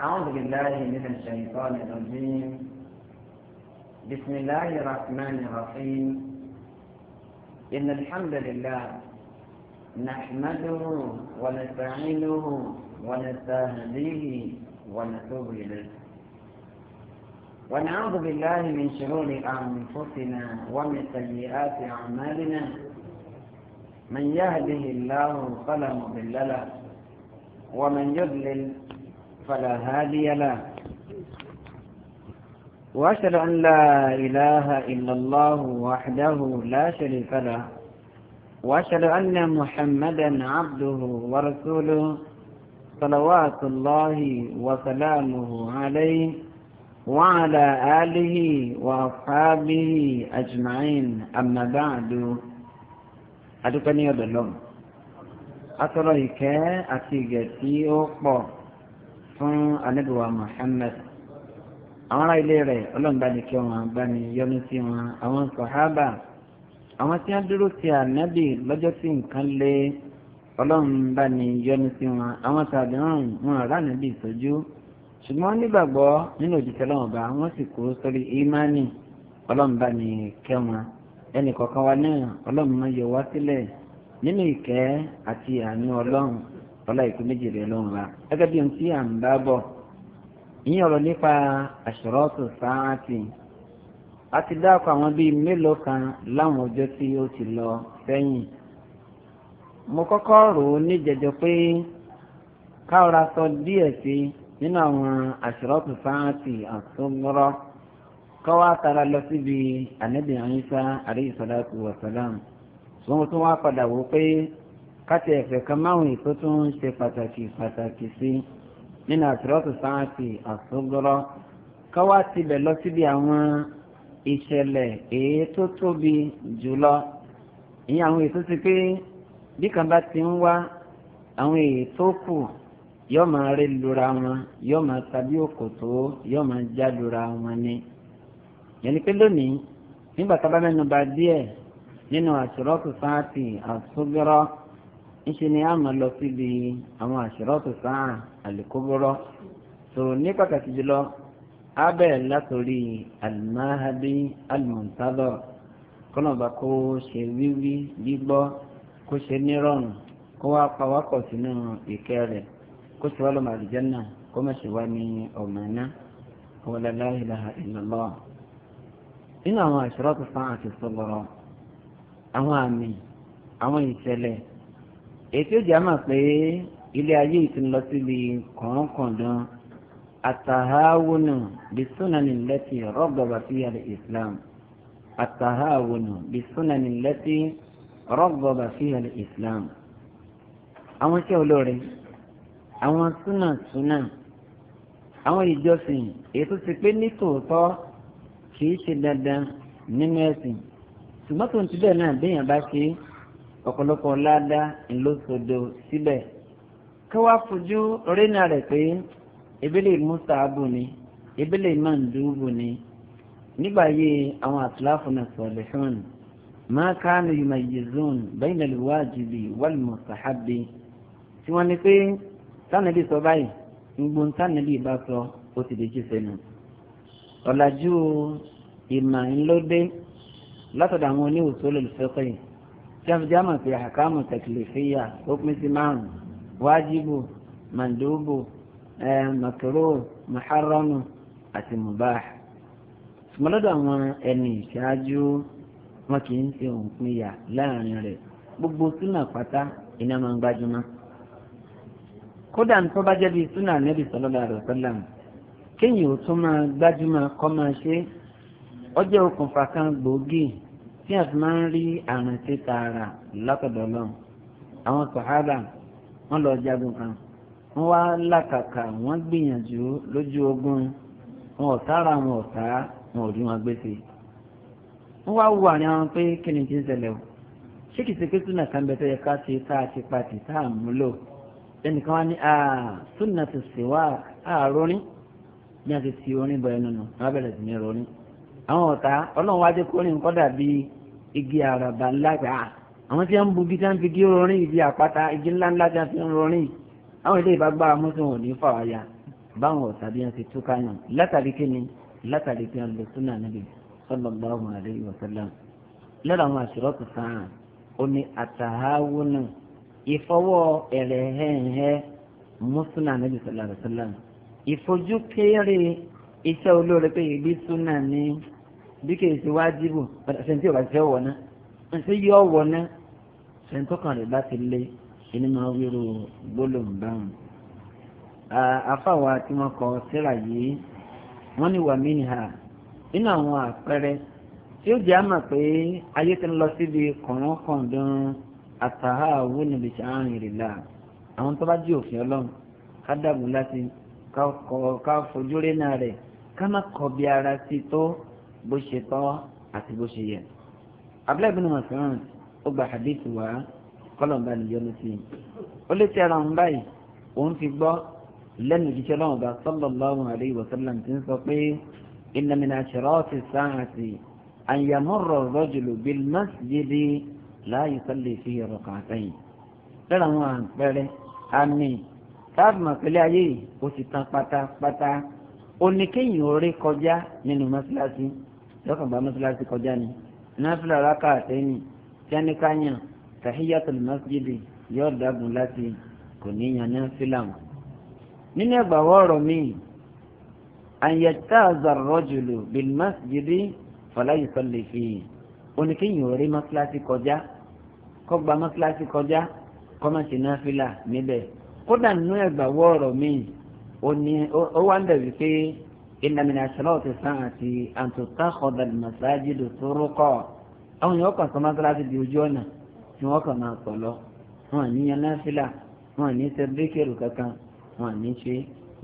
أعوذ بالله من الشيطان الرجيم بسم الله الرحمن الرحيم إن الحمد لله نحمده ونستعينه ونستهديه ونتوب إليه ونعوذ بالله من شرور أنفسنا ومن سيئات أعمالنا من يهده الله فلا مضل له ومن يضلل فلا هادي له وأشهد أن لا إله إلا الله وحده لا شريك له وأشهد أن محمدا عبده ورسوله صلوات الله وسلامه عليه وعلى آله وأصحابه أجمعين أما بعد أدوكني يا بلوم أترى إكاء أتيجتي أقبض fún anábìwá Muhammad àwọn ará ilé rẹ̀ ọlọ́mbanìkẹ́ wọn bá ní yọ́nú sí wọn àwọn sọ̀hábà àwọn tí wọ́n dúró ti ànábì lọ́jọ́ tí nǹkan lé ọlọ́mbanì yọ́nú sí wọn àwọn tàbí hàn wọn ará ànábì sójú ṣùgbọ́n nígbàgbọ́ nínú òjìṣẹ́ lọ́wọ́n wọ́n sì kú sórí ìmánì ọlọ́mbanì kẹ́ wọn ẹnì kọ̀ọ̀kan wa náà ọlọ́mọ yọ wá sílẹ̀ nínú ìkẹ́ àti àánú ọlọ́run ọlá ìpín méjì rẹ̀ ló ń ra gẹ́gẹ́ bí ohun tí à ń bá bọ̀ ìyẹn ọ̀rọ̀ nípa àṣọrọ́tò sáàtì a ti dáàkọ àwọn bíi mélòó kan láwọn ọjọ́ tí ó ti lọ sẹ́yìn mo kọ́kọ́ rò ó níjẹjọ pé káwọra sọ díẹ̀ sí nínú àwọn àṣọrọ́tò sáàtì àtúngbọ́rọ́ kọ́wá tara lọ síbi ànábì Ìsá alayhi salatu wa salam tí wọ́n tún wá padà wò pé káti ẹ̀fẹ̀ kan máwùn tó tún ṣe pàtàkì pàtàkì sí nínú àtúrọ́tù sáàtì àsọgbọ́rọ́ káwá tibẹ̀ lọ síbi àwọn ìṣẹ̀lẹ̀ èyí tó tóbi jùlọ ìyẹn àwọn èyí tó ti pé bí kan bá ti ń wá àwọn èyí tó kù yóò máa rí lura wọn yóò máa òkòtó yóò máa já lura wọn ni yẹn pé lónìí nígbà tá a bá mẹ́nu bà díẹ̀ nínú ńṣe ni a máa lọ síbi àwọn àṣírọ́tò sáà àlìkóbọ́rọ́ sọ̀rọ̀ ní pàtàkì jùlọ abẹ́ látòrí alimahadi alimuntadọ kọ́nàbà kó ṣe wíwí gbígbọ́ kó ṣe nírọ̀rùn kó wá pawákọ̀ sínú ìkẹ́ rẹ̀ kó ṣe wá lọ́mọ àlùjànnà kó má ṣe wá ní ọ̀mọ̀ iná ọ̀wọ́lá ilaha illallah. nínú àwọn àṣírọ́tò sáà àti sọ̀rọ̀ àwọn àmì àwọn ìṣẹ̀lẹ̀ ètò ìjà mọ̀ pé ilé ayé ti lọ síbi kọ̀ọ̀kọ̀dán àtàháwónù bisunani lẹ́tì rọ́gbọ̀bà sí àlè islam àtàháwónù bisunani lẹ́tì rọ́gbọ̀bà sí àlè islam. àwọn iṣẹ́ olóore àwọn súnàsúnà àwọn ìjọsìn ètò ti pé nítòótọ́ kìí ṣe dandan nínú ẹ̀sìn ṣùgbọ́n tó ń ti bẹ́ẹ̀ náà béèyàn bá ṣe é ọ̀pọ̀lọpọ̀ ládàá ńlọ́sọdọ̀ síbẹ̀ kí wàá fojú rínà rẹ̀ pé ebile mustaabu ni ebile mandubu ni níbàyé àwọn àtúláfù náà sọ̀rọ̀ hàn máa kánú yumayizun bayna alwajibi wal mustahabi tí wọ́n ní pé sànàbí sọ báyìí ngbọ̀n sànàbí bá sọ ó ti dèjì sẹ́nu ọ̀làjú ìmọ̀ ńlọ́dẹ látọ̀dọ̀ àwọn oníwòsàn olùfẹ́kọ̀ọ́ yìí. jáfẹ́jámọ̀ pé àkàmù tẹ̀kìlìfìyà ó pín sí márùn-ún wájibù màndúbù màkúrò màhárọ́mù àti mùbáà. ṣùgbọ́n lọ́dọ̀ àwọn ẹni ìṣáájú wọn kì gbogbo Suna kódà Suna bá jẹ́ súnà nẹ́bí sallallahu alaihi wasallam kéèyàn ó tún máa gbájúmọ́ kọ́ máa ṣe ọjọ́ tí a fi máa ń rí àrùn títa ara látọ̀dọ̀ lọ́n àwọn sàhábà wọ́n lọ jagun kan wọ́n wá làkàkà wọ́n gbìyànjú lójú ogun wọn ọ̀tá ara wọn ọ̀tá wọn ò rí wọn gbèsè wọ́n wá wù àárín àwọn pé kí ni ti ń ṣẹlẹ̀ ṣé kìí ṣe pé súnà kan bẹ tó yẹ ká ṣe tá a ti pàtì tá a mú lò ẹnìkan wá ní súnà tó ṣe wá àárórín ní a ti fi orin bọ ẹnu nù wọ́n bẹ̀rẹ̀ sí ní rorin àwọn ọ̀tá ọlọ́run wájú kórìn kọ́dà bíi igi àràbà ńlá gbà á àwọn tí wọ́n ń bu bí tá ń fi igi rọrin igi àpáta igi ńlá ńlá tí wọ́n fi ń rọrin àwọn ilé ìbá gbára mọ́tò wọn ò ní fà wáyà báwọn ọ̀tá bí wọ́n ti túká yàn látàrí kíni látàrí pé wọ́n lè súnà níbi sallallahu alaihi wa sallam lọ́dọ̀ àwọn àṣírọ́ tó sàn ó ní àtàháwó náà ìfọwọ́ ẹ̀rẹ̀ hẹ́hẹ́ mùsùlùmí ànábì sallallahu alaihi wa sallam ìfojú kéré iṣẹ́ olóore bí kì í ṣe wájibù ṣèǹtì ọ̀gá ti fẹ́ wọ̀ ná ṣé yọ wọ̀ ná ṣèǹtọ́kàn rẹ̀ bá ti lé ẹni máa wíru gbólóhùn báwọn. àfàwà tí wọ́n kọ síra yìí wọ́n ní wàmí ni ha nínú àwọn àpẹẹrẹ tí ó jẹ́ àmà pé ayé ti ń lọ síbi kọ̀ọ̀kan-kọ̀ọ̀dún àtàhàwò níbi sàárín ìrìlà àwọn tó bá jí òfin ọlọ́run ká dàgbù láti ká fojú rénà rẹ̀ ká má kọ̀ bí ara sí tó bó ṣe tọ́ àti bó ṣe yẹ. abúlé ibn Mas'ud ó gba hadith wá kọ́lọ̀mbà nìyọ́nù sí i. ó lé tí ara òun báyìí òun ti gbọ́ lẹ́nu ìjíṣẹ́ lọ́wọ́ bá sallallahu alayhi wa sallam ti ń sọ pé inna min ashrati as-saati an yamurra ar-rajulu bil masjidi la yusalli fihi rak'atayn. lọ́la àwọn àpẹẹrẹ àmì táàbù màpẹ́lẹ́ ayé yìí ó tán pátápátá ó ní kéèyàn rí kọjá nínú mọ́sálásí lọ́kàn bá mọ́sálásí kọjá ni náfìlà rákà àtẹ́yìn tíáníkàyàn tàhíyàtul masjidi yóò dágun láti kò ní yan náfìlà wọn. nínú ẹgbàwọ́ ọ̀rọ̀ míì àyẹ̀tà àzàrọ̀jùlù bil masjidi fọláyìísọ lè fi oníkéyìn ò rí mọ́sálásí kọjá kó gba mọ́sálásí kọjá kó má ṣe náfìlà níbẹ̀ kódà nínú ẹgbàwọ́ ọ̀rọ̀ míì ó wá ń bẹ̀ wípé إن من أشراط الساعة أن تتخذ المساجد طرقا أو يوقع كما ثلاثة ديوجونا يوقع ما صلوا wọ́n ní yanáfìlà wọ́n ní sẹbíkẹrù kankan wọ́n ní ṣe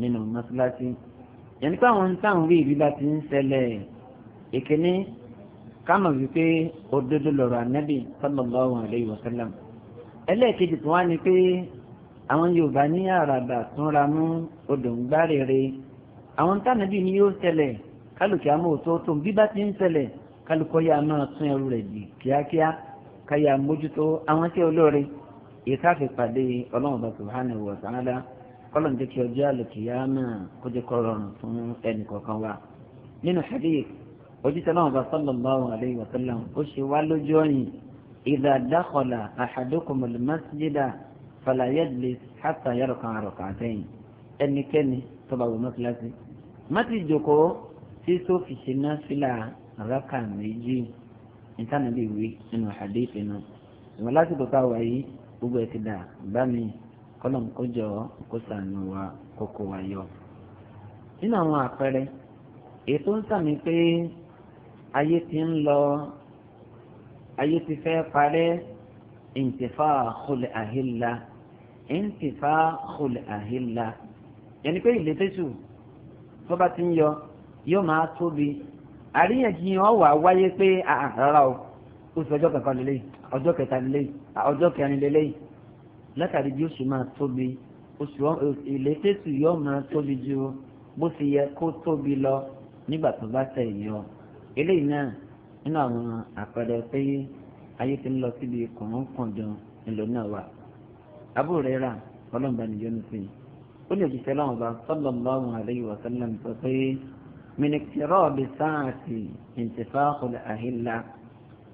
nínú mọ́sálásí yẹnni pé àwọn táwọn wí ìbí bá ti ń ṣẹlẹ̀ ìkíní kámọ wípé òdodo lọ̀rọ̀ ànábì sallallahu alaihi wasallam ẹlẹ́ẹ̀kejì tó wá ni pé àwọn yorùbá ní àràbà tún ra mú odò ń gbá rere àwọn tánàbí ni yóò ṣẹlẹ̀ kálukì àmọ́ òtótó bí bá ti ń ṣẹlẹ̀ kálukọ́ yà máa tún ẹrù rẹ̀ dì kíákíá káyà mójútó àwọn tí olóore ìkáfẹ́ pàdé ọlọ́run bá subhanahu wa ta'ala kọ́lọ́n jẹ́ kí ọjọ́ àlùkìyámà kó jẹ́ kọ́ rọrùn fún ẹnì kọ̀ọ̀kan wa. nínú hadith ojútọ́ náà bá sallallahu alayhi wa sallam ó ṣe wá lójú ọ̀yìn idha dakhala ahadukumul masjida fala yajlis hatta yarka rak'atayn ẹnikẹ́ni tọ́ba wò mọ́kíláṣí mọ́tì ìjòkó tí tó fi ṣe náà sílà rákà méjì nítorí bí wí nínú àdéhìí nù ìwọ̀n lásìkò tá a wà yìí gbogbo ẹ̀ ti dà bá mi kọ́lọ̀n kọjọ kó sànù wa kókó wa yọ. nínú àwọn àpẹẹrẹ ètò ń sàmì pé ayé ti ń lọ ayé ti fẹ́ parẹ́ ìǹtìfà khul ahilla ìǹtìfà khul ahilla yẹni pé ìlétésù tó bá ti ń yọ yóò máa tóbi àríyànjiyàn ọ̀wà wáyé pé rárá o oṣù ọjọ́ kankan lélẹ́yìí ọjọ́ kẹta lélẹ́yìí ọjọ́ kẹrin lélẹ́yìí látàrí bí oṣù máa tóbi oṣù ìlétésù yóò máa tóbi ju bó ti yẹ kó tóbi lọ nígbà tó bá tẹ̀ yọ eléyìí náà nínú àwọn àpẹẹrẹ pé ayé ti ń lọ síbi kọ̀ọ̀kan dùn ńlò náà wà abúrò rẹ̀ rà ọlọ́mọba nìyọ́nù sí i ó lè jíṣẹ́ láwọn ọba sallallahu alayhi wa sallam sọ pé mìnìkìrọ̀ bí sáàtì ìtìfáàkù àhìlá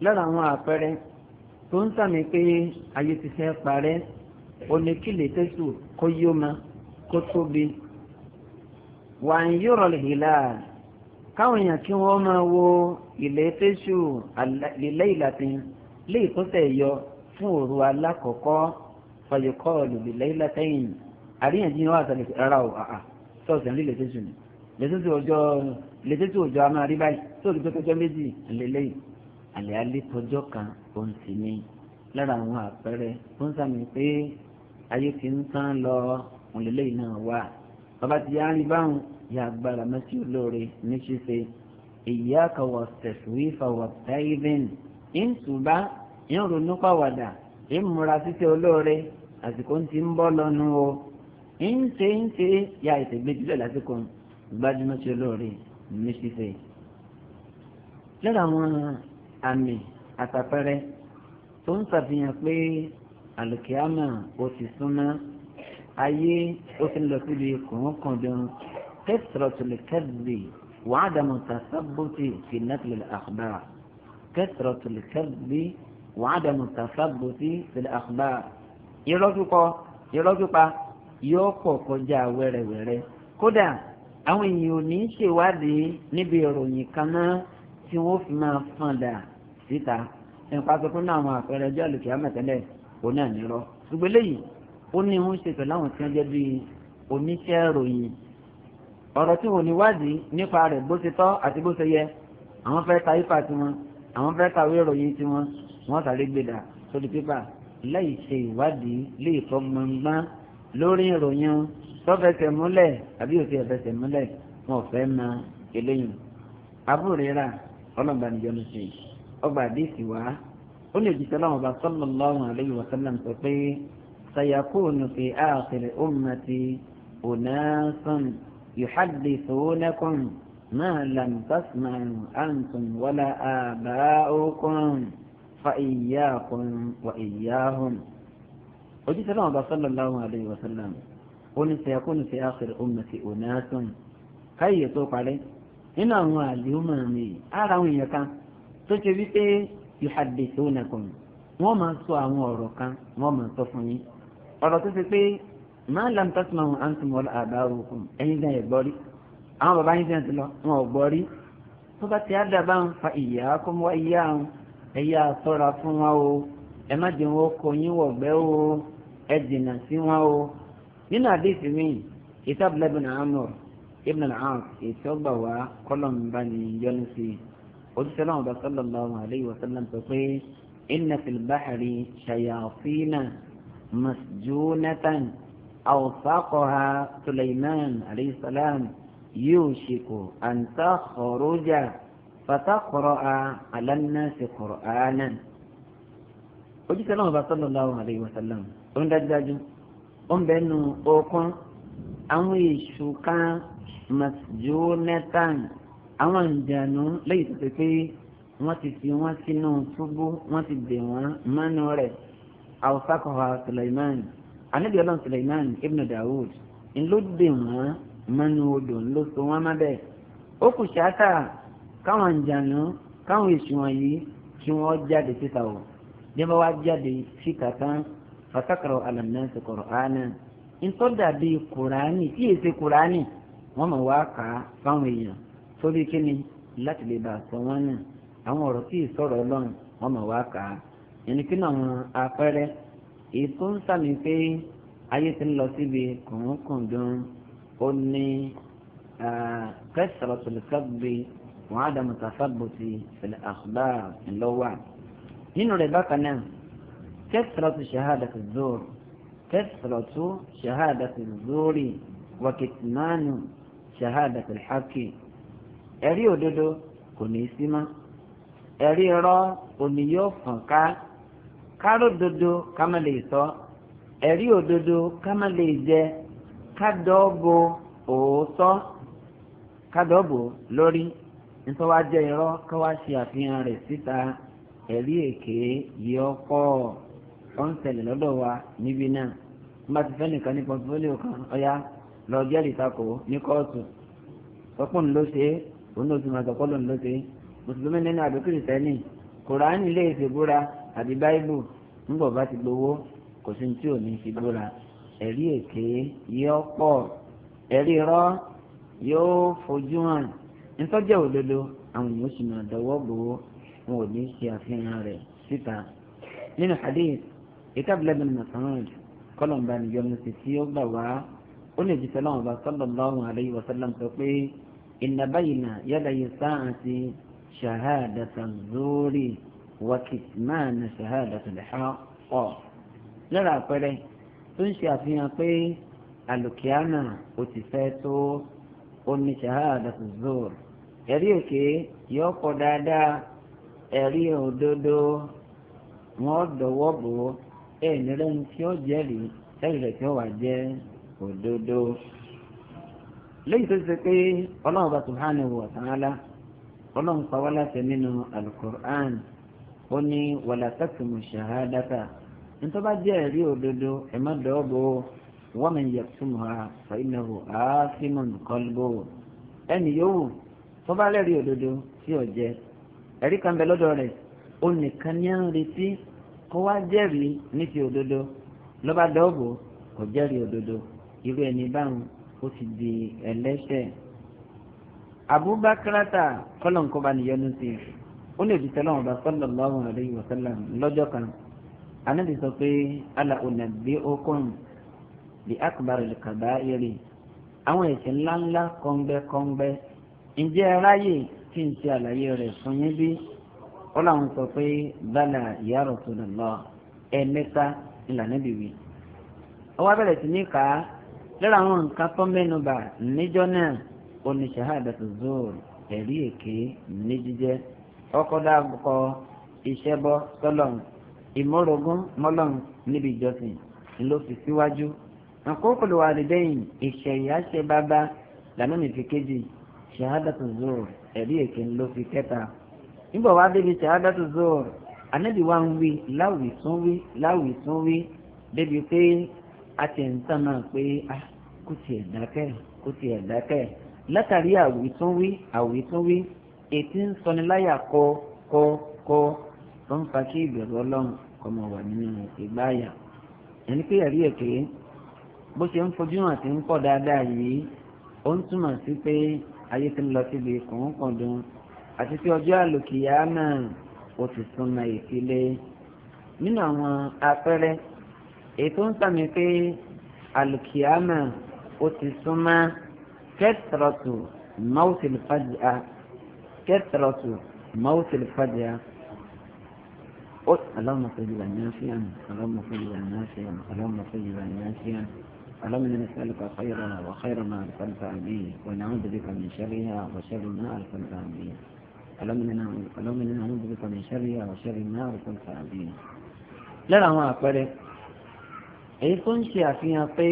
lára àwọn àpẹẹrẹ tó ń sàmì pé ayé ti fẹ́ parẹ́ oníkìlẹ̀ tẹ́sù kó yóma kó tóbi wà ń yọ̀rọ̀ lìhìlá káwọn èèyàn kí wọ́n máa wo ilẹ̀ tẹ́sù lílẹ̀ ìlàtìn léè tó tẹ̀ yọ fún òru alákọ̀ọ́kọ́ fàyọkọ́ lùbìlẹ̀ ìlàtẹ̀yìn àríyànjiyàn wà sọ̀rọ̀ rárá o àà sọ̀rọ̀ sẹ̀ńdí lẹ́sẹ̀sù ni lẹ́sẹ̀sù ọjọ́ lẹ́sẹ̀sù ọjọ́ a máa rí báyìí sọ̀rọ̀ pé kọjọ́ méjì àlẹ́lẹ́yìn àlẹ́ alẹ́ kọjọ́ kan òun sì ni lára àwọn àpẹẹrẹ tó ń sàmì pé ayé ti ń tán lọ òǹlẹ́lẹ́yìn náà wà bàbá ti yá rí báwọn yà agbára mẹ́tí olóore ní ṣíṣe ìyáàkà wà tẹ̀síwífà wà táìvìn ìǹtùbá ìrònúpàwàdà ìmúra títẹ olóore àsìkò ti ń bọ́ lọ́nu o ń ṣe ń ṣe ya ìtẹ̀gbẹ́jùlẹ̀ lásìkò gbajúmọ̀ sí olóore ní ṣíṣe. lára àwọn àmì àtàpẹrẹ tó ń ṣàfihàn pé àlùkìyàmà ó ti súnmọ́ ayé ó ti ń lọ síbi kọ̀ọ̀kan كثرة الكذب وعدم التثبت في نقل الأخبار كثرة الكذب وعدم التثبت في الأخبار يرجوك يرجوك yóò pọ̀ kọjá wẹ́rẹ́wẹ́rẹ́ kódà àwọn èèyàn ò ní í ṣèwádìí níbi ìròyìn kan náà tí wọ́n fi máa fọn dà síta nípa pé fún àwọn àpẹẹrẹ ọjọ́ àlùkìyà mẹ́tẹ́lẹ̀ òun náà nírọ́ ṣùgbọ́n eléyìí ó ní ń ṣe pẹ̀lú àwọn tí wọ́n jẹ́ bíi oníṣẹ́ ìròyìn ọ̀rọ̀ tí wọ́n níwádìí nípa rẹ̀ bó ṣe tọ́ àti bó ṣe yẹ àwọn fẹ́ ta ipa tiwọn àwọn fẹ́ kàwé ìròyìn tiwọn wọ́n sáré gbé pépà láì ṣe ìwádìí lè tọ́ gbọ̀ngbọ́n lórí ìròyìn tọ́fẹsẹ̀ múlẹ̀ àbí òsì ẹ̀fẹsẹ̀ múlẹ̀ wọn ò fẹ́ mọ eléyìí abúrera ọlọ́mọbanijọ́nu sí ọgbà àdéhìí wá ó lè jìtẹ́ láwọn ọba sallallahu alayhi wa sallam sọ pé sayakunu fi akhir ummati unasan yuhaddithunakum ma lam tasma'u antum wala aba'ukum fa iyyakum wa iyyahum òjíṣẹ́ náà bá sallallahu alayhi wa sallam ó ní sayakunu fi akhir ummati unasun káyè tó parẹ́ nínú àwọn àlùmọ̀ mi ara àwọn èèyàn kan tó ṣe wípé yuhaddithunakum wọ́n máa sọ àwọn ọ̀rọ̀ kan wọ́n máa sọ fún yín ọ̀rọ̀ tó ṣe pé ma lam tasma'u antum wala aba'ukum ẹ̀yin gan ẹ̀ gbọ́ rí àwọn bàbá yín fẹ́ràn ti lọ wọn ò gbọ́ rí tó bá ti àdàbà ń fa iyyakum wa iyyahum ẹ̀yà sọ́ra fún wa o ẹ má jẹun ó kọ yín wọ̀gbẹ́ o ẹ dènà sí wọn o nínú àdéhìí mi ìtàbílẹ̀ ibn Amr ibn al-As ìtọ́gbà wá kọ́lọ̀mbà ní yọnu sí i òṣìṣẹ́ náà bá sallallahu alayhi wa sallam sọ pé inna fil bahri shayatina masjunatan awsaqaha Sulaiman alayhi salam yushiku an takhruja fataqra'a ala an-nasi Qur'anan òṣìṣẹ́ náà bá sallallahu alayhi wa sallam ó ń dájúdájú ó ń bẹnu okun àwọn èṣù kan masjo netan àwọn ìjànú lẹ́yìn tó ti pé wọ́n ti fi wọ́n sínú túbú wọ́n ti dè wọ́n mọ́nú rẹ̀ awusakawa suleiman anabi ọlọ́run suleiman ibn dawud ńlọ dè wọ́n mọ́nú odò ńlọ so wọ́n má bẹ́ẹ̀ ó kù ṣáàtà káwọn ìjànú káwọn èṣù wọ̀nyí kí wọ́n jáde síta o bí wọ́n wá jáde síta tán fatakọrọ alamẹnsi kọrọánì ntọ́jà bíi kùránì tí yìí ṣe kùránì wọ́n mọ̀ wá kà á fáwọn èèyàn sórí kíni láti lè bá a sọ wọ́n nù àwọn ọ̀rọ̀ tí yìí sọ̀rọ̀ ọlọ́run wọ́n mọ̀ wá kà á ẹni kí náà wọn apẹ́rẹ́ ń sàmì pé ayé ti ń lọ síbi kùnkùndùn ó ní kẹsàrọ̀ tòlùkàgbé wọn á dàmú tàfàbùtì fil akhbar ńlọ́wà nínú rẹ̀ bákan náà. كثرة شهادة الزور كثرة شهادة الزور وكتمان شهادة الحق ẹ̀rí òdodo kò ní í sí mọ́ ẹ̀rí irọ́ òní yóò fọ̀n ká káró dodo ká má lè sọ ẹ̀rí òdodo ká má lè jẹ kádọ́ọ̀bù òótọ́ kádọ́ọ̀bù lórí nítorí wá jẹ́ irọ́ ká wá ṣe àfihàn rẹ̀ síta ẹ̀rí èké yìí ọ̀pọ̀ ó ń lọ́dọ̀ wa níbí náà wọ́n bá ti fẹ́ nìkan ní pọtifólíò kan ọ̀yá lọ jẹ́rìí takò ní kóòtù sọ́kùn ló ṣe é òun ló sì máa sọ kọ́lọ̀ ló ṣe é mùsùlùmí nínú àbí kìrìsìtẹ́nì kùránì lè ṣe búra àbí báíbù ńgbọ̀ bá ti gbowó kò sí tí ò ní fi búra ẹ̀rí èké yóò pọ̀ ẹ̀rí irọ́ yóò fojú hàn ntọ́jẹ́ òdodo àwọn èèyàn sì máa dọwọ́ gbowó wọn ò ní ṣe àfihàn rẹ̀ síta nínú hadith ìka abdullahi bin Mas'ud kọlọmba nìyọnu sí tí ó gbà wá ó lè jìfẹ́ lọ́wọ́ bá sallallahu alayhi wa sallam sọ pé inna bayna yadayi sa'ati shahadatan zuri wa kitmana shahadatan haqq lára àpẹẹrẹ tó ń ṣe àfihàn pé alùkìánà ò ti fẹ́ tó oní shahadatan zuri ẹ̀rí òkè yọ ọkọ̀ dáadáa ẹ̀rí òdodo wọn dọ̀wọ́ bò ó ẹ̀ẹ́dẹ̀rẹ́ ní tí ó jẹ́rìí ẹ̀rí rẹ̀ tí ó wà jẹ́ òdodo lẹ́yìn tó ṣe pé ọlọ́run bá subhanahu wa ta'ala ọlọ́run pa wá láti nínú alukur'an ó ní wàlá taqsimu shahadata nítorí bá jẹ́ ẹ̀rí òdodo ẹ̀ má dọ́ọ̀bù wọ́n mi yẹ túmù ha fa innahu aasimun qalbuhu ẹnì yòówù tó bá lẹ́rìí òdodo tí ò jẹ́ ẹ̀rí kan bẹ lọ́dọ̀ rẹ̀ ó nìkan ní à ń retí kó wá jẹ́rìí ní ti òdodo lọ́ba dọ́ọ̀bù kò jẹ́rìí òdodo irú ẹni báwọn ó ti di ẹlẹ́ṣẹ̀. abubakarata kọ́lọ̀nkọ́ba nìyọnu sí i ó lè fi tẹ́lẹ̀ wọn bá sallallahu alaihi wa sallam lọ́jọ́ kan anábì sọ pé ala unabbi'ukum bi akbaril kaba'iri àwọn ẹ̀ṣẹ̀ ńláńlá kọ́ńbẹ́kọ́ńbẹ́ ǹjẹ́ ráyè kí n ṣe àlàyé rẹ̀ fún yín bí. ó làwọn sọ pé bala ya Rasulullah ẹ̀ẹ́mẹ́ta ìlànà bìbí ọwọ́ abẹ́rẹ́ sí ní ká lára àwọn nǹkan tó mẹ́nuba níjọ́ náà ó ní shahadatu ẹ̀rí èké ní jíjẹ́ ọkọ̀ dáàbùkọ iṣẹ́ bọ́ sọlọ́n ìmọ̀rọ̀gún níbi ìjọsìn ló fi síwájú àkókòlò àdìdẹ́yìn ìṣẹ̀yà ṣe bàbá lànà mi fi nígbà wá débi ṣahadatu zuhur anabi wa ń wí láwì tún wí láwì tún wí débi pé a ti ń tán náà pé ah kò tiẹ̀ dákẹ́ kò tiẹ̀ dákẹ́ látàrí àwì tún wí àwì tún wí ètí ń sọni láyà kọ kọ kọ tó ń fa kí ìbẹ̀rù ọlọ́run kọ́ mọ̀ wà nínú ìgbáyà ẹni pé ẹ̀rí èké bó ṣe ń fojú hàn sí ń pọ̀ dáadáa yìí ó ń túmọ̀ sí pé ayé ti ń lọ síbi kòńkòndùn àti ti ọjọ́ àlòkìyà náà ó ti súnmọ́ ìfilé nínú àwọn apẹ́rẹ́ to ń sàmì pé àlòkìyà náà ó ti súnmọ́ kẹtìrọ̀tù mọ́wùtìlì fàjà kẹtìrọ̀tù mọ́wùtìlì fàjà. اللهم طيبا نافعا اللهم طيبا نافعا اللهم طيبا نافعا اللهم انا نسالك خيرها وخير ما ارسلت به ونعوذ بك من شرها وشر ما ارسلت به ọlọ́mìnira àwọn obìnrin kan ní ṣẹ́rí àwọn ṣẹ́rí náà rúkọ ìfàbí. lára àwọn àpẹẹrẹ èyí tó ń ṣe àfihàn pé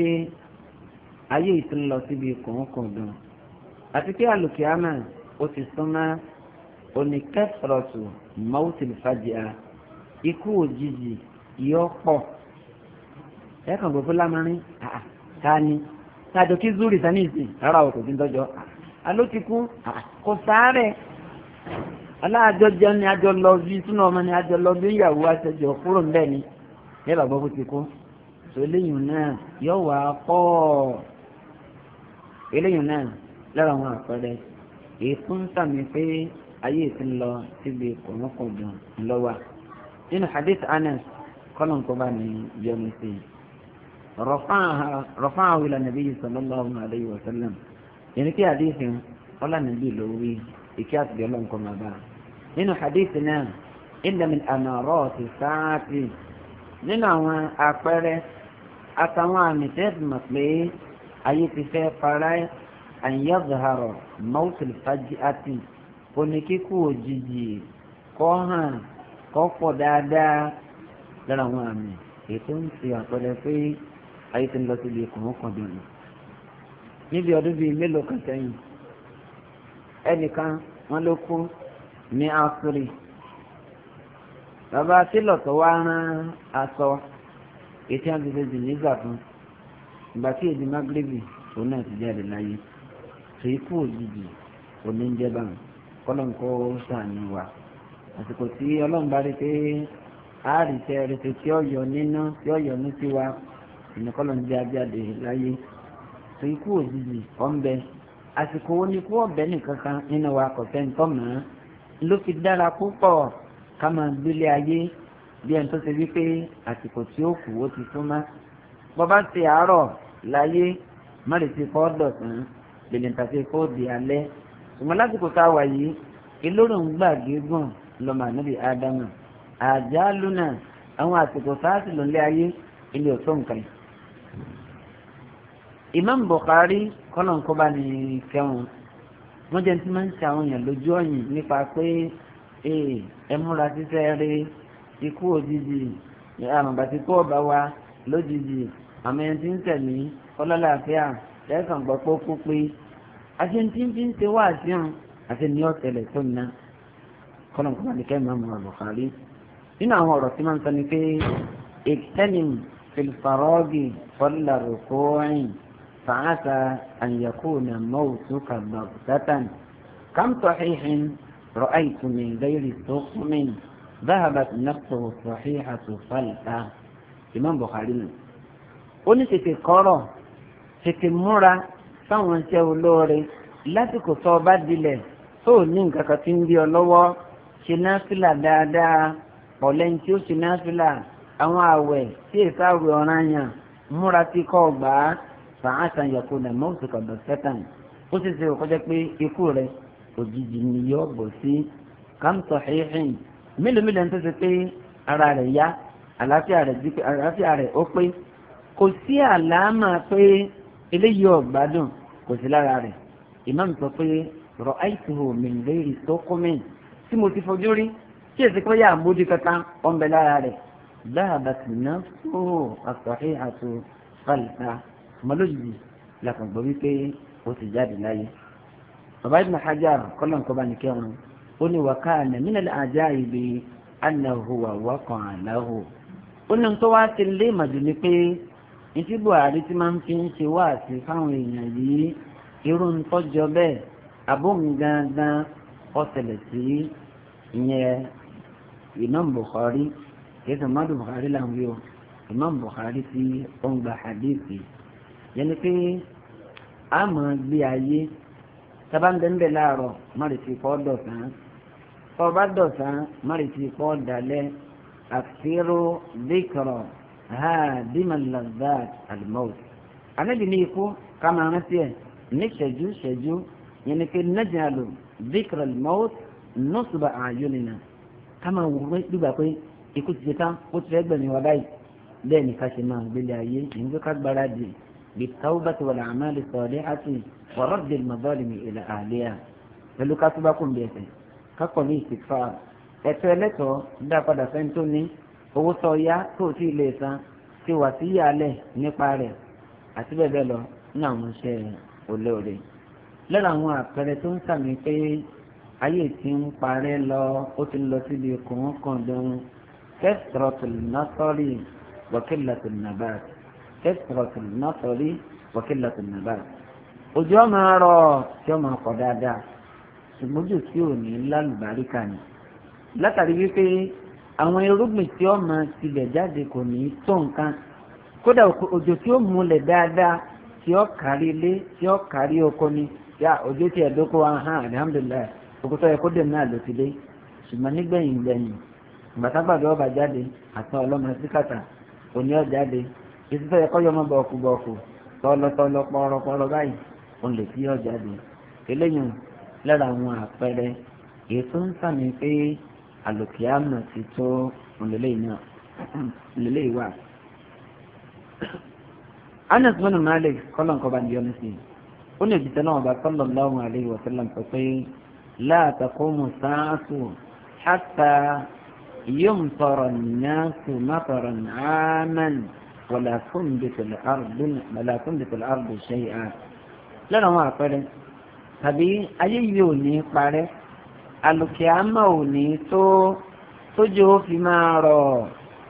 ayé ìtún lọ síbi kọ̀ọ̀kọ̀ọ̀dàn àti pé àlùkìyámà ó ti súnmọ́ oníkẹ́sọ̀rọ̀tù mọ́tìlìfàjìá ikú òjijì yọ pọ̀ ẹ̀kan gbogbo lámarin ká ní ká jọ kí zúrì sani ìsìn rárá o kò sí ń tọ́jọ́ aló ti kú kò sáré aláàjọjọ ni àjọ lọ bí túnú ọmọ ni àjọ lọ bí ìyàwó àtẹjọ kúrò ńbẹ ni ẹ bàgbọ́ kó ti kú tó eléyìí náà yọ wà pọ̀ eléyìí náà lára àwọn àpẹẹrẹ èkó ń sàmì pé ayé ti ń lọ síbi kọ̀ọ̀kọ̀ọ̀dùn ńlọ́wà nínú hadith anas kọ́nà ń kọ́ bá ní yọmi sí i. رفعها رفعه إلى النبي صلى الله عليه وسلم يعني كي حديث ولا النبي لوي ìkí àtìgbẹ́ ọlọ́run kọ́ máa bá a. nínú hadith náà ìlẹ̀mìn àmọ̀rọ̀ ti sáàtì nínú àwọn àpẹẹrẹ àtàwọn àmì tẹ́ẹ̀tì mọ̀ pé ayé ti fẹ́ para àyẹ̀dàrọ̀ mọ́tìlì fàájì àti oníkíkù òjijì kọ́ hàn kọ́ pọ̀ dáadáa lára àwọn àmì ètò ń fi àpẹẹrẹ pé ayé ti ń lọ síbi ìkùnkùn dùn níbi ọdún bíi mélòó kan sẹ́yìn ẹnìkan wọn ló kú ní asiri bàbá sílọ̀ tó wá rán aṣọ ètí àti ṣèṣì nígbà fún ìgbà tí èdè magrebi òun náà ti jáde láyé tó ikú òjijì òní ń jẹ́ báwọn kọ́lọ́n kó sàánú wa àsìkò tí ọlọ́run bá rí pé àárítẹ́ rètè tí ó yọ nínú tí ó yọ ní tiwa ìnìkọ́lọ́n ajáde láyé tó ikú òjijì ọ̀ ń bẹ́ẹ̀ àsìkò wo ni kú ọ̀bẹ nìkan kan nínú wa kò fẹ́ ntọ́ mọ́ ló fi dára púpọ̀ ká máa gbélé ayé bí ẹni tó ṣe wípé àsìkò tí ó kù ó ti súnmọ́ bọ́bá ti àárọ̀ láyé má lè ti kọ́ dọ̀tún lèlè tàbí kó di alẹ́ ṣùgbọ́n lásìkò tá a wà yìí ìlórò ń gbàgbé lọ́mọ ànábì ádámù àjálù náà àwọn àsìkò sáà sì lọ́lé ayé ilé ọ̀tọ̀ nǹkan yìí. Imam Bukhari kọlọn kọba ní kẹwọn wọn jẹ ti máa ń ṣe àwọn èèyàn lójú ọyìn nípa pé ee ẹ múra sísẹ rí ikú òjijì àmàbà tí kú ọba wa lójijì àmọ́ ẹni tí ń tẹ̀lé ọlọ́láàfíà lẹ́sàn gbọ́ pé àti ní tí ń fi ń ṣe wá àṣìhàn àti ní ọ̀tẹ̀lẹ̀ tó ń ná kọlọn kọba ní kẹwọn Imam Bukhari nínú àwọn ọ̀rọ̀ tí máa ń sọ ni pé èkìtẹ́nìm fìlfàrọ́ọ̀gì fọlá rògbòóyìn. فعسى أن يكون موتك بغتة كم صحيح رأيت من غير سقم ذهبت نفسه الصحيحة فلتة Imam Bukhari nù. ó ní tètè kọ́rọ̀ tètè múra sáwọn iṣẹ́ olóore lásìkò tó o bá dilẹ̀ tó o ní nǹkan kan tí ń gbé ọ lọ́wọ́ ṣe náfìlà dáadáa ọ̀lẹ́ni tí ó ṣe náfìlà àwọn àwẹ̀ tí èsì àwẹ̀ ọ̀ranyàn múra tí kò gbà á fàáta yakun na mọ́tòkà bẹ̀sẹ̀tàn ó sì ṣe òkọjá pé ikú rẹ òjijì ni yọ bọ̀ sí kàńtọ̀ xìíxìn mélòó mélòó ń tẹ̀sẹ̀ pé ara rẹ̀ yá àlàáfíà rẹ̀ dípẹ́ àlàáfíà rẹ̀ ó pé kò sí àlámà pé eléyìí ọ̀gbádùn kò sí lára rẹ̀ ìmáàmù sọ pé rọ àìsíhò mìíràn tó kọ́ mi tí mo ti fojú rí kí èsì pé yà mójú kankan ọ̀nbẹ lára rẹ̀ dáàbà sì ná fún àtọ̀hí àtò fàlìta ṣùgbọ́n lójijì la kàn gbọ́ wípé ó ti jáde láyé bàbá Ibn Hajar kọ́lá nǹkan bá ní kẹ́hún ó ní wa kana min al-aja'ib annahu waqa'a lahu ó ní tó wá ti lé màdùn ni pé ìtí Buhari ti máa ń fi ń ṣe wáàsí fáwọn èèyàn yìí irú ń tọ́jọ bẹ́ẹ̀ abóhùn gangan sí ìyẹn Imam Bukhari kí ẹ̀sán madu Bukhari làwọn yóò Imam Bukhari ti ó ń gba hadithi yẹn ni pé a máa gbé ayé sábà ń bẹ ń bẹ láàárọ̀ má lè ti kọ́ dọ̀sán tó dọ̀sán má lè ti kọ́ dalẹ́ àfihàn bíkọ̀rọ̀ ha bímọ̀lẹ́dá àlùmọ́ọ̀t. anábì ní ikú ká máa rántí ẹ̀ ní ṣẹ́jú ṣẹ́jú yẹn ni pé nàjàlù bíkọ̀rọ̀ àlùmọ́ọ̀t nọ́ọ̀sùbà àyọ̀nìnà ká máa wù wọ́n gbígbà pé ikú ti ṣe tán ó ti fẹ́ gbẹ̀mí wa báyìí bẹ́ẹ̀ ni ká ṣe máa gbélé ayé ìyẹn tó ká بالتوبة والأعمال الصالحة ورد المظالم إلى أهلها pẹ̀lú ká tó bá kùn bí ẹsẹ̀ kápọ̀ ní ìsìkfà ẹ̀tọ́ ẹlẹ́tọ̀ọ́ dá padà sẹ́ńtò ní owó sọ ya tó o ti lè san ti wà sí yàlẹ̀ nípa rẹ̀ àti bẹ́ẹ̀ bẹ́ẹ̀ lọ ní àwọn iṣẹ́ olóore lọ́la àwọn àpẹẹrẹ tó ń sàmì pé ayé ti ń parẹ́ lọ ó ti ń lọ síbi kọ̀ọ̀kan dán kẹ́sìtọ̀rọ̀tì násọ́rì wọ́kẹ́lẹ̀tì nàbàtì كثرة tì وكلة النبات. وجمع tì جمع òjò ọmọ arọ tí ọmọ ọkọ̀ dáadáa ṣùgbọ́n jù tí ò ní lálùbáríkà ni látàrí wípé àwọn irúgbìn tí ọmọ tilẹ̀ jáde kò ní tó nǹkan kódà òjò tí ó múlẹ̀ dáadáa tí ó kárí ilé tí ó kárí oko ni yá òjò tí ẹ̀ dókòwò ahán alihamudulilayi òkúta ẹ̀kọ́ dèm náà ló ti dé ṣùgbọ́n nígbẹ̀yìn gbẹ̀yìn ìgbàtàgbàdo ọba jáde àtọ́ ọlọ́mọ síkàtà òní ọ̀jáde ètò tó yẹ kọ́ yọmọ bọ̀ọ̀kù bọ̀ọ̀kù tọ́lọ́tọ́lọ́ pọ́rọ́pọ́rọ́ báyìí òun lè fi ọjà dé eléyìí lára àwọn àpẹẹrẹ èyí tó ń sàmì pé àlòkìámà ti tó òǹlẹ́lẹ́yìn náà òǹlẹ́lẹ́yìn wà. Anas bin Malik kọ́lọ́nkọ́ bá ń yọ nísìnyí ó lè fi tẹ́lẹ̀ wọn bá sallallahu alayhi wa sallam sọ pé la taqumu ولا تنبت الأرض ولا تنبت الأرض شيئا lọ́nà wọn àpẹẹrẹ tàbí ayé yìí ò ní parẹ́ alùkìámà ò ní tó tójú ó fi máa rọ̀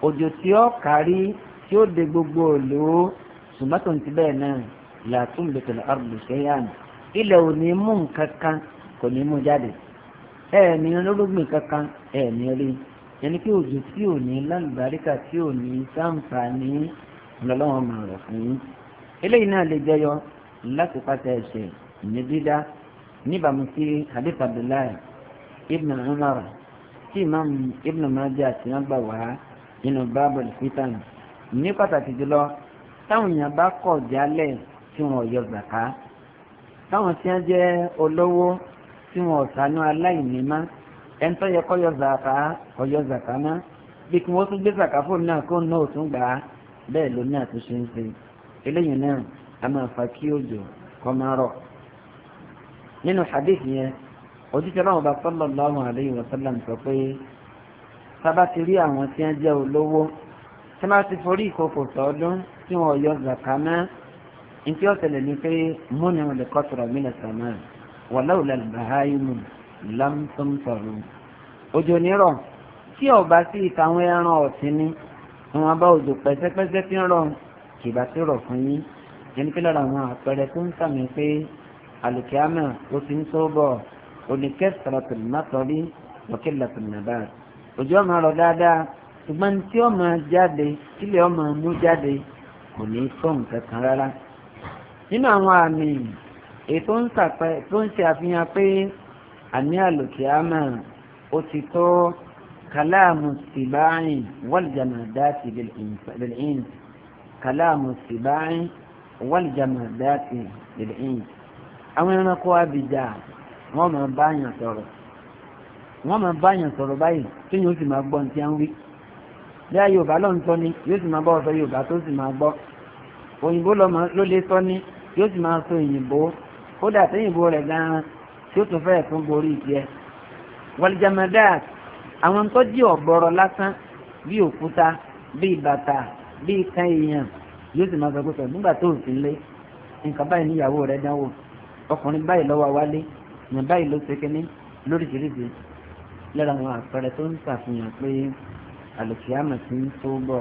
òjò tí ó kárí tí ó de gbogbo òlò ṣùgbọ́n tó ń ti bẹ́ẹ̀ náà làtún bẹ̀tẹ̀lẹ̀ ọ̀rùn ṣẹ́yàn ilẹ̀ ò ní mú nǹkan kan kò ní mú jáde ẹ̀ẹ̀mí ológun kankan ẹ̀ẹ̀mí rí yẹn ni pé òjò tí ò ní lálùbáríkà tí ò ní sáǹfààní lọ́lọ́wọ́n máa rọ̀ fún yín eléyìí náà lè jẹyọ láti pàṣẹ ẹ̀ṣẹ̀ ní dídá níbàámu sí hadith abdullahi ibn umar tí imam ibn majah àti wọn gbà wá nínú báàbò fitan ní pàtàkì jùlọ táwọn èèyàn bá kọ̀ jálẹ̀ tí wọn yọ gbàká táwọn tí wọn jẹ́ olówó tí wọn ọ̀sánú aláìní má ẹni tó yẹ kọ́ yọ zàkà kọ́ yọ zàkà má bí kí wọ́n tún gbé zàkà fóònù náà kó náà tún gbà á bẹ́ẹ̀ ló ní àtúnṣe ń ṣe eléyìí náà a máa fa kí òjò kọ́ máa rọ̀ nínú hadith yẹn òjíṣẹ́ náà bá sallallahu alayhi wa sallam sọ pé sábà ti rí àwọn tí wọ́n jẹ́ olówó tí wọ́n ti forí ìkókò sọ́ọ́dún tí wọ́n yọ zàkà náà nti ọsẹlẹ ni pé múni wọn lè kọsọrọ mí lè sàmà wàláwù lè bàháìmù lámsọmsọrọ òjò nírọ̀ tí ọba sí ìtàwọn ẹran ọ̀sìn ni wọn bá òjò pẹ́sẹ́pẹ́sẹ́ tí ń rọ̀ kì bá ti rọ̀ fún yín ẹni pé lára àwọn àpẹẹrẹ tó ń sàmì pé àlùkìámà ó ti ń sóbọ̀ oníkẹ́ sàràtìlì má tọ́rí lọ́kẹ́ làtìlìnàbà òjò ọmọ rọ̀ dáadáa ṣùgbọ́n tí ọmọ jáde kílẹ̀ ọmọ mú jáde kò ní tó nǹkan kan rárá nínú àwọn àmì ètò ń sàpẹ tó ń ṣe àfihàn pé àmì àlùkìámà ó ti tó. كلام السباع والجمادات للإنس كلام السباع والجمادات للإنس àwọn ẹranko abidà wọ́n máa bá yàn sọ̀rọ̀ wọ́n máa bá yàn sọ̀rọ̀ báyìí tí yóò sì máa gbọ́ nǹkan wí bí a Yorùbá ló ń sọ ni yóò sì máa bá ọ̀sọ̀ Yorùbá tó sì máa gbọ́ òyìnbó ló lè sọ ni yóò sì máa sọ òyìnbó kódà téyìnbó rẹ̀ gan-an tí ó tún fẹ́ẹ̀ tún borí tiẹ̀ wàlìjàmẹ́dáàtì àwọn tó jí ọ̀gbọ́rọ̀ lásán bíi òkúta bíi bàtà bíi kan èèyàn yóò sì máa sọ pé pẹ̀lú nígbà tó sì lé nǹkan báyìí níyàwó rẹ̀ dánwò ọkùnrin báyìí lọ́wọ́ wálé ní báyìí ló ṣe kínní lóríṣiríṣi lára àwọn àpẹẹrẹ tó ń ṣàfihàn pé àlùkìyàmù ti ń tó bọ̀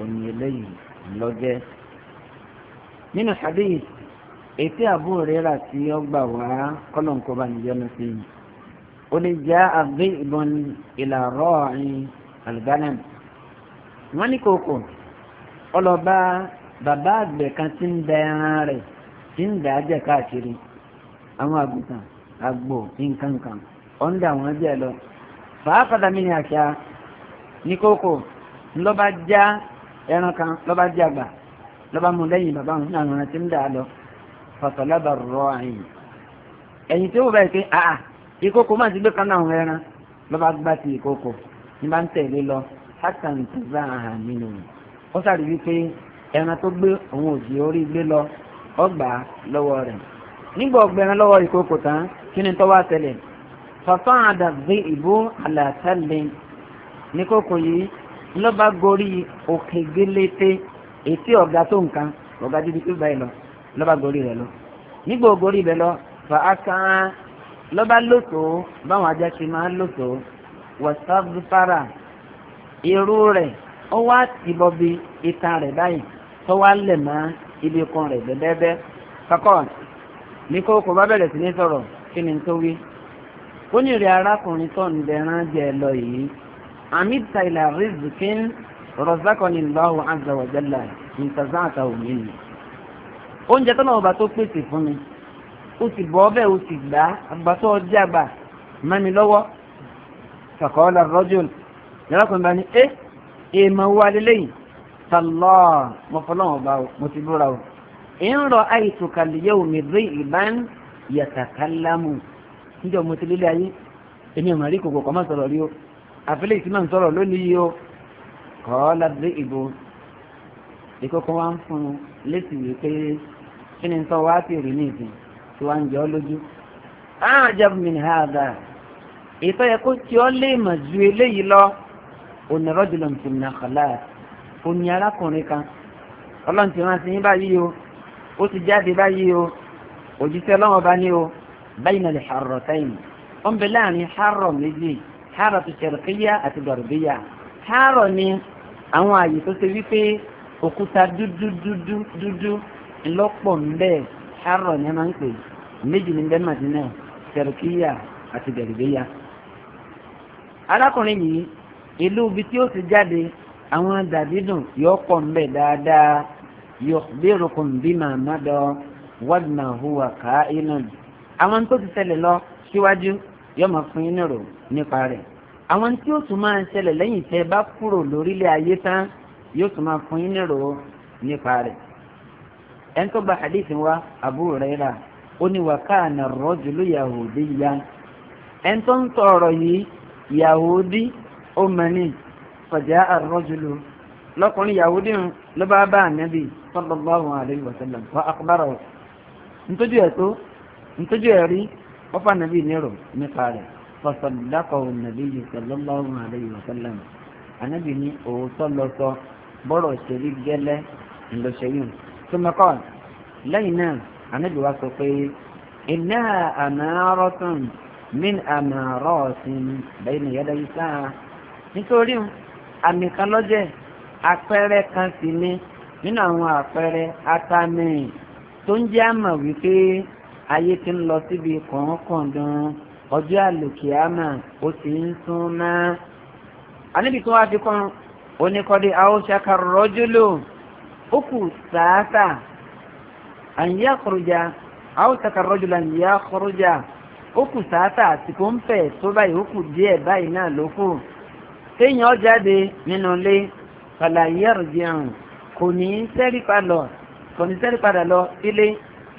òní eléyìí lọ́jẹ́. nínú hadith ètí àbúrò rẹ̀ rà tí ó wá kọ́lọ̀ ń bá níjọ́ lọ sí i ó lè jẹ́ àgbé ìbọn ìlàrọ̀ ọ̀rin àlùbánàm wọ́n ní kòkò ọlọ́ba bàbá àgbẹ̀ kan ti ń da ẹran rẹ̀ ti ń da ajẹ́ káàkiri àwọn àgùntàn àgbò nǹkankan ó ń da àwọn ẹgbẹ́ lọ fàáfàdà mi ní àṣà ní kòkò ńlọ́ba já ẹran kan lọ́ba já gbà lọ́ba mú lẹ́yìn bàbá òun náà ti ń dà lọ fàtọ́lábà rọ̀ àyìn ẹ̀yìn tí ó bá yẹ pé àà ìkókò máa ti gbé kan náà ẹran lọ́ba gbá ti ìkókò ní bá ń tẹ̀lé lọ hasan tẹ̀lé àhàn mi nù ó sàrí wípé ẹran tó gbé òun òjì orí gbé lọ ọgbà lọ́wọ́ rẹ̀ nígbà ọgbẹ́ran lọ́wọ́ ìkókò tán kí ni tọ́wọ́ àtẹlẹ̀ fàfáà àdàgbé ìbú àlàtàlẹ̀ ní kókò yìí lọ́ba gorí òkè gélété ètí ọ̀gá tó nǹkan ọ̀gá dídí tó báyìí lọ lọ́ba gorí rẹ̀ lọ nígbà ògorí rẹ̀ lọ fà á kàn án lọ́ba lòtó báwọn ajá ṣe máa ń lòtó wọ́sáfúfárà irú rẹ̀ ó wá tìbọ̀bi itan rẹ̀ báyìí tó wá lẹ̀ mọ́ ibi kan rẹ̀ bẹ́ẹ̀bẹ́ẹ́ kakọ́ ní kó kó bá bẹ̀rẹ̀ sí ní sọ̀rọ̀ kí ni tó wí. ó arákùnrin tó ń dẹran jẹ lọ yìí amid taylor rizikin rọ̀sákọ̀ni Allahu azza wa jalla ìtàzáàtà òmìnir oúnjẹ tó náà bá tó pèsè fún mi o sì bọ́ bẹ́ẹ̀ o sì gbà àgbàtọ́ ọjà àgbà má mi lọ́wọ́ fàkọ́ọ́lá rọ́jòl lọ́kùnrin bá ní ẹ́ èèmọ̀ wa lélẹ́yìn tàlọ́ mọ̀fọ́lọ́wọ́n bá o mo ti búra o ń rọ àìsàn kàlíyẹ́ omi rí ìbán yàtàkálámù níjọ́ mo ti lílé ayé èmi ò mà rí kòkò má sọ̀rọ̀ rí o àfẹ́lẹ́ ìsìn máa ń sọ̀rọ̀ lónìí o kọ́ọ́lá dé ìbò ìkókó wa ń fún un lẹ́sìn wípé kí ni sọ wá sí èrè ní ìsìn wá ń jẹ ọ́ lójú. àjẹbù mi nìha àgbà ètò yẹ kó tí ọ lè mà ju eléyìí lọ onírọ́jùlọ ti nà kàlá oní arákùnrin kan ọlọ́run ti rántí yín báyìí o ó ti jáde báyìí o òjíṣẹ́ ọlọ́run ọba ní o báyìí nà lè xarọ̀ táyìn ó ń bẹ láàrin xarọ̀ méjì xarọ̀ tó ṣẹ̀rẹ̀kẹ́yà àti dọ̀rọ̀bẹ́yà xarọ̀ ni àwọn àyè tó ṣe wípé òkúta dúdú dúdú dúdú ńlọ́pọ̀ ńbẹ́ xarọ̀ ni a máa ń pè é méjì ní bẹ́ẹ̀ màdínà sẹ̀rùkíyà àti gẹ̀rẹ́gẹ́yà. arákùnrin yìí ìlú ibi tí ó ti jáde àwọn dàbí dùn yóò pọ̀ ń bẹ̀ dáadáa yukhbirukum bima mada wadna huwa ka'inun. àwọn tó ti ṣẹlẹ̀ lọ síwájú yóò máa fún yín nírò nípa rẹ̀. àwọn tí ó tún máa ṣẹlẹ̀ lẹ́yìn tẹ́ bá kúrò lórílẹ̀ ayé tán yóò tún máa fún yín nírò nípa rẹ̀. ẹni tó gba hadith wa Abu Hurairah ó ní wàkàánà rọ́jùlú yahudi ya ẹni tó ń tọrọ yìí yahudi ó mẹ́ni fàjà àrọ́jùlú lọ́kùnrin yahudi ló bá bá ànábì sallallahu alaihi wa sallam wa akhbara ntójú ẹ̀ tó ntójú ẹ̀ rí wọ́n fà nírò nípa rẹ̀ fasadakọ̀ nàbí sallallahu alaihi wa sallam ànábì ní òótọ́ lọ́sọ bọ́rọ̀ ṣe rí gẹ́lẹ́ ńlọṣẹ́yìn tó mẹ́kọ́ lẹ́yìn náà. ànábì wa sọ pé ana àmàrọ́tún min ana bẹ́ẹ̀ ni yàda yìí sáà nítorí àmì kan lọ́jẹ̀ àpẹẹrẹ kan atami to ń jẹ́ àmọ̀ wípé ayé ti ń lọ síbi kọ̀ọ̀kọ̀ọ̀dún ọjọ́ àlòkìámà ó ti ń sún mọ́. àníbi tí an yakhruja aw taka rajulan yakhruja ó kù sáátà àsìkò ń fẹ̀ tó báyìí ó kù díẹ̀ báyìí náà ló kù téèyàn jáde nínú ilé fala yarji'u kò ní í sẹ́rí padà kò ní í sẹ́rí padà lọ sílé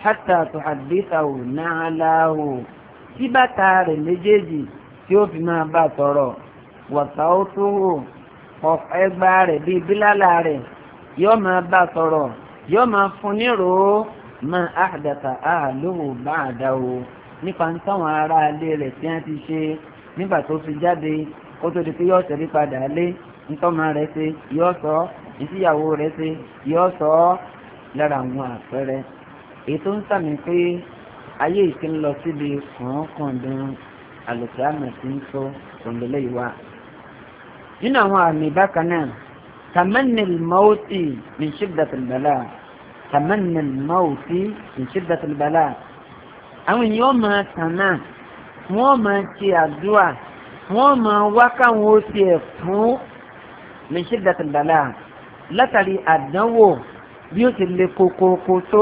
hatta tuhaddithahu na'lahu tí bàtà rẹ̀ méjèèjì tí ó fi máa bá tọrọ wọ̀tá ó tó hù ẹgbàá rẹ̀ bíi bílálà rẹ̀ yóò máa bá tọrọ yóò máa fún níròó máa àdàtà àlóhùn bá àdáwò nípa ń táwọn ará ilé rẹ̀ tí wọ́n ti ṣe nígbà tó fi jáde kó tó di pé yóò tẹ̀lé padà lé ntọ́mọ rẹ̀ ṣe yóò sọ ọ́ ìtìyàwó rẹ̀ ṣe yóò sọ ọ́ lára àwọn àpẹẹrẹ ètò ń sàmì pé ayé ìsìn lọ síbi kọ̀ọ̀kọ̀ọ̀dún àlùkàmù tí ń tó òǹdọ̀lẹ́ ìwà. nínú àwọn àmì bákan náà tàmánìlì mọ́ọ́tì ní ṣíbdàtìlbàlà tàmánà mọ́ọ̀tì ìṣẹ́dá tòlùbálà àwọn èèyàn máa tànà wọ́n máa ṣe àdúrà wọ́n máa wá káwọn ó ṣe ẹ̀ fún ìṣẹ́dá tòlùbálà látàrí àdánwò bí ó ti le kókókó tó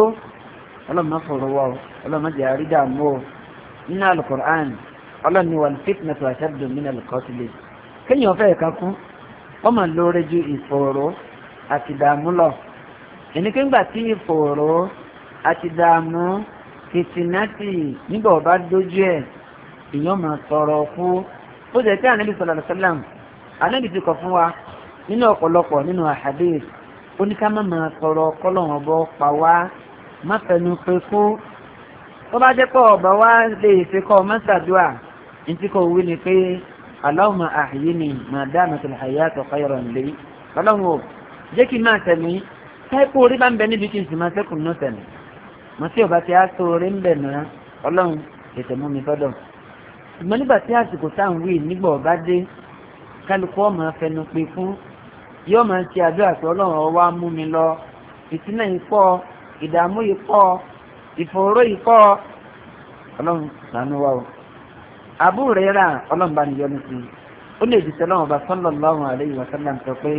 ọlọ́mọ fọ̀rọ̀ wọ́ ọlọ́mọ jẹ́ àrídàmú ọ nínú alukur'an ọlọ́ni wà fitna tó aṣáájú nínú alukọ́tìlẹ̀ kéèyàn fẹ́ẹ̀ kakú wọ́n máa lóore ju ìfọ̀rọ̀ àti ìdààmú lọ ẹni pé ńgbà tí ìfòòró àti dààmú fìtìnátì nígbà ọba dojú ẹ èèyàn máa sọ̀rọ̀ kú ó jẹ́ pé ànábì sọlá alẹ́sàlám ànábì ti kọ̀ fún wa nínú ọ̀pọ̀lọpọ̀ nínú àhàdíìsì ó ní ká má máa sọ̀rọ̀ kọ́lọ́hún ọbọ̀ pa wá má fẹnu pé kú tó bá jẹ́ pé ọba wa lè ṣe kọ́ ọ má ṣàdúrà ní kò wí ni pé Allahumma ahyini ma damatil hayatu khayran li ọlọ́run ò jẹ́ kí n máa tẹ̀mí táìpù orí bá ń bẹ níbi kí n sì máa sẹ́kù ní ọ̀sẹ̀ mi mo tí ọba ti á so orí ń bẹ̀ náà ọlọ́run ètò mú mi fọ́dọ̀ ṣùgbọ́n nígbà tí àsìkò táwọn wí nígbà ọba dé kálukú ọmọ fẹnu pé fún yóò máa ṣe àdúrà pé ọlọ́run ọwá mú mi lọ ìtínà ìpọ́ ìdààmú ìpọ́ ìfòòró ìpọ́ ọlọ́run sànú wa o Abu Hurairah ọlọ́run bá mi yọ ní sí i ó lè dìtẹ̀ ọlọ́run ọba sallallahu alaihi wa sallam sọ pé.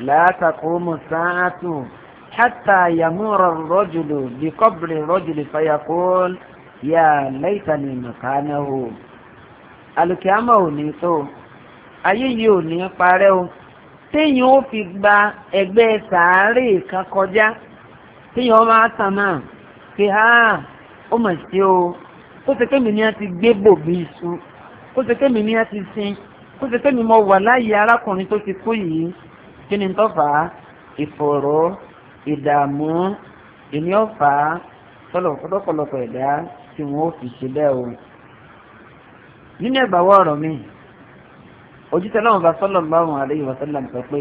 لا تقوم الساعة حتى يمر الرجل بقبر الرجل فيقول يا ليتني مكانه alùkìámọ̀ ò ní tó ayé yìí ò ní parẹ́ o téèyàn ó fi gba ẹgbẹ́ sàárè kan kọjá téèyàn máa tàn náà pé ha ó mà ṣe o kó ṣe kémi ni a ti gbé bòbí iṣu kó ṣe kémi ni a ti sin kó ṣe kémi mo wà láàyè arákùnrin tó ti kú yìí kí ni tó fà á ìfòòró ìdààmú ìní ọ̀fà tọ́lọ̀pọ̀lọpọ̀ ẹ̀dá tí wọ́n ó fi ṣe bẹ́ẹ̀ o. nínú ẹ̀bàwọ̀ ọ̀rọ̀ mi òjíṣẹ́ náà bá sallallahu alaihi wa sallam sọ pé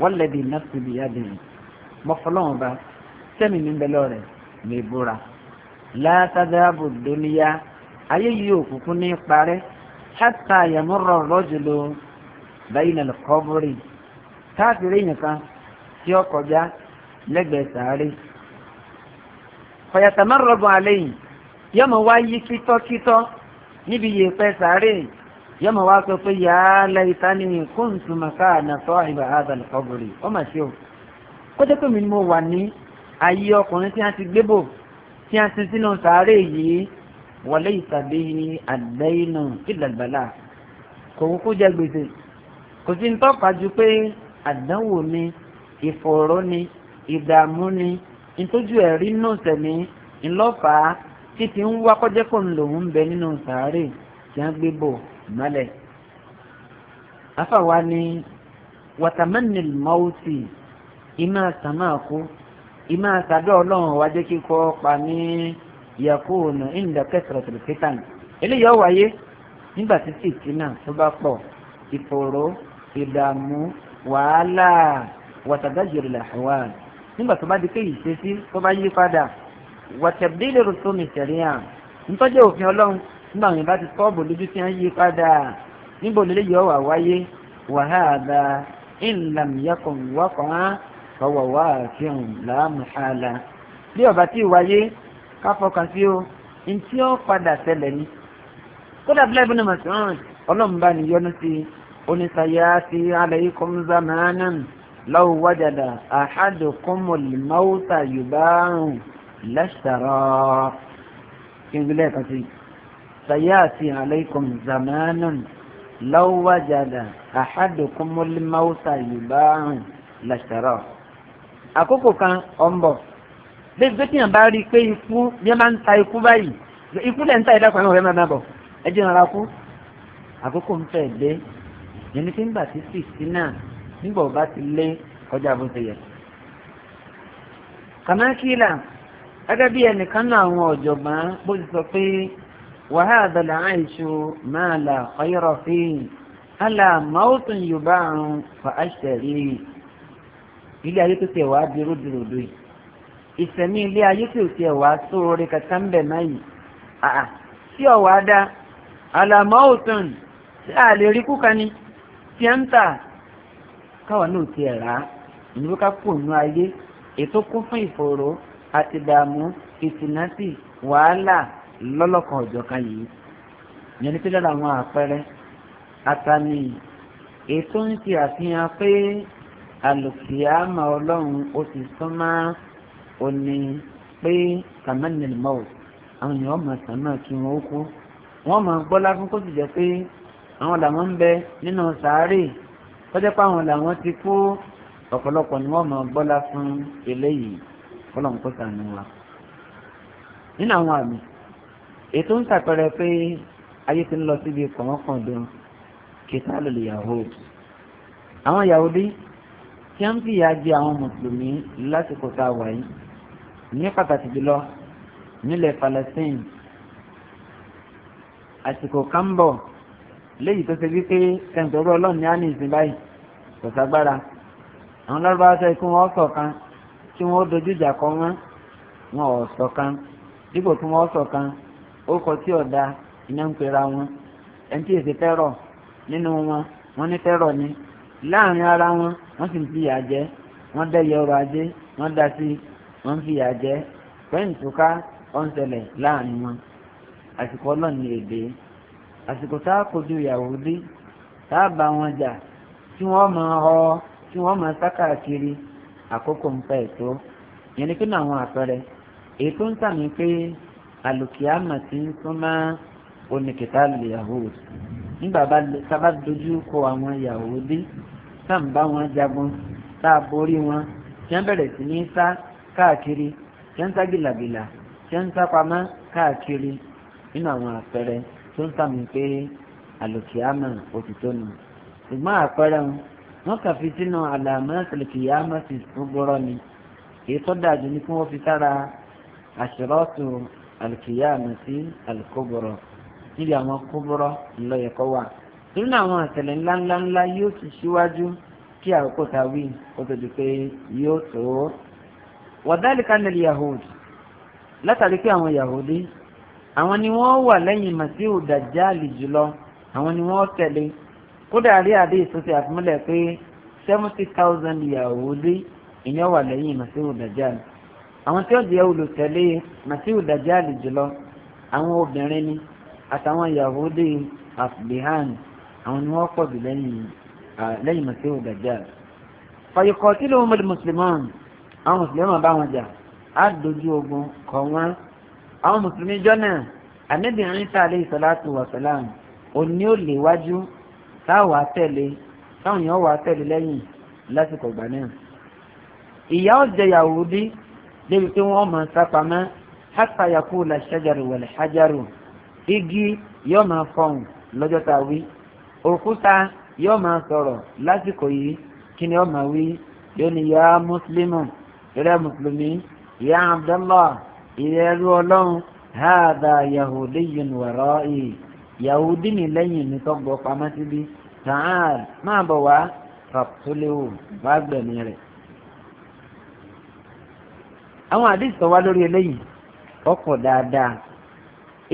walladhi nafsi biyadihi mọ́fọ́lọ́wọ́n bá sẹ́mi ní bẹ́lẹ́ rẹ̀ lè búra. la tadhabu ayé yìí òkùnkùn ní parẹ́ hatta yamurra ar-rajulu bayna al-qabri káàkiri nìkan tí ó kọjá lẹ́gbẹ̀ẹ́ sàárè fọyàtàmọ́ rọ̀bùn alẹ́ yìí yọmọ wá yí kítọ́kítọ́ níbi yèèpẹ̀ sàárè yọmọ wá sọ pé yàá lẹ́yìntà ni kóńtù màkà nàfọ́ ìbà àdàl kọ́bùrì ó mà ṣe o kótó pé mi ni mo wà ní ayé ọkùnrin tí a ti gbé bò tí a ti sínú sàárè yìí wọlé ìtàbí àdéhìnà ìdàgbàlà kò kúkú jẹ gbèsè kò sí ní tọ́ka ju pé àdánwò ni ìfòòró ni ìdààmú ni ìtọ́jú ẹ̀rí nù sẹ̀mí ńlọ́fà títí ń wá kọ́jẹ́ kó ń lòún ń bẹ nínú sàárè tí wọ́n gbé bò mọ́lẹ̀. afáwa ni wàtàmánì mọ́wùtì ìmọ̀ àtàmáàkú ìmọ̀ àtàdọ́ ọlọ́run wájú kíkọ́ pa ní yakuna inda kẹsìrọ̀tìrì fitan eléyìí ó wáyé nígbà tí fìtínà tó bá pọ̀ ìfòòró ìdààmú wàhálà wàtàdájìrì làwà nígbà tó bá di pé ìṣesí tó bá yí padà wàtàbílẹ̀ rùsùnmí sẹ̀ríà nítọ́jú òfin ọlọ́run nígbà wọn bá ti sọ́ọ̀bù lójú tí wọ́n yí padà níbo nílé yọ wà wáyé wàhálà ìlànìyàkùn wọ́kàn á fọwọ́ wá àfihàn làámùhálà bí ọba tí ì wáyé ká sí o ntí ó padà ṣẹlẹ̀ ni kódà bílẹ̀ bí ọlọ́run bá ní yọnu sí i oníṣayáàtì aláìkún zamanan lọ́wọ́ wájàdà àhádùkúnmọ̀lìmáwùtà yuba'u lẹ́sàrọ̀ ìgbìlẹ̀ kan sí sayáàtì aláìkún zamanan lọ́wọ́ wájàdà àhádùkúnmọ̀lìmáwùtà yuba'u lẹ́sàrọ̀ àkókò kan ọ̀nbọ̀ gbẹgbẹ tí yàn bá rí i pé ikú bí wọn bá ń ta ikú báyìí ikú lẹ̀ ń ta ìdákùn ẹ̀wọ̀n rẹ̀ máa bọ̀ ẹjẹ̀ nara kú àkókò ń fẹ́ dé yẹn ní pé ńgbà tí sixty náà nígbà ó bá ti lé kọjá bó ti yẹ. kàmákìlà gẹ́gẹ́ bí ẹnìkan náà àwọn ọ̀jọ̀gbọ́n bó ti sọ pé wàhálà làáìṣù máa là ọyọ́rọ̀ fíìn hálà máwùtún yorùbá àrùn fà áṣẹ̀rí ilé ayé tó tiẹ̀ wá dirú diròdo yìí ìsẹ̀mí ilé ayé tó tiẹ̀ wá sóore kàkà ń bẹ̀ náyì àà tí ọ̀wá dá hálà máwùtún tí a rí kú tí a ń tà káwa náà ti ẹ̀ rà á ìlú ká kò nú ayé ètò kún fún ìfòòró àti ìdààmú ìtìnásì wàhálà lọ́lọ́kan ọ̀jọ̀kan yìí yẹn ní pílẹ̀ làwọn àpẹẹrẹ àtàmì ètò ń ti àfihàn pé àlùkìyàmà ọlọ́run ó ti sánmá òní pé kàmánìlmọ́ọ̀ àwọn èèyàn máa sàn náà kí wọ́n kú wọ́n máa gbọ́lá fún kó sì jẹ́ pé àwọn làwọn ń bẹ nínú sàárè kọjá pé àwọn làwọn ti kú ọ̀pọ̀lọpọ̀ ni wọ́n mọ̀ gbọ́lá fún eléyìí kọ́lọ́n kó sànù wa. nínú àwọn àmì ètò ń sàpẹrẹ pé ayé ti ń lọ síbi kọ̀mọ́kàndó kìtà lòlù Yahud àwọn Yahudi tí wọ́n fi ìyà jẹ àwọn mùsùlùmí lásìkò tá a wà yìí ní pàtàkì jùlọ nílẹ̀ Palestine àsìkò kan bọ̀. léyìí tó ṣe wípé ẹnìtọ́rọ ọlọ́run ní a ní ìsìn báyìí kò ságbára àwọn lọ́rọ̀bá sọ kí wọ́n ṣọ̀kan tí wọ́n dojú ìjà kọ wọ́n wọn ò ṣọ̀kan dípò kí wọ́n ṣọ̀kan ó kọ tí ọ̀dà iná ń pera wọn ẹni tí èsì nínú wọn ní ni láàrin ara wọn wọ́n sì ń wọ́n dẹ́yẹ ọrọ̀ ajé wọ́n dá sí wọ́n pẹ́ǹtùká àsìkò tá a kojú Yahudi tá a bá wọn jà tí wọ́n máa họ tí wọ́n máa sá káàkiri àkókò ń pẹ́ tó yẹn ni kí ni àwọn àpẹẹrẹ èyí tó ń sàmì pé alùkìyàmà ti ń súnmọ́ oníkìtà Yahudi nígbà tá a bá dojú kọ àwọn Yahudi tá à ń bá wọn jagun tá a borí wọn tí wọ́n bẹ̀rẹ̀ sí ní sá káàkiri tí wọ́n sá gìlàgìlà tí wọ́n sá pamọ́ káàkiri nínú àwọn àpẹẹrẹ tó ń sàmì pé àlùkìyàmà òtítọ́ ni ṣùgbọ́n àpẹẹrẹ wọn kà fi sínú àlàmọ́ àlùkìyàmà sì gbọ́rọ̀ ni èyí tó dájú ni kí wọ́n fi sára àṣírọ́tù àlùkìyàmà sí àlùkóbọ̀rọ̀ níbi àwọn kóbọ̀rọ̀ ńlọ́yẹ̀kọ́ wà nínú àwọn àtẹ̀lẹ̀ ńláńláńlá yóò ti síwájú kí àkókò tàwí kó tó di pé yóò tó wàdálìkà nílẹ̀ yahudi látàrí pé àwọn yahudi àwọn ni wọ́n wà lẹ́yìn masiu dajali jùlọ àwọn ni wọ́n tẹ̀lé kódà rí adé ìsọsí àfimúlẹ̀ pé seventy thousand Yahudi ìyẹn wà lẹ́yìn masiu dajali àwọn tí ó jẹ́ olùtẹ̀lé masiu dajali jùlọ àwọn obìnrin ni àtàwọn Yahudi asbihan àwọn ni wọ́n pọ̀ jù lẹ́yìn lẹ́yìn masiu dajali fàyíkọ̀ tí lóun mọ̀lẹ́ mùsùlùmọ́ọ̀n àwọn mùsùlùmọ́ọ̀n bá wọn jà á dojú ogun kọ̀ wọ́n àwọn mùsùlùmí jọ́nà ànábì Ìsá alayhi salatu wa salam òní ò léwájú táwọn àtẹ̀lé táwọn èèyàn wà àtẹ̀lé lẹ́yìn lásìkò ìgbà náà. ìyà ó jẹ Yahudi débi pé wọ́n máa sápamọ́ hatta yakula shajaru wal hajaru igi yóò máa fọhùn lọ́jọ́ tá a wí òkúta yóò máa sọ̀rọ̀ lásìkò yìí kí ni ó máa wí yóò ní ya mùsùlùmí rẹ Abdallah. ìrẹ́rú ọlọ́run háàdà yahudi yun wọ̀rọ̀ ì yahudi ni lẹ́yìn mi tọ́gbọ́ pamọ́ síbi tààl máa bọ̀ wá fàtúléwò wá gbẹ̀mí rẹ̀. àwọn àdìsí tó wá lórí eléyìí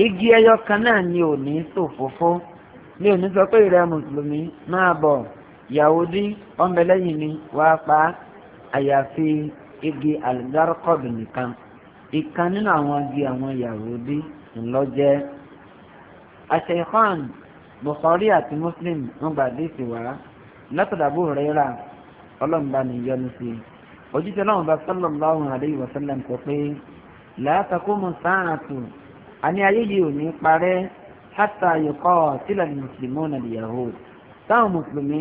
igi ẹyọ kan náà ni ò ní ṣòfófó ní òní ìrẹ́ mùsùlùmí máa bọ̀ yahudi ọmọ ẹlẹ́yìn pa àyàfi igi ìkan nínú àwọn agi àwọn Yahudi ńlọjẹ aṣèkán Bukhari àti Muslim ń gbà déètì wá látọ̀dọ̀ Abu Huraira ọlọ́mùbá ni yọnu sí i òjíṣẹ́ náà bá sallallahu alayhi wa sallam kọ pé la taqumu sa'atu àní ayé yìí ò ní parẹ́ hatta yuqatila al-muslimuna al-yahud táwọn mùsùlùmí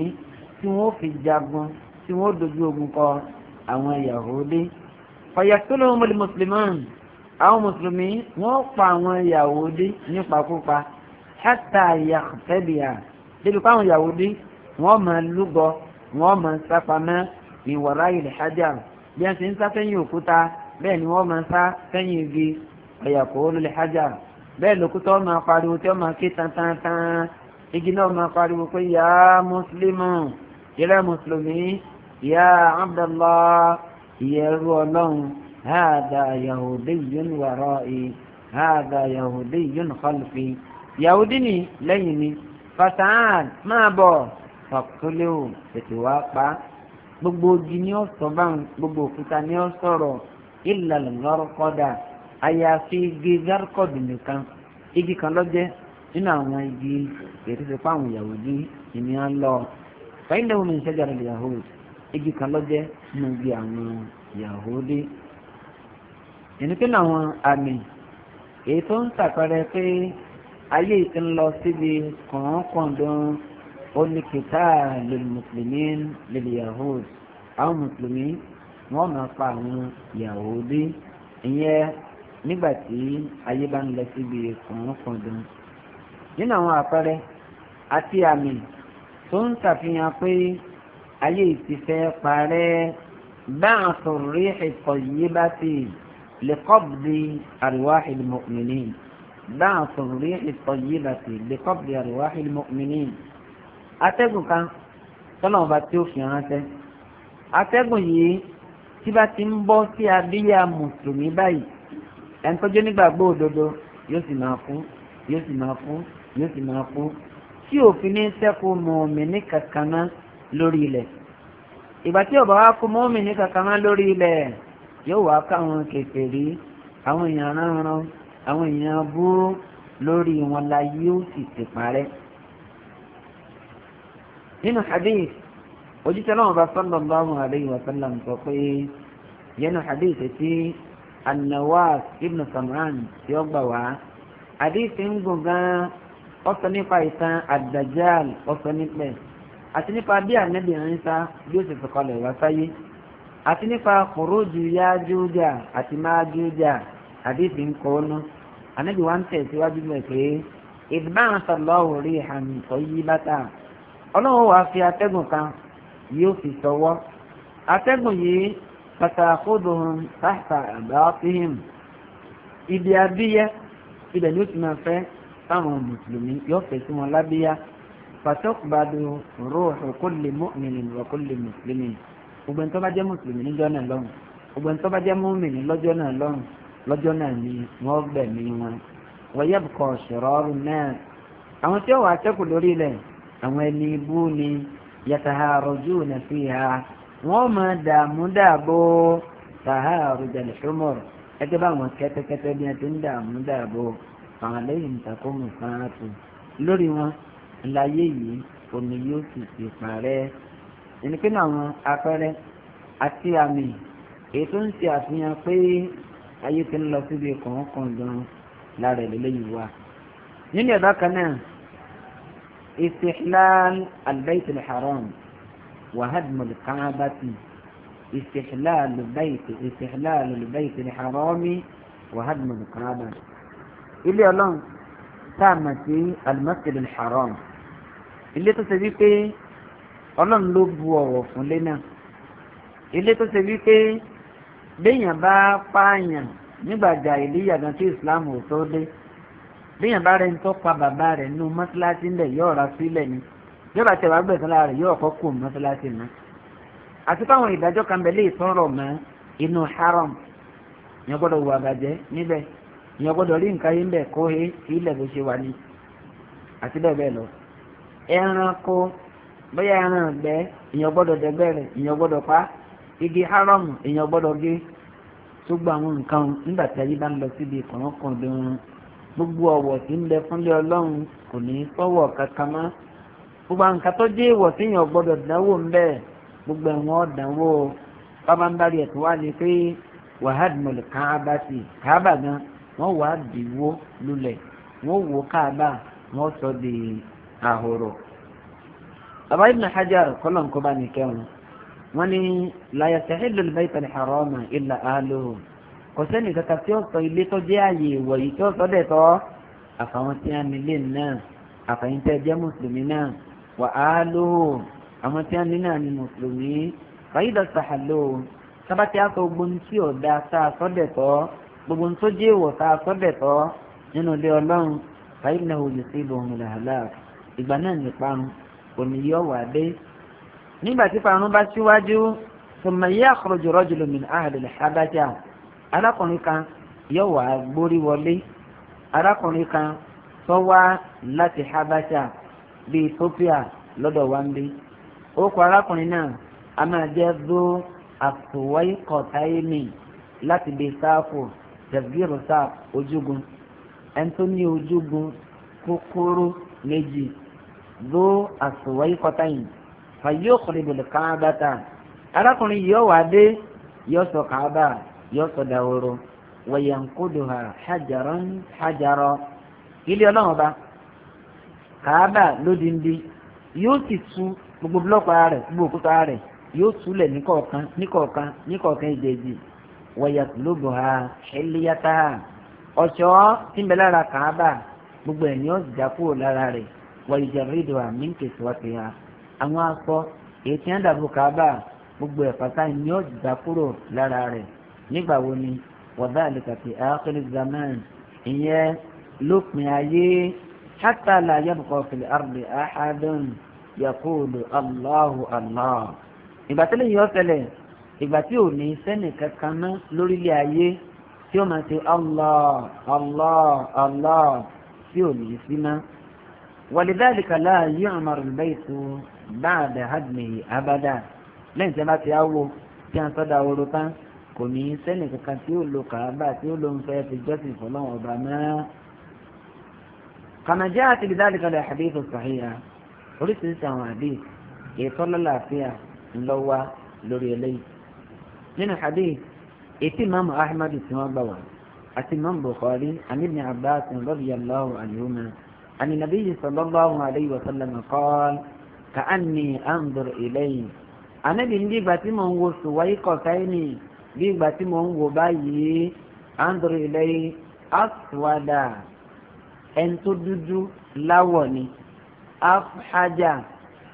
tí wọ́n fi jagun tí wọ́n dojú ogun kọ àwọn Yahudi fayasuluhum almuslimun àwọn mùsùlùmí wọ́n pa àwọn Yahudi nípakúpa hatta yaqtabiya débi pa àwọn Yahudi wọ́n máa lúgọ wọ́n máa sápamọ́ ìwàrà ilẹ̀ hajar bí wọ́n ti ń sá sẹ́yìn òkúta bẹ́ẹ̀ ni wọ́n máa sá sẹ́yìn igi ọ̀yàkó lulẹ̀ hajar bẹ́ẹ̀ lòkúta máa pariwo tí wọ́n máa ké tantantan igi náà máa pariwo pé yá mùsùlùmí yẹ́rẹ́ mùsùlùmí yá abdallah ìyẹrù ọlọ́run hàdà yahudi yun wàrọ̀ ì hàdà yahudi yun kọlùfì yahudi ni lẹ́yìn mi fasaad máa bọ̀ fàkúlẹ́wò tètè wá pa gbogbo ogi ni ó sọ báwọn gbogbo òkúta ni ó sọ̀rọ̀ ìlà lọ́rọ́kọ́dà àyàfi igi gárkọ̀dù nìkan igi kan lọ́jẹ́ nínú àwọn igi ètò ìfipá àwọn yahudi ìní à ń lọ fẹ́ẹ́ lẹ́wọ̀n mi ń ṣẹ́jà yahudi igi kan lọ́jẹ́ nínú igi àwọn Yahudi ìnípínlẹ̀ àwọn àmì èyí tó ń sàpẹrẹ pé ayé yìí ti ń lọ síbi kọ̀ọ̀kọ̀ọ̀dún oníkìtà lil muslimin lil Yahudi àwọn mùsùlùmí wọ́n máa pa àwọn Yahudi ìyẹn nígbà tí ayé bá ń lọ síbi kọ̀ọ̀kọ̀ọ̀dún nínú àwọn àpẹrẹ àti àmì tó ń ṣàfihàn pé ayé ti fẹ́ parẹ́ báàtò ríhì tayyibati lẹ́kọ́bìdì àríwáhìlì mọ̀mìnì báàtò ríhì tayyibati lẹ́kọ́bìdì àríwáhìlì mọ̀mìnì. atẹ́gùn kan tọ́nà ọba tí ó fi ránṣẹ́ atẹ́gùn yìí tí bá ti ń bọ́ sí abíyá mùsùlùmí báyìí ẹni tó jẹ́ nígbàgbọ́ òdodo yóò sì máa fún yóò sì máa fún yóò sì máa fún tí òfin ní sẹ́kù mọ̀mìnì kankan náà lórí ilẹ̀ ìgbà tí ọba wa kú mọ́mì ní kankan má lórí ilẹ̀ yóò wá káwọn kèfèrí àwọn èèyàn ránran àwọn èèyàn búrú lórí wọn la yóò sì ti parẹ́. nínú hadith ojútẹ náà bá sallallahu alayhi wa sallam sọ pé yẹnu hadith ti an-Nawas ibn Sam'an tí ó gbà wá hadith ń gùn gan ó sọ nípa ìtàn ad-Dajjal sọ nípa ẹ̀ àti nípa bí ànábì Ìsá bí ó sì sọ̀kalẹ̀ wá sáyé àti nípa kòrójù Yájújà àti Májújà àdéhìí ń kọ́ ọ́nà ànábì wa ń tẹ̀síwájú bẹ̀ pé ìdìbàn sàlọ́wọ́ rí àmì ìtọ́yí bàtà ọlọ́run wàá fi atẹ́gùn kan yóò fi sọwọ́ atẹ́gùn yìí pàtàkùdùn tàṣà àbáfíhìm ibi abíyẹ ibẹ̀ ni ó ti máa fẹ́ sáwọn mùsùlùmí yóò fẹ́ sí wọn lábíyá fatọ́kùbàdù rúùhù kulli mu'minin wa kulli muslimin gbogbo ẹni tó bá jẹ́ mùsùlùmí níjọ́ náà lọ́hùn gbogbo ẹni tó mùmìnì lọ́jọ́ náà lọ́hùn lọ́jọ́ náà ni wọ́n gbẹ̀mí wọn. wọ́n yabqa shiraru nas àwọn tí ó wà sẹ́kù lórí ilẹ̀ àwọn ẹni ibú ni yataharujuna fiha wọ́n máa dààmú dààbò taharujal humur ẹgbẹ́ báwọn kẹ́tẹ́kẹ́tẹ́ bí wọ́n ti ń dààmú dààbò àwọn àlẹ́ ńláyé yìí omi yóò sì ti parẹ́ ẹnikẹ́ni àwọn apẹ́rẹ́ àti àmì èyí tó ń ṣe àfihàn pé ayé ti ń lọ síbi kọ̀ọ̀kan gan lára ìlẹ́lẹ́yìn wa nínú ẹ̀dá kan náà istihlal albayt alharam wa hadmu alkaabati istihlal albayt istihlal albayt alharami wa hadmu ilé ọlọ́run tá a mọ̀ sí almasjid alharam ilé tó ṣe wípé ọlọ́run ló bu ọ̀rọ̀ fún lé náà ilé tó ṣe wípé béèyàn bá pààyàn nígbàjà ìlíyà tí islam ò tó dé béèyàn bá rẹ̀ ń tọ́ pa bàbá rẹ̀ nínú mọ́ṣáláṣí ńlẹ̀ yóò ra sílẹ̀ ni yọba tẹ wàá gbẹ̀sán lára rẹ̀ yóò kọ́ kó mọ́ṣáláṣí mọ́ àti fáwọn ìdájọ́ kan bẹ̀ lè sọ̀rọ̀ mọ́ inú haram yẹn gbọ́dọ̀ wà bàjẹ́ níbẹ̀ yẹn gbọ́dọ̀ rí nǹkan yín bẹ̀ kó he kí ilẹ̀ bó ṣe wà ní àti bẹ́ẹ̀ bẹ́ẹ̀ lọ. ẹranko bóyá ẹran ìgbẹ́ èèyàn gbọ́dọ̀ dẹgbẹ́ rẹ̀ èèyàn gbọ́dọ̀ pa igi hárọ̀mù èèyàn gbọ́dọ̀ gé tó gba àwọn nǹkan nígbà tí ayé bá ń lọ síbi dùn gbogbo ọ̀wọ̀ tí ń fúnlé ọlọ́run kò ní í kankan mọ́ gbogbo nǹkan tó dé tí gbogbo ẹ̀wọ̀n ọ̀dánwò bábá ń darí ẹ̀tọ́ wá pé wàhálà mọ̀lẹ̀ sí gan wọ́n wàá dìwó lulẹ̀ sọ ahoro bàbá ibn hajar kọlọ̀ nkọ́ bá nìkẹ́ wọn wọn ni láyàtọ̀ ìlú baytal harama illa ahluhu kò sẹ́ni kankan tí ó sọ ilé tó jẹ́ ààyè ìwọ̀ yìí tí ó sọ dẹ̀ tọ́ àfàwọn tí a nílé náà àfàyín tẹ́ jẹ́ mùsùlùmí náà wà á lóhùn àwọn tí a ní náà ni mùsùlùmí fàyídà sàhàlò sábàtì àtọ gbogbo ní tí ọ̀dà tá a sọ dẹ̀ tọ́ gbogbo ní tó jẹ́ ìwọ̀ tá sọ dẹ̀ tọ́ nínú ilé ọlọ́run fàyídà òjò sí ibò òmìnira ìgbà náà ní parun òní yóò wà dé nígbà tí parun bá síwájú thumma yakhruju rajulun min ahli al-habasha alákùnrin kan yóò wà gbórí wọlé arákùnrin kan tó wá láti habasha bíi Ethiopia lọ́dọ̀ wa ń bí ó kọ arákùnrin náà a máa jẹ́ dó àtúwáyé kọ̀táyémì láti bíi sáàfù jẹ̀bírù ojúgun ẹni tó ní ojúgun kúkúrú méjì ló àsùnwọ̀ ikọta yìí fà yóò kọ́ni bẹ̀lẹ̀ káàbà ta arákùnrin yóò wá dé yóò sọ káàbà yóò sọ dàwòrò wọ̀yẹ̀nkúdù ha hajarọ̀ hajarọ̀ ilé ọlọ́run ba káàbà lódìndí yóò sì tú gbogbo búlọ́ọ̀kù ara rẹ̀ gbogbo òkúta ara rẹ̀ yóò túlẹ̀ níkọ̀ọ̀kan níkọ̀ọ̀kan níkọ̀ọ̀kan ìdèjì wọ̀yàtúlógbò ha ẹlẹ́yàtà ọ̀ṣọ́ tìǹbẹ̀ lára kàábà gbogbo ẹ̀ ní ọ̀sìdá kúrò lára rẹ̀ wọ́n ìjàmbá wa mí kèsì wá sí ha àwọn akọ èyí tí wọ́n dàbò kábà gbogbo ẹ̀ pátá ni ó gbà kúrò lára rẹ̀ nígbà wo ni wọ́dà àlùkàtì àákìrì zaman ìyẹn lópin ayé hátà là yàbùkọ fìlẹ̀ àrùbí àhádùn yàkúùlù aláhu aláhu ìgbà tẹ́lẹ̀ yìí ó ìgbà tí ò ní sẹ́nì kankan ná lórílẹ̀ ayé tí ó máa ṣe allah allah allah tí ò ní sí náà. ولذلك لا يعمر البيت بعد هدمه أبدا لين سمعت أول كان صدى ورطان kò ní í sẹ́nì kankan tí ó lo kàábà tí ó lóun fẹ́ fi jọ́sìn fọlọ́wọ́n ọba mọ́. kànájà àti ìdádìkalẹ̀ àdéhùn sàhíyà oríṣiríṣi àwọn àdéhùn ètò lọ́láàfíà ńlọ́wọ́ lórí eléyìí. nínú àdéhùn ètí ìmáàmù ahmadu tí wọ́n gbà wá àti ìmáàmù bukhari àmì ibn abbas radiyallahu anhuma. عن النبي صلى الله عليه وسلم قال كأني أنظر إليه أنا بنجي باتم هو سوي قصيني بي باتم هو باي أنظر إليه أسود ẹn tó dúdú láwọ̀ ni afhajà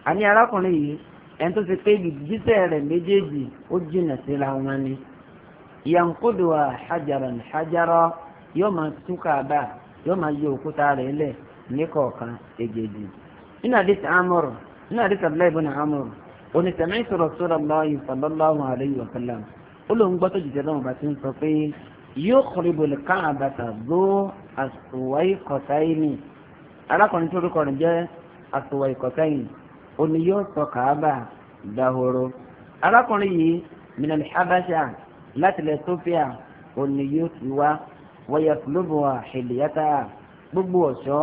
àní arákùnrin yìí ẹn tó ti pé jíṣẹ́ rẹ̀ méjèèjì ó jìnà síra wọn ni yankudu hajaran hajara yóò máa túkà bá yóò máa yọ òkúta rẹ̀ lẹ̀ níkọ̀ọ̀kan egèdè nínú àdìsí amọ̀rọ̀ nínú àdìsí abdullahi ibn amọ̀rọ̀ onítẹ̀mí sọ̀rọ̀ sọ̀rọ̀ lọ́yìn sallallahu alayhi wa sallam ó lóun gbọ́ tó jìjẹ́ lọ́wọ́ bá ti ń sọ pé yóò kọ́rìbò lè ká àbàtà ló àsùwáyé kọ̀táyìnì arákùnrin tó rúkọ rẹ̀ jẹ́ àsùwáyé kọ̀táyìnì òní yóò sọ kàábà dahoro arákùnrin yìí minal habasha láti lẹ̀ sofia yóò ti wá wọ́yẹ̀ fúlùbọ̀ àṣẹlẹ̀yàtà gbogbo ọ̀ṣọ́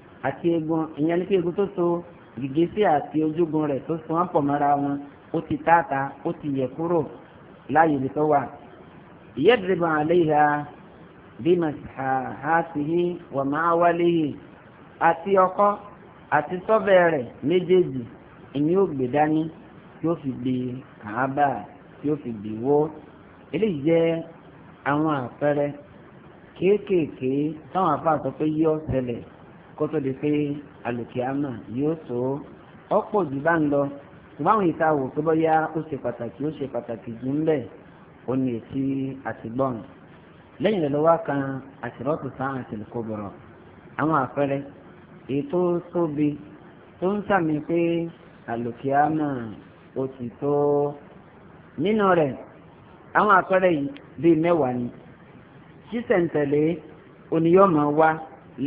àti egun ìyẹn ní kí egun tó so gìgísẹ̀ àti ojúgun rẹ̀ tó so wọ́n pọ̀ mọ́ra wọn ó ti tààtà ó ti yẹ kúrò láàyè ibi tó wà. yadribu alayha bimasahatihi wa ma'awalihi àti ọkọ́ àti sọ́bẹ̀ rẹ̀ méjèèjì ìní ò gbé dání tí ó fi gbé kàábà tí ó fi gbé wó eléyìí jẹ́ àwọn àpẹẹrẹ kéékèèké táwọn afáàsọ pé yí ọ ṣẹlẹ̀ kó tó di pé àlùkìyámà yóò tó ọ̀pọ̀ jù bá ń lọ ṣùgbọ́n àwọn ìta wò pé bóyá ó ṣe pàtàkì ó ṣe pàtàkì jù ńlẹ̀ ó ní etí àtìgbọ́n lẹ́yìn rẹ̀ ló wá kan àṣìrọ́tù sáà àṣìlùkò bọ̀rọ̀ àwọn àpẹẹrẹ ètò tóbi tó ń sàmì pé àlùkìyámà ó ti tó nínú rẹ̀ àwọn àpẹẹrẹ yìí bíi mẹ́wàá ni ṣísẹ̀ntẹ̀lé oníyọ́mọ̀ wá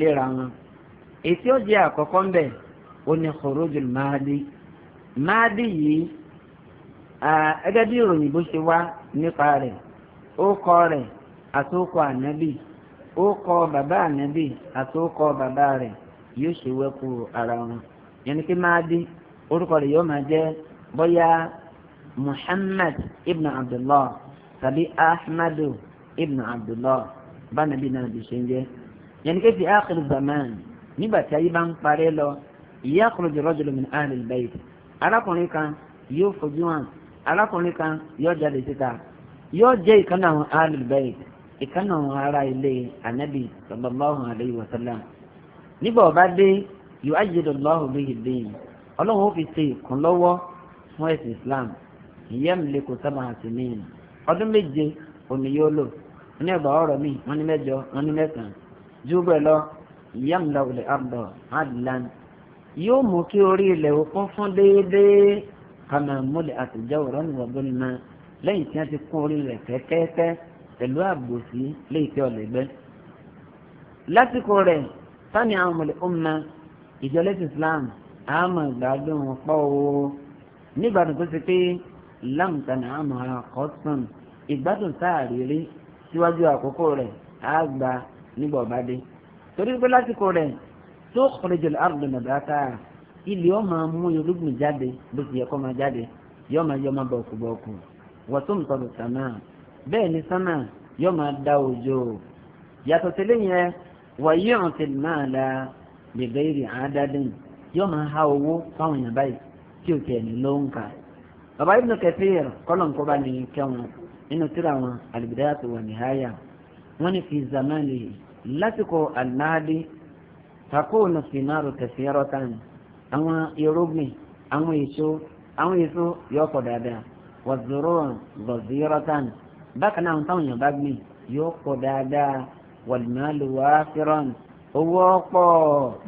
léra wọn. èsì ọjà àkọ́kọ́ ń bẹ̀ ó ní yi máàdì máàdì yìí ẹgẹ́ bí ìròyìn bó ṣe wá nípa rẹ̀ ó kọ rẹ̀ àtòkọ ànábì ó kọ bàbá ànábì àtòkọ bàbá rẹ̀ yóò ṣe ara wọn yẹn ni máàdì orúkọ rẹ̀ yóò máa jẹ́ muhammad ibn abdullah tàbí ahmadu ibn abdullah bá nàbí nàbí ṣe ń yẹn nígbà tí ayé bá ń parẹ́ lọ yakhruju rajulun min ahli al-bayt arákùnrin kan yóò fojú hàn arákùnrin kan yóò jáde síta yóò jẹ́ ìkànnà àwọn ahli al-bayt ìkànnà àwọn ará ilé anabi sallallahu alayhi wa sallam nígbà ọba dé yu'ayyidu Allahu bihi ad-din ọlọ́run ó fi ṣe ìkúnlọ́wọ́ fún ẹ̀sìn islam yamliku sab'a sinin ọdún méje òní yóò lò wọn ní ẹgbàá ọ̀rọ̀ mi wọn ní mẹ́jọ wọn ní mẹ́sàn-án ju bẹ́ẹ̀ lọ yamla wòlé arda adlan yóò mú kí orí ilẹ̀ òkun fún déédéé kàmá múlẹ̀ àtijọ́ ọ̀rọ̀ nìwọ̀n bó ní ma lẹ́yìn tí wọ́n ti kún orí rẹ̀ kẹ́kẹ́kẹ́ pẹ̀lú àbòsí léyìí tí ọ̀lẹ́gbẹ́. lásìkò rẹ̀ sani àwọn ọmọlẹ̀ ọmọ ìjọlẹ́sì Islam àmọ́ ìgbàdùn pọ̀ o nígbàdùn tó ti pé lámùtánà àmọ́ ara kọ́tùn ìgbádùn sáà rírí síwájú àkókò rẹ̀ àgbà nígbà ọ̀bádé torí pé lásìkò rẹ̀ tó kọ̀rẹ́jọ̀lẹ̀ àrùn nàbàtà ilé ọ máa mú irúgbìn jáde bó ti yẹ kó máa jáde yọ máa yọ máa bọ̀kù bọ̀kù wọ́tún tọ̀dọ̀ sànà bẹ́ẹ̀ ni sànà yọ máa da òjò yàtọ̀ sílẹ̀ yẹn wàyí ọ̀tẹ̀ náà la bèbè ìrì àádádìn yọ máa ha owó fáwọn èèyàn báyìí tí ò tẹ̀ ní ló ń kà bàbá Ibn Kathir kọ́lọ̀ nǹkan bá ní kẹ́wọn nínú tíra wọn al-Bidayatu wa Nihaya wọ́n ní fi zamani lásìkò àlàálí takóònù sinaru kẹsìyàrọ tán àwọn irúgbìn àwọn èso àwọn èso yóò pọ̀ dáadáa wàzúrò gọ̀zìyàrọ tán bákan náà àwọn táwọn èèyàn bá gbìn yóò pọ̀ dáadáa wàlúmọ́lù wàásírọ̀n owó ọ̀pọ̀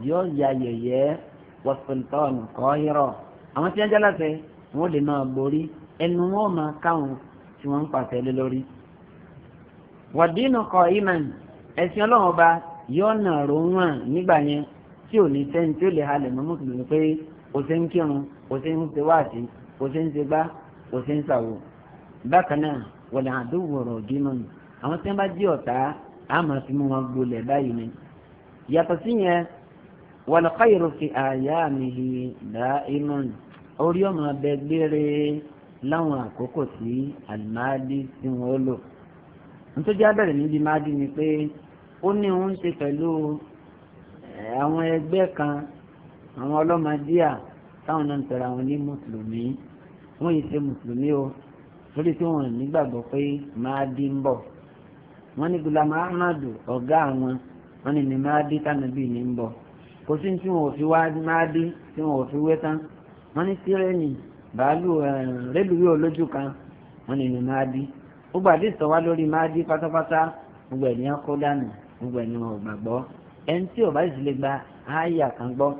yóò ya yẹ̀yẹ́ wọ́sùntọ́ọ̀nù kọ́hírọ̀ àwọn tí wọ́n jẹ́ láti wọ́n lè máa borí ẹnu wọn máa káwọn tí wọ́n ń pàṣẹ lé lórí. wàdínù kọ́ ìmọ̀ ẹ̀sìn ọlọ́run ọba yóò nà ròhàn nígbà yẹn tí ò ní sẹ́ni tí ó lè halẹ̀ mọ́ mùsùlùmí pé o ṣe ń kírun o ṣe ń ṣe o ṣe ń ṣe gbá o ṣe ń ṣàwò. bákan náà nù àwọn tí wọ́n bá jí ọ̀tá a máa fi mú wọn gbolẹ̀ báyìí ni. yàtọ̀ sí yẹn káyọ̀rọ̀ fi àyà mi nù orí abẹ gbére láwọn àkókò àlùmáàdì tí wọ́n lò. nítorí abẹ́rẹ́ ó ní òun ṣe pẹ̀lú eh, àwọn ẹgbẹ́ kan àwọn ọlọ́màdíà táwọn náà ń tẹ̀ra àwọn ní mùsùlùmí wọ́n yìí ṣe mùsùlùmí o torí tí wọ́n nígbàgbọ́ pé máa dín ń bọ̀ wọ́n ní Ghulam Ahmad ọ̀gá àwọn wọ́n ní ní máa dín tánàbí ní ń bọ̀ kò sí tí wọn ò fi wá máa dín tí wọn fi wé tán wọ́n ní tírẹ́nì bàálù eh, rélùwé olójú kan wọ́n ní ní máa dín ó gbàdí ìsọ̀wá lórí máa dín pátápátá gbogbo ẹ̀ ní akó dànù gbogbo ẹni wọn ò gbàgbọ́ ẹni tí ò bá sì lè gba àyà kan gbọ́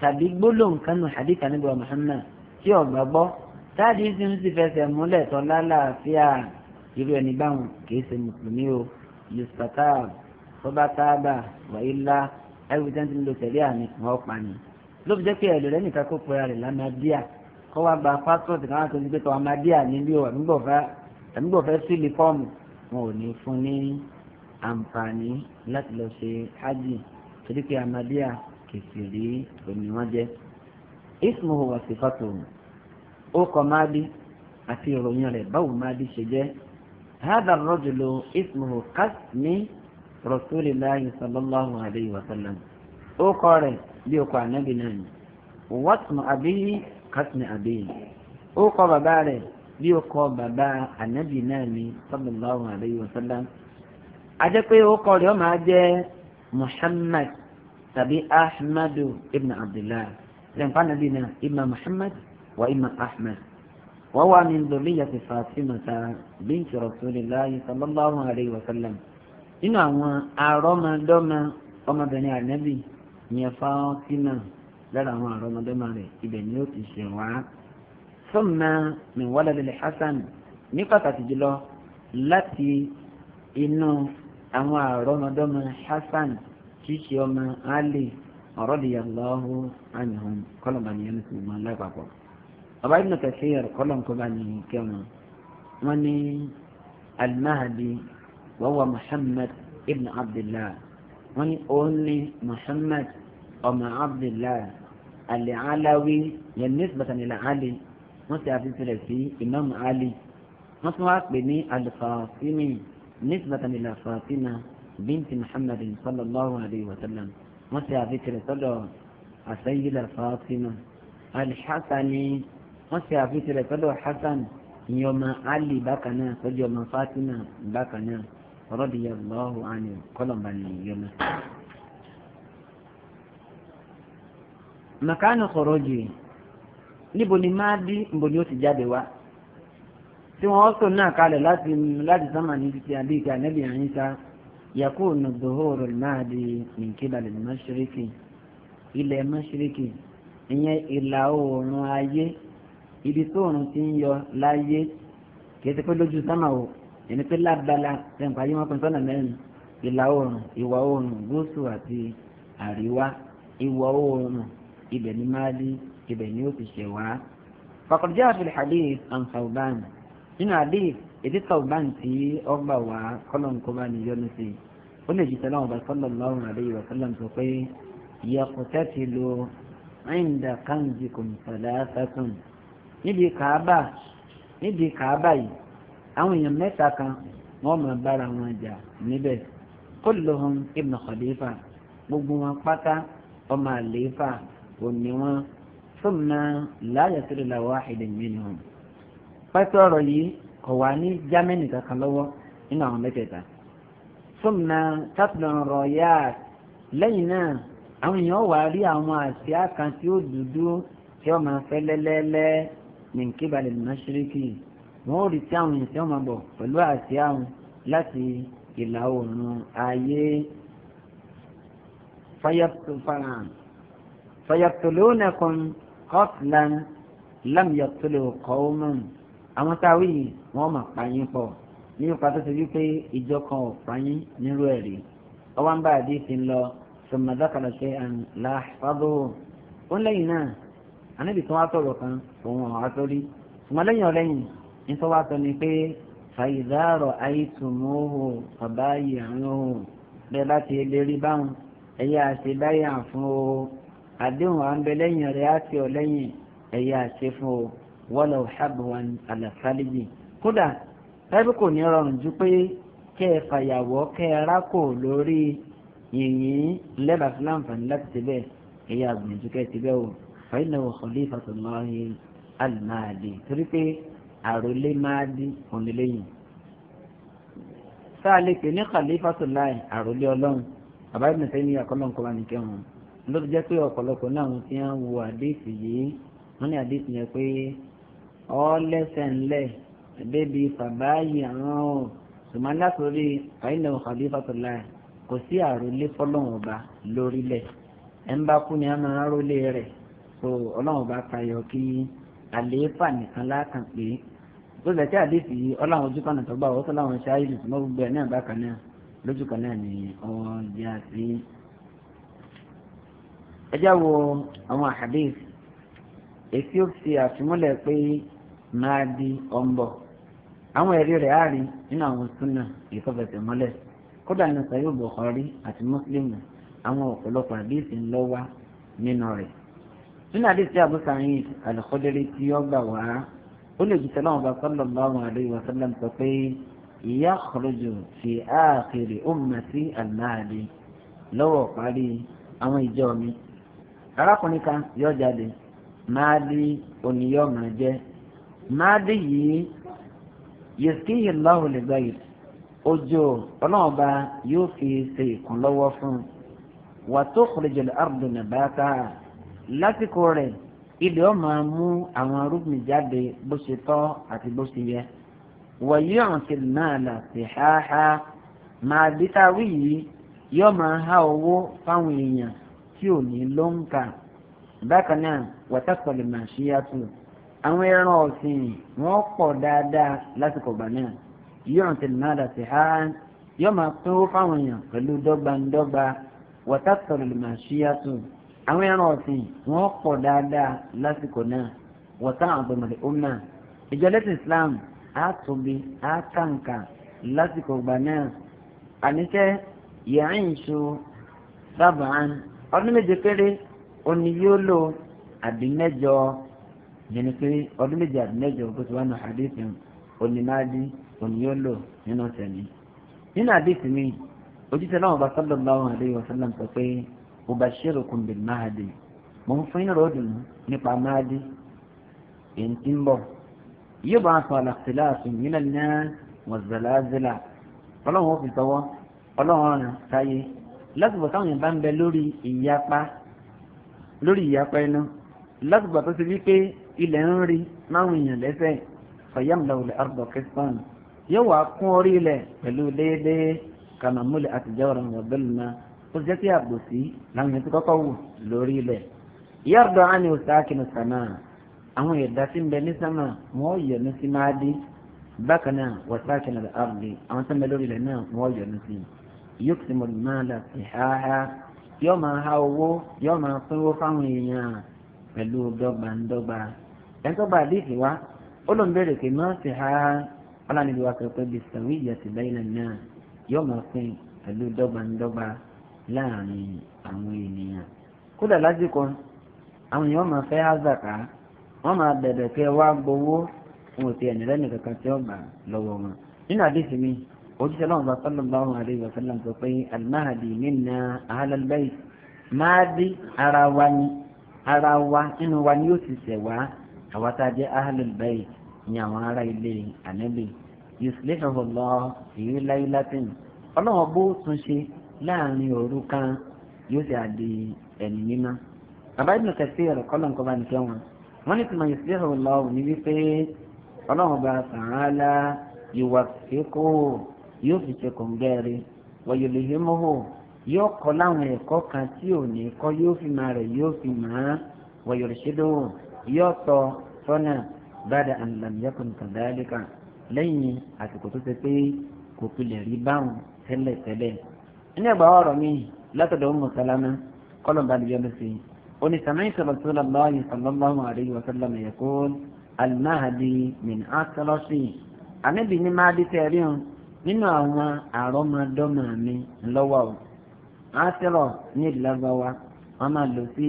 tàbí gbólóhùn kan nù hadith nígbà Muhammad tí ò gbàgbọ́ táàdì tí ń sì fẹsẹ̀ múlẹ̀ tán lálàáfíà irú ẹni báwọn kìí ṣe mùsùlùmí o yusufata sọbatáàbà wàhálà ẹwù tí wọn ti ń lo tẹ̀lé àmì wọn pa ni ló fi jẹ́ pé ẹ̀lò rẹ̀ nìkan kó pera rẹ̀ lámàdíà kó wá gba pásítọ̀tì káwọn tó ti gbé tọ́ àmàdíà níbí o àmúgbọ̀fẹ́ sílì fọ́ọ̀mù wọn ò ní fún ní àǹfààní láti lọ ṣe hajj torí pé amadíà kìfìrí òní wọn jẹ ismuhu wa sifatuhu ó kọ máàdì àti ìròyìn rẹ̀ báwo máàdì ṣe jẹ hadha ar-rajulu ismuhu kasmi rasulillahi sallallahu alayhi wa sallam ó kọ rẹ̀ bí ó kọ ànábì náà ni wàtúmù àbíyí kasmi àbíyí ó kọ bàbá rẹ̀ bí ó bàbá ànábì náà ni sallallahu alayhi wa sallam ajẹ́ pé ó kọ́ rẹ̀ ó máa jẹ́ muhammad tàbí ahmadu ibn abdullah lẹ́npa nàbí náà ima muhammad wa ima ahmad wọ́n wà min dhurriyyati fatimata bint rasulillahi sallallahu alayhi wa sallam nínú àwọn arọ́mọdọ́mọ ọmọbìnrin ànábì yẹn fatima lára àwọn arọ́mọdọ́mọ rẹ̀ ibẹ̀ ni ó ti ṣe wá. summa min walad al-hasan ní pàtàkì jùlọ láti inú àwọn àrọ́mọdọ́mọ Hasan ṣíṣe ọmọ Ali radiyallahu anhum kọ́lọ̀mù àníyàn ní sùnmọ́ lápapọ̀ ọba ìdùnnà kẹsí ẹ̀rọ kọ́lọ̀mù kọ́ bá ní kẹwọn wọn ní al-Mahdi wa huwa Muhammad ibn Abdullah wọn ní òun ní Muhammad ọmọ Abdullah al-Alawi yẹn nisbatan ila Ali wọn ti àfihàn sí Imam Ali wọn tún wá pè ní al نسبة إلى فاطمة بنت محمد صلى الله عليه وسلم متى ذكر صلى السيدة فاطمة الحسن متى ذكر صلى حسن يوم علي بكنا يوم فاطمة بكنا رضي الله عنه من يوم مكان خروجي نبني مادي máa dí níbo tí wọ́n sọ náà kalẹ̀ láti láti sánmà ní títí àbíkà nẹ́bí àyíká yakunu dhuhuru al-mahdi min qibali al-mashriqi ilẹ̀ mashriqi ìyẹn ìlà oòrùn ayé ibi tó oòrùn ti ń yọ láyé kìí ṣe pé lójú sánmà o ẹni pé lábala ṣẹ̀ǹpá yìí wọ́n pín sọ́nà mẹ́rin ìlà oòrùn ìwọ̀ oòrùn gúúsù àti àríwá ìwọ̀ oòrùn ibẹ̀ ni máàdì ibẹ̀ ni ó ti ṣẹ̀ wá. faqad jaa hadith an Thawban nínú àdé èdè tàwùbá ntì ọgbà wá kọlọǹkọba nìyọnu sí ó lè jìtẹ láwọn ọba sọlọ lọrùn àdéhìí wà sọlọ sọ pé yẹkùtẹ ti lo ẹyìndà kanji kòmùsàlẹ sátún níbi kàábà níbi kàábà yìí àwọn èèyàn mẹ́ta kan wọn máa bára wọn jà níbẹ̀ kulluhum ibn khalifa gbogbo wọn pátá ọmọ àlééfà òní wọn thumma la yasiru la wahidin minhum pẹ́pẹ́ ọ̀rọ̀ yìí kò wá ní Germany kankan lọ́wọ́ nínú àwọn mẹ́tẹ̀ẹ̀ta fúnna tatlon royal lẹ́yìn náà àwọn èèyàn wà rí àwọn àsíá kan tí ó dúdú tí ó máa fẹ́ lẹ́lẹ́lẹ́ ní kíbalẹ̀ mọ́ṣíríkì wọ́n ò rí tí àwọn èèyàn tí wọ́n máa bọ̀ pẹ̀lú àsíá wọn láti ìlà oòrùn ayé fayatolónàkùn kọ́tlan lámìyàtolókọ́ọ́mọ́n àwọn táwí yìí wọ́n máa pa yín pọ̀ ní ipa tó ṣe wípé ìjọ kan ò pa yín nírú ẹ̀ rí ọwọ́ ń bá àdéhìí ń lọ sọmọdákàlà ṣe àn láàfáàbò ó lẹ́yìn náà ànábì tó wá sọ̀rọ̀ kan òun ọ̀hún àtọ́rí ṣùgbọ́n lẹ́yìn ọ̀lẹ́yìn nítorí wá sọ ni pé fàyídàrọ̀ àìtùmọ́hò ọ̀báyì àrùn bẹ́ẹ̀ láti lérí báwọn ẹ̀yà àṣebáyà fún o àdéhùn à ń bẹ lẹ́yìn rẹ̀ á ti ọ̀lẹ́yìn ẹ̀yà àṣe fún o wọ́lọ̀ ṣàbùwọ̀n àlàfàlìyì kódà tábí kò ní rọrùn ju pé kẹ́ ẹ fàyàwọ́ kẹ́ ẹ rákò lórí yìnyín lẹ́bàá fún láǹfààní láti ṣe bẹ́ẹ̀ ẹ̀yà àgbìyànjú kẹ́ ẹ ti bẹ́ẹ̀ wò fàyínà òkòlì ìfàtọ̀lọ́hìn àlùmáàdì torí pé àròlé máa di òǹlẹ́yìn tá a lè pè ní kàlífàtúláì àròlé ọlọ́run bàbá ibùdó sẹ́yìn ní àkọ́lọ́ nǹkan ọlẹ́sẹ̀ ńlẹ̀ débi fàbáyì àwọn ò ṣùgbọ́n látòrí fàyínà òkàlí fàtọ́lá kò sí àròlé fọlọ́run ọba lórílẹ̀ ẹ̀ ń bá kú ni a máa ń rólé rẹ̀ so ọlọ́run ọba tayọ kí àlééfà nìkan lákàn pé tó lẹ̀ tí àdéhùn yìí ọlọ́run ojú kan náà tó gbà wọ́n tó láwọn ṣáà yìí lùtùmọ́ gbogbo ẹ̀ náà bákan náà lójú kan náà ni ọwọ́ ìyá sí. ẹ já wo àwọn àhàdéhùn èsì ó fi àfimúlẹ̀ pé máàdí ọ̀nbọ̀ àwọn ẹ̀rí rẹ̀ á rí nínú àwọn súnà ìtọ́fẹsẹ̀ mọ́lẹ̀ kódà ní sàyó Bukhari àti Muslim àwọn ọ̀pọ̀lọpọ̀ àdéhìsì ńlọ wá nínú rẹ̀ nínú àdéhìsì Abu Sa'id Al-Khudri tí ó gbà wá ó lè jù sẹ́lẹ̀ wọn bá sallallahu alaihi wa sallam sọ pé yakhruju fi akhiri ummati al-mahdi lọ́wọ́ parí àwọn ìjọ mi arákùnrin kan yóò máa di oníyọ́ máa jẹ́ máàdì yìí yèsíkìyì lọ́hùn lè gbà yìí òjò ọlọ́ọ̀ba yóò fi ṣe ìkúnlọ́wọ́ fún un wà tó kùrẹ́jọ̀lẹ̀ àrùndùn nàbàtà lásìkò rẹ̀ ilẹ̀ ọ̀ máa mú àwọn arúgbìn jáde bó ṣe tọ́ àti bó ṣe yẹ wàyí ọ̀sìn náà là sí háhá máàdì táwí yìí yóò máa há owó fáwọn èèyàn tí ò ní ló ń kà bákan náà wàtàkọ̀lẹ̀ màṣíyàtù àwọn ẹran ọ̀sìn wọn pọ̀ dáadáa lásìkò ìgbà náà yóò ti nà dà sí ha yóò máa pínwó fáwọn èèyàn pẹ̀lú dọ́gbandọ́gba wọ́tá sọ̀rọ̀ lè máa ṣíyá tó àwọn ẹran ọ̀sìn wọn pọ̀ dáadáa lásìkò náà wọ́tá àgbọ̀mọ̀lẹ̀ ọ̀nà ìjọ lẹ́sìn Islam àtòbí àtànkà lásìkò ìgbà náà àníṣẹ́ yẹ̀rìn ìṣó sábà ọdún méje péré òní yóò lò àbí mẹ́jọ yẹni pé ọdún méje àti mẹ́jọ bó ti wá nù àdéhùn onínáàdì oníyọ́lò nínú tẹ̀lé nínú àdéhùn mi ojútẹ náà bá sallallahu alaihi wasallam sọ pé ubashirukum bil mahdi mo ń fún yín ròdùn nípa mahdi èyí tí ń bọ̀ yóò bá sọ àlàkìlá àtúnyìnlẹ̀ náà wọ́n zàlázìlà ọlọ́run ó fi tọwọ́ ọlọ́run ọ̀ràn sáyé lásìkò táwọn yẹn bá ń bẹ lórí ìyapa lórí ìyapa ẹnu lásìkò tó ti ilẹ̀ ń rí máwùn èèyàn lẹ́sẹ̀ fàyàmùláwùlẹ̀ àrùbọ̀ kẹsàn yóò wá kún orí ilẹ̀ pẹ̀lú déédéé kàmàmúlẹ̀ àtijọ́ ọ̀rọ̀ ọ̀bẹ́lú náà ó jẹ́ kí àgbòsí làwọn èèyàn ti kọ́kọ́ wù lórí ilẹ̀ yàrá àni òsáàkìnnì sàmà àwọn ẹ̀dá tí ń bẹ ní sàmà wọ́n yọ̀nu sí máa dé bákan náà wọ́sáàkìnnì àrùbí àwọn tó ń bẹ lórí ilẹ̀ náà wọ́n yọ̀nu sí yóò ti mọ̀ máa là sí háhá yóò máa ha owó yóò máa pínwó fáwọn èèyàn pẹ̀lú dọ́gbandọ́gba ẹ̀ńtọ́ bá àdéhì wá ó ló ń bèrè pé má sì ha ọlànìlú wa pẹ̀pẹ́ bí sàwí ìyàtì bẹ́ẹ̀lẹ̀ náà yóò máa pín pẹ̀lú dọ́gbandọ́gba láàrin àwọn ènìyàn kódà lásìkò àwọn èèyàn máa fẹ́ àzàkà wọ́n máa bẹ̀bẹ̀ pé wá gbowó wọn ò ti ẹ̀nì lẹ́nu kankan tí ó gbà lọ́wọ́ wọn nínú àdéhì mi òjíṣẹ́ náà bá sọ́nà báwọn àdéhùn sọ́nà sọ pé alimahadi nínú ahalalbẹ́yì máa dí ara wa ni ara wa nínú wa ni yóò ti sẹ̀ wá àwọn tá a jẹ́ ahlul bayt ní àwọn ará ilé ànábì yuslihu Allah fi laylatin ọlọ́wọ́n bó tún ṣe láàrin òru kan yóò ṣe àdé ẹ̀mí mímá bàbá Ibn Kathir kọ́lọ̀ nǹkan bá ní kẹ́ wọn wọ́n ní tí màá yuslihu Allah ní wípé ọlọ́wọ́n bá sàrànlá ìwà kíkó yóò fi ṣe kòǹgẹ́rẹ́ wọ̀yọ̀lẹ̀hẹ́mọ́hó yóò kọ́ láwọn ẹ̀kọ́ kan tí ò ní kọ́ yóò fi máa rẹ̀ yóò fi máa wọ̀yọ̀lẹ̀ṣẹ́dọ̀ yóò tọ́ sọ́nà bàdà an lam yakun kadhalika lẹ́yìn àsìkò tó ṣe pé kò pilẹ̀ rí báwọn tẹ́lẹ̀ tẹ́lẹ̀. inú ẹgbàá ọ̀rọ̀ mi látọ̀dọ̀ Ummu Salama kọ́lọ̀mbà nìyẹn ló ṣe oni sami'tu Rasulullahi sallallahu alayhi wa sallam yaqul al-mahdi min asalasi ànábì ní máa dé tẹ́rí o nínú àwọn àrọ́mọdọ́mọ mi lọ́wọ́ o asọ́lọ̀ ní ìlú lágbàwá wọ́n máa lò sí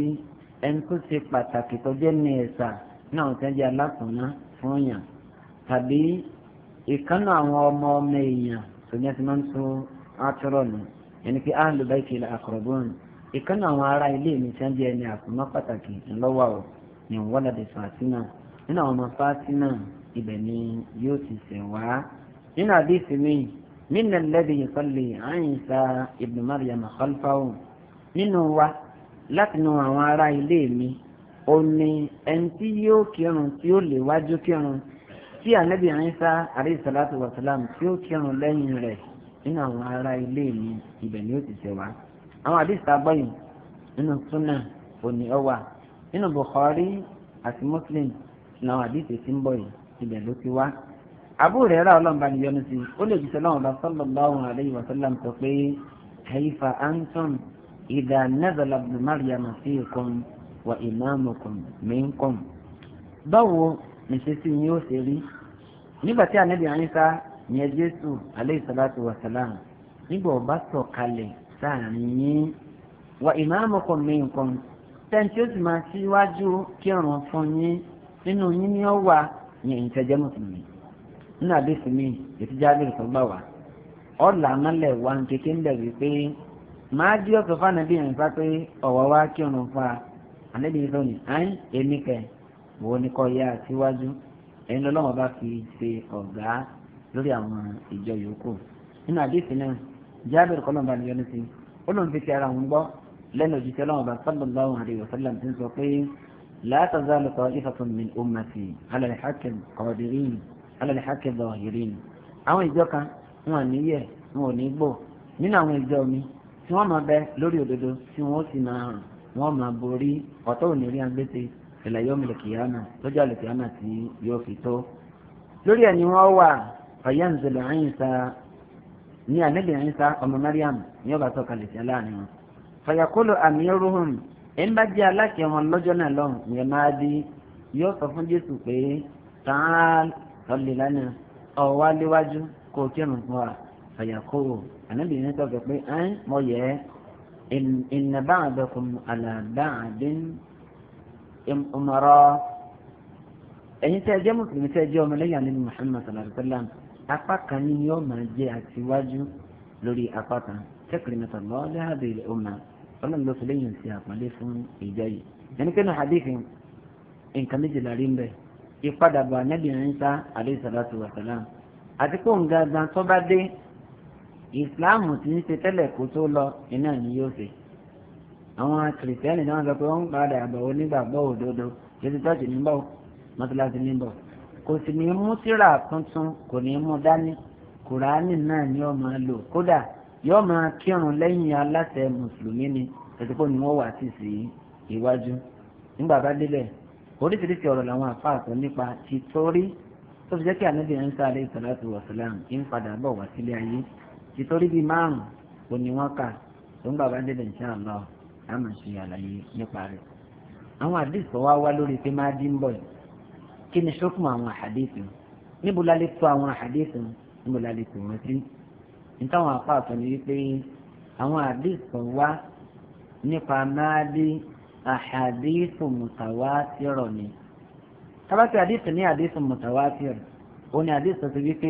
ẹni tó ṣe pàtàkì tó jẹ́ ní ẹ̀sà náà kan jẹ́ alákùnrin fún yàn tàbí ìkànnà àwọn ọmọ ọmọ èèyàn tó ní ẹsẹ̀ máa ń tún àtúrọ̀ nù ẹni pé áàlù bá ìkìlẹ̀ àkọ̀rọ̀bọ̀n ìkànnà àwọn ará ilé mi tí wọ́n jẹ́ ẹni àkùnmọ́ pàtàkì ńlọ́wọ́ ò ní wọ́lọ̀dẹ̀ fàásínà nínú àwọn ọmọ fàásínà ibẹ̀ ni yóò ti sẹ̀ wá. nínú àdéhìsí mi nínú ẹlẹ́dì ìsọ̀lì àyìnsá ibn Maryam khalfahu nínú wa látinú àwọn ará ilé mi ó ní ẹni tí yóò kírun tí ó lè wájú kírun tí ànábì Ìsá alayhi salatu wa salam tí ó kírun lẹ́yìn rẹ̀ nínú àwọn ará ilé mi ibẹ̀ ni ó ti ṣe wá. àwọn àdìsá bọ́yìn nínú súnà òní ọwà nínú Bukhari àti Muslim ní àwọn àdìsá ti ń bọ̀yìn ibẹ̀ ló ti wá. Abu Hurairah ọlọ́mọba ni yọnu sí ó lè jùsọ lọ́wọ́ bá sallallahu alayhi wa sọ pé kayfa antum idha nazala ibn wa imamukum minkum báwo nìṣesí yín ó ṣe rí nígbà tí ànábì àyínká yẹn jésù aleyhi salatu wa salam nígbà ọba sọ̀kalẹ̀ sáàrin yín wa imamukum minkum tẹ́ǹtì ó sì máa síwájú kírun fún yín nínú yín ni ó wà yẹn ìtẹ́jẹ́ mùsùlùmí nínú àdéhùn mi ètùjá lè sọ bá wa ọ̀là amálẹ̀ wa ń kékeré ń bẹ̀ wípé màá di ọ̀sọ̀ fún ànábì àyínká pé ọ̀wọ́ wa kírun fún wa àlejò yìí lónìí àyìn èmi kẹ wo ni kọ́ ya síwájú ẹni lọ́wọ́ bá fi ṣe ọ̀gá lórí àwọn ìjọ yòókù nínú àdéhùn náà jábìrì kọ́lọ́mbà ni yọ́nù sí ó lóun fi ti ara òun gbọ́ lẹ́nu òjíṣẹ́ lọ́wọ́ bá sallallahu alaihi wasallam ti ń sọ pé la tazalu ta'ifatun min ummati ò ní gbò nínú àwọn ìjọ mi tí wọ́n wọ́n máa borí ọ̀tọ́ òní rí agbẹ́sẹ̀ ìlàyé ọmọ ìlẹ̀kìyàmà lọ́jọ́ àlẹ̀kìyàmà tí yóò fi tó. lórí ẹ̀ ni wọ́n wà fàyànzẹ̀lẹ̀ àyìnsá ní ànẹ́lẹ̀ àyìnsá ọmọ mariam ní ọba tó kalẹ̀ sí aláàánú wọn. fàyàkóló àmì ẹrúhùn ẹn bá jẹ́ aláṣẹ wọn lọ́jọ́ náà lọ́hùn ìyẹn máa di yóò sọ fún jésù pé tààlà lánàá ọ̀wá إن, إن بعضكم على بعض أمراء ẹ̀yin tẹ́ ẹ jẹ́ mùsùlùmí tẹ́ ẹ jẹ́ ọmọlẹ́yìn àlẹ́ Muhammad sallallahu alayhi wa sallam apá kan ní yóò máa jẹ́ àtiwájú lórí apá kan tẹ́kìrìmẹ́tà lọ́ọ́dẹ́ àbẹ̀lẹ̀ ọmọ ọlọ́run ló fi lẹ́yìn sí àpọ́nlé fún ìjọ yìí. ẹni pé ní hadithi nǹkan méjìlá rí ń bẹ̀ anábìrin sá alayhi salatu wa salam àti pé òǹgà gan bá dé ìsìláàmù tí ń ṣe tẹ́lẹ̀ kó tó lọ iná ni yóò ṣe àwọn kìrìsìtẹ́nì náà sọ pé wọ́n ń padà àbọ̀ onígbàgbọ́ òdodo jésù tọ́jú ní bọ̀ mọ́tíláṣí ní bọ̀ kò sì ní mú tírà tuntun kò ní mú dání kùránì náà ni ó máa lò kódà yóò máa kírun lẹ́yìn aláṣẹ mùsùlùmí ni ètùkọ́ ni wọ́n wà sí sí iwájú nígbà bá débẹ̀ oríṣiríṣi ọ̀rọ̀ làwọn àfáà sọ nípa títorí tó fi jẹ́ kí ànábìyàn ń sáré sọ̀rọ̀ àti wọ̀sálàmù ń padà bọ̀ wá sílé ayé ìtorí bíi márùn kò ní wọ́n kà tó ń gbà bá débẹ̀ insha Allah á máa ṣe àlàyé nípa rẹ̀. àwọn àdìsí wa wá lórí pé máa dín bọ̀ kí ni ṣókùn àwọn àdìsí níbo la lè tó àwọn àdìsí níbo la lè tó wọn sí. nítawọn apá àtọ̀ ni wípé àwọn àdìsí wa nípa máa dín àhàdìsí mùtàwátìrọ̀ ni. tábàtì àdìsí ní àdìsí mùtàwátìrọ̀ òun ni àdìsí tó ti wípé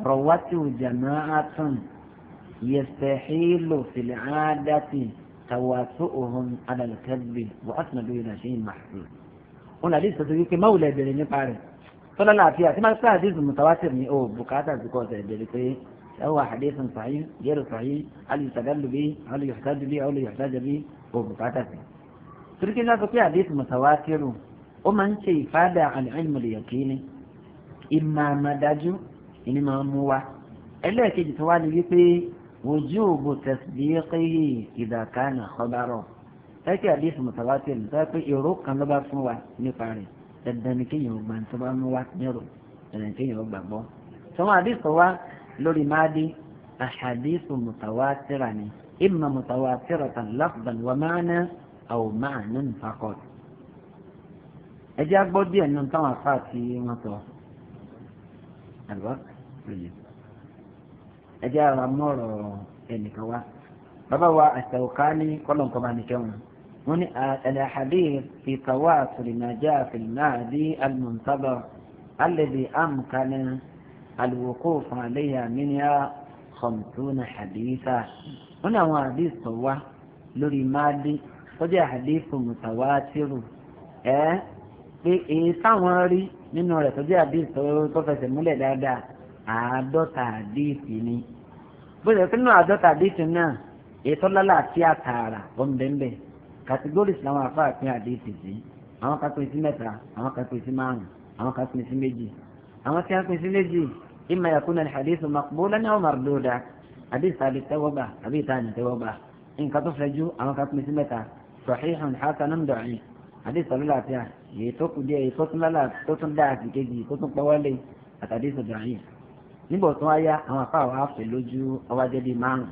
روته جماعة يستحيل في العادة توافؤهم على الكذب وأسند إلى شيء محفوظ هنا ليس تقولك مولى بلين فارس صلى الله عليه وسلم ما حديث متواتر أو بكاتا زكوتا بلين هو حديث صحيح غير صحيح هل يستدل به هل يحتاج به أو لا يحتاج به هو بكاتا تلك الناس في حديث متواتر ومن شيء فادع عن علم اليقين إما ما ìní máa ń mú wa ẹlẹ́ẹ̀kejì tó wá ní wípé wujubu tasdiqihi idha kana khabaro ẹ̀kẹ́ àdéhùn mutawatir tó yẹ pé èrò kan ló bá fún wa nípa rẹ̀ dandan ni kéèyàn gbà tó bá mú wa nírò dandan kéèyàn gbàgbọ́ tọ́wọ́n àdéhùn wa lórí máa dé àhàdéhùn mutawatira ni imma mutawatiratan lafdan wa ma'na aw ma'nan faqat ẹjẹ́ agbọ́ díẹ̀ nínú táwọn afáàtì wọn ẹ jẹ́ ara mọ́rọ̀ ẹnìkan wá bàbá wa Ash-Shawkani kọ́lọ̀ nǹkan bá nìkẹ́ wọn wọ́n ní al-hadith fi tawatur ma jaa fi al-mahdi al-muntazar alladhi amkana al-wuquf alayha minha khamsuna haditha wọ́n ní àwọn hadith tó wá lórí mahdi ó jẹ́ hadith mutawatiru ẹ́ pé èyí sáwọn rí nínú rẹ̀ tó jẹ́ hadith tó fẹsẹ̀ múlẹ̀ dáadáa àádọ́ta àdéhìsì ni bó ṣe pé nínú àádọ́ta àdéhìsì náà ètò lọ́la àti àtàrà ọ̀nbẹ̀ńbẹ̀ kàtígórì sí àwọn afá àpín àdéhìsì sí àwọn kan pín sí mẹ́ta àwọn kan pín sí márùn àwọn kan pín sí méjì àwọn tí wọ́n pín sí méjì imma yakuna al-hadithu maqbulan aw marduda àdéhìsì àbí tẹ́wọ́gbà àbí ìtàn tẹ́wọ́gbà nǹkan tó fẹjú àwọn kan pín sí mẹ́ta sahihun hasanun da'if àdéhìsì àbí làáfíà èyí tó kù díẹ̀ èyí nígbà tó wáyá àwọn afá wa fẹ́ lójú ọwájẹ́ bíi márùn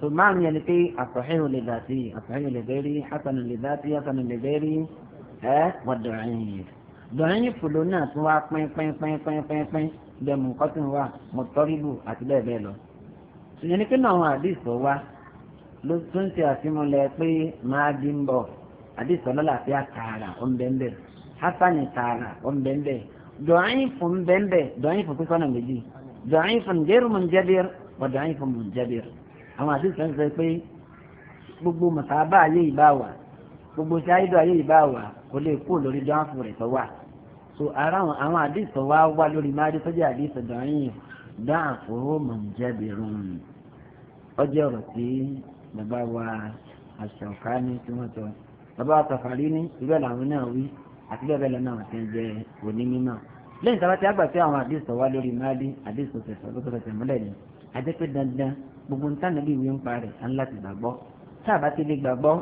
so márùn yẹn ni pé àtọ̀hìn ò lè dà sí àtọ̀hìn ò lè bẹ́rí hasan ò lè dà sí hasan ò lè bẹ́rí ẹ wọ́n dọ̀rin dọ̀rin fòló náà tún wá pín pín pín pín pín pín bẹ́ẹ̀ mú kọ́tùn wà mọ̀tọ́rìbù àti bẹ́ẹ̀ bẹ́ẹ̀ lọ so yẹn ni pé náà àwọn àdìsọ̀ wa ló tún ṣe àfimúlẹ̀ pé máa di ń bọ̀ àdìsọ̀ lọ́làfíà tààrà ó ń bẹ́ẹ̀ bẹ́ẹ̀ hasan tààrà ó ń bẹ́ẹ̀ ضعيف غير منجبر وضعيف منجبر àwọn àti sàn sọ pé gbogbo mọ̀sáábà ayé ìbá wa gbogbo ṣáídọ̀ ayé ìbá wa kò lè kú lórí dáhùn rẹ̀ tó wà so ara àwọn àdìsọ wa wá lórí di tó jẹ́ àdìsọ dọ̀yìn dáhùn fún mọ̀njẹ́bìrún ọjọ́ ọ̀rọ̀ tí bàbá wa àṣọ̀ká ní tí wọ́n sọ bàbá wa tọ̀fàrí ní ìbẹ̀lẹ̀ àwọn náà wí àti bẹ́ẹ̀ bẹ́ẹ̀ lọ náà ti ń jẹ onímọ̀ lẹ́yìn tí a bá ti àgbà pé àwọn àdìsọ wá lórí máàlì àdìsọ tẹsán tó tẹsẹ múlẹ̀ ni àti pé dandan gbogbo ń tànà bí ìwé ń parẹ à ń láti gbàgbọ́ tá a bá ti lè gbàgbọ́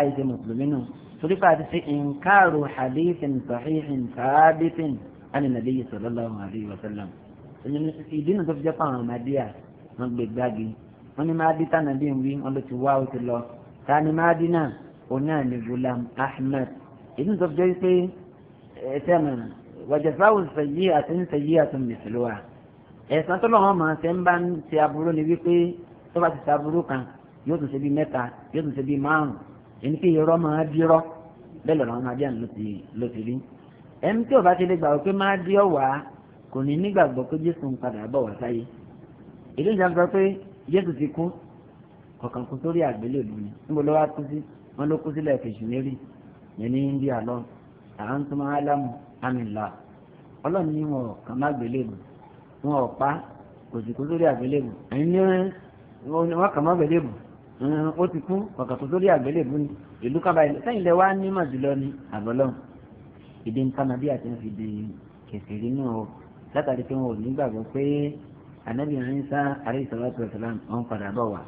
àìsè mùsùlùmí nù torí pé a ti ṣe ìǹkaàrò hadithin sahihin sáábìtìn àni nàbí sallallahu alaihi wa sallam ìdí nù tó fi jẹ́ pé àwọn ọmọdé à wọ́n gbé gbági wọ́n ní máàdí tànà bí ìwé wọn ló ti wá ó lọ ta ni wàjẹsáwò sẹyí àti nsẹyí àti mẹsìlúwà ẹ̀sán tó lọ́wọ́ máa ṣe ń bá ń ṣe aburú ni wípé tó bá ti ṣe aburú kan yóò tún ṣe bí mẹ́ta yóò tún ṣe bí márùn ẹni pé irọ́ máa di rọ́ bẹ́ẹ̀ lọ́rọ̀ máa bí àná ló ti rí ẹni tí ò bá ti lè gbàgbọ́ pé máa di ọ̀wà kò ní nígbàgbọ́ pé Jésù ń padà bọ̀ wá sáyé èdè ìjà sọ pé Jésù ti kú kọ̀ọ̀kan kú sórí àgbélébùú ni níbo ló wá kú sí wọn ló kú sílẹ̀ kejì lérí yẹn ní India lọ́wọ́ antum a'lamu amillah ọlọ́run ní wọn kàn má gbélébù wọn ò pa kò sì kú sórí àgbélébù ẹ̀yin ní wọn kàn má gbélébù ó ti kú kọ̀kà kú sórí àgbélébù ni ìlú kaba ìlú sẹ́yìn lẹ́ wá ní màjúlọ ni àbọ̀lọ́n ìdí nǹkan bí àti ń fi di kẹsìrì nù o látàrí pé wọn ò nígbàgbọ́ pé anabi Isa alayhi salatu wa salam ọ̀n padà bọ̀ wá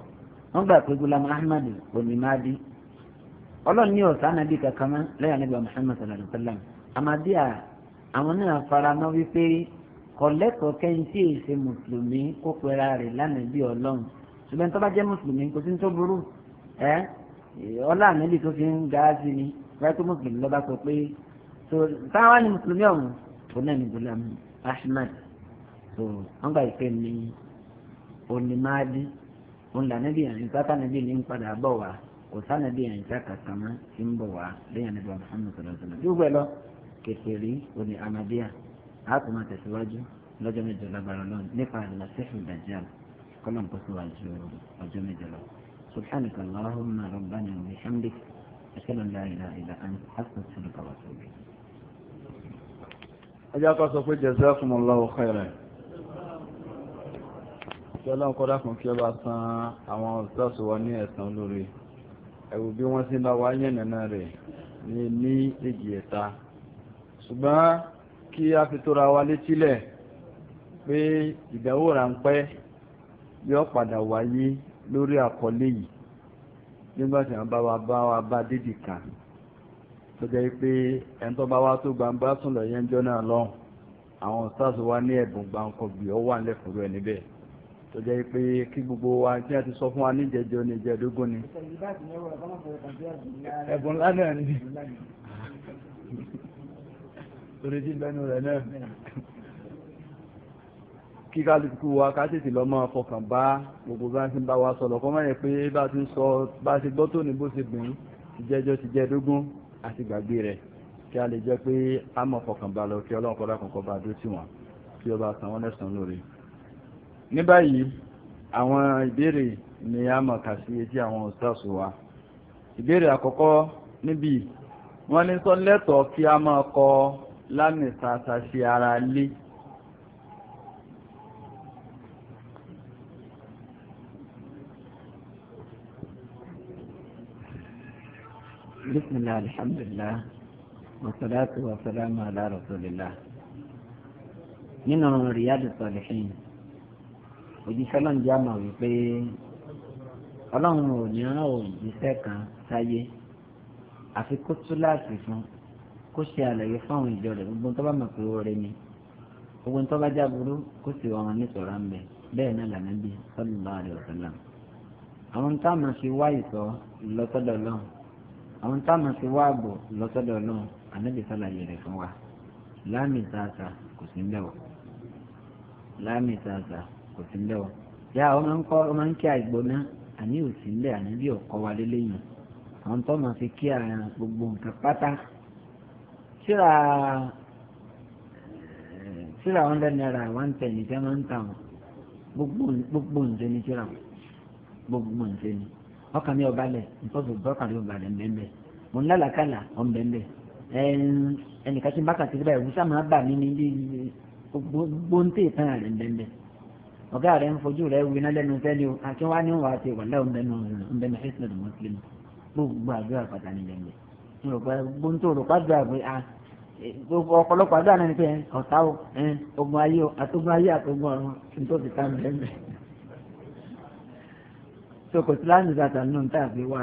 wọn gbà pé gulam ahmadu onímàdí ọlọ́run ní ọ̀sán nàbí kankan mọ́ lẹ́yìn anábìá muhammad sallallahu alayhi wa sallam amadiya àwọn náà fara mọ́ wípé kọ̀lẹ́kọ̀ọ́ kẹ́ńtì èsì mùsùlùmí kó pera rẹ̀ lánàá bí ọlọ́run ṣùgbọ́n tó bá jẹ́ mùsùlùmí kò sí ní tó burú ẹ́ ọlá ànábì tó fi ń ga sí ni wáyé tó mùsùlùmí lọ́ba sọ pé so táwa ni mùsùlùmí ọ̀hún tó náà ní gulam ahmed so wọ́n gbà pé ní onímáàdì òun lànàbì àyìnká tànàbì ní ń padà bọ̀ wá kò sáni bí ẹ̀ǹtà kankan mọ́ tí ń bọ̀ wá lẹ́yìn níbi Muhammad sallallahu alaihi wasallam yóò gbẹ lọ kẹfẹ́rí òní amadíà á tún máa tẹ̀síwájú lọ́jọ́ mẹ́jọ lágbára lọ́n nípa àdìlásẹ́fù dàjẹ́ kọ́lọ̀ ń kọ́sọ́ wájú ọjọ́ mẹ́jọ lọ. سبحانك اللهم ربنا وبحمدك أشهد أن لا إله إلا أنت أستغفرك وأتوب إليك ẹjá kọ́ sọ pé jazakumullahu khairan ṣọlá ń kọ́ dákun kí ọba san àwọn òṣìṣẹ́ wa ní ẹ̀san olóore ẹ̀wù bí wọ́n sí láwa yànnàná rẹ̀ ní ní èjì ẹ̀ta ṣùgbọ́n kí a fi tóra wa létílẹ̀ pé ìdánwò ráńpẹ́ yóò padà wáyé lórí àkọlé yìí nígbà tí wọ́n bá wa bá wa bá dídì kan tó jẹ́ pé ẹni tó bá wa tó gbangba sùn lọ náà lọ́hùn àwọn stars wa ní ẹ̀bùn gbàǹkọ̀gbì ọ wà nílẹ̀ fúru níbẹ̀ tó jẹ́ pé kí gbogbo wa tí a ti sọ fún wa ní ìjẹjọ ní ìjẹdógún ni. ẹ̀bùn ńlá náà ni torí tí bẹ́nu rẹ̀ náà kí kálukú wa ká tètè lọ máa fọkàn bá gbogbo bá ti ń bá wa sọ̀rọ̀ kọ́ mọ́yẹ pé bá ti ń sọ bá ti gbọ́ tó ní bó ṣe gbìn ìjẹjọ ti jẹ́ àti gbàgbé rẹ̀ kí a lè jẹ́ pé a mọ̀ fọkàn bá lọ kí ọlọ́run kọ́lá kankan bá dó tì wọ́n kí ọba àtàwọn lẹ́sàn lórí ní báyìí àwọn ìbéèrè ni a mọ̀ kà sí etí àwọn òṣìṣẹ́ wa ìbéèrè àkọ́kọ́ níbí wọ́n ní sọ lẹ́tọ̀ọ́ kí a máa kọ lámì sàṣà sí ara lé. بسم الله الحمد لله والصلاة والسلام على رسول الله من رياض الصالحين òjíṣẹ́ ọlọ́run jẹ́ àmọ̀ wípé ọlọ́run ò ní rán òjíṣẹ́ kan sáyé àfi kó tú láti fún kó ṣe àlàyé fún àwọn ìjọ rẹ̀ gbogbo tó bá mọ̀ pé oore ni gbogbo tó bá jáburú kó sì wọ́n nítorá ń bẹ̀ bẹ́ẹ̀ náà lànà bí sallallahu alaihi wasallam. àwọn táwọn fi wá ìsọ lọ́sọ́dọ̀ ọlọ́run àwọn táwọn fi wá ààbò lọ́sọ́dọ̀ ọlọ́run ànábì sàlàyé rẹ̀ fún wa láàmì tààtà kò sí ń bẹ̀ wọ̀ láàmì tààtà kò sí ńlẹ̀ o yá ọmọ ń kọ́ ọmọ ń kí àìgbóná àní ò sí ńlẹ̀ àní bí ọ̀kọ́ wa lélẹ́yìn àwọn tó máa fi kí àrùn gbogbo nǹkan pátá síra eh, síra hundred naira one ten ní sẹ́ máa ń tà wọ́n gbogbo ǹjẹ́ ní síra wọ́n gbogbo ǹjẹ́ ní ọkàn mi ọba lẹ̀ nǹkan tó gbọ́ ọkàn mi ọba lẹ̀ mbẹ́mbẹ́ mo ń lálàkàlà ọ̀nbẹ́mbẹ́ ẹnìkan tí bákàtí báyìí wúsà máa bà mí ní gbogbo ń tè tán rẹ̀ mbẹ́mbẹ́ ọ̀gá rẹ̀ ń fojú rẹ̀ winá lẹ́nu tẹ́lẹ̀ o àti wá ní wàá ti wàlẹ́ ọ̀nbẹ́nu hisnad muslim gbogbo àdúrà pàtà nílẹ̀ ńlẹ̀ gbogbo tó àdúrà pé a ah, eh, ọ̀pọ̀lọpọ̀ àdúrà náà ni pé eh, ọ̀tá o eh, ogun ayé o àtogun ayé àtogun ọ̀run nítorí ti ká ńlẹ̀ ńlẹ̀ tó kò sí láti sàtà nínú níta àfi wá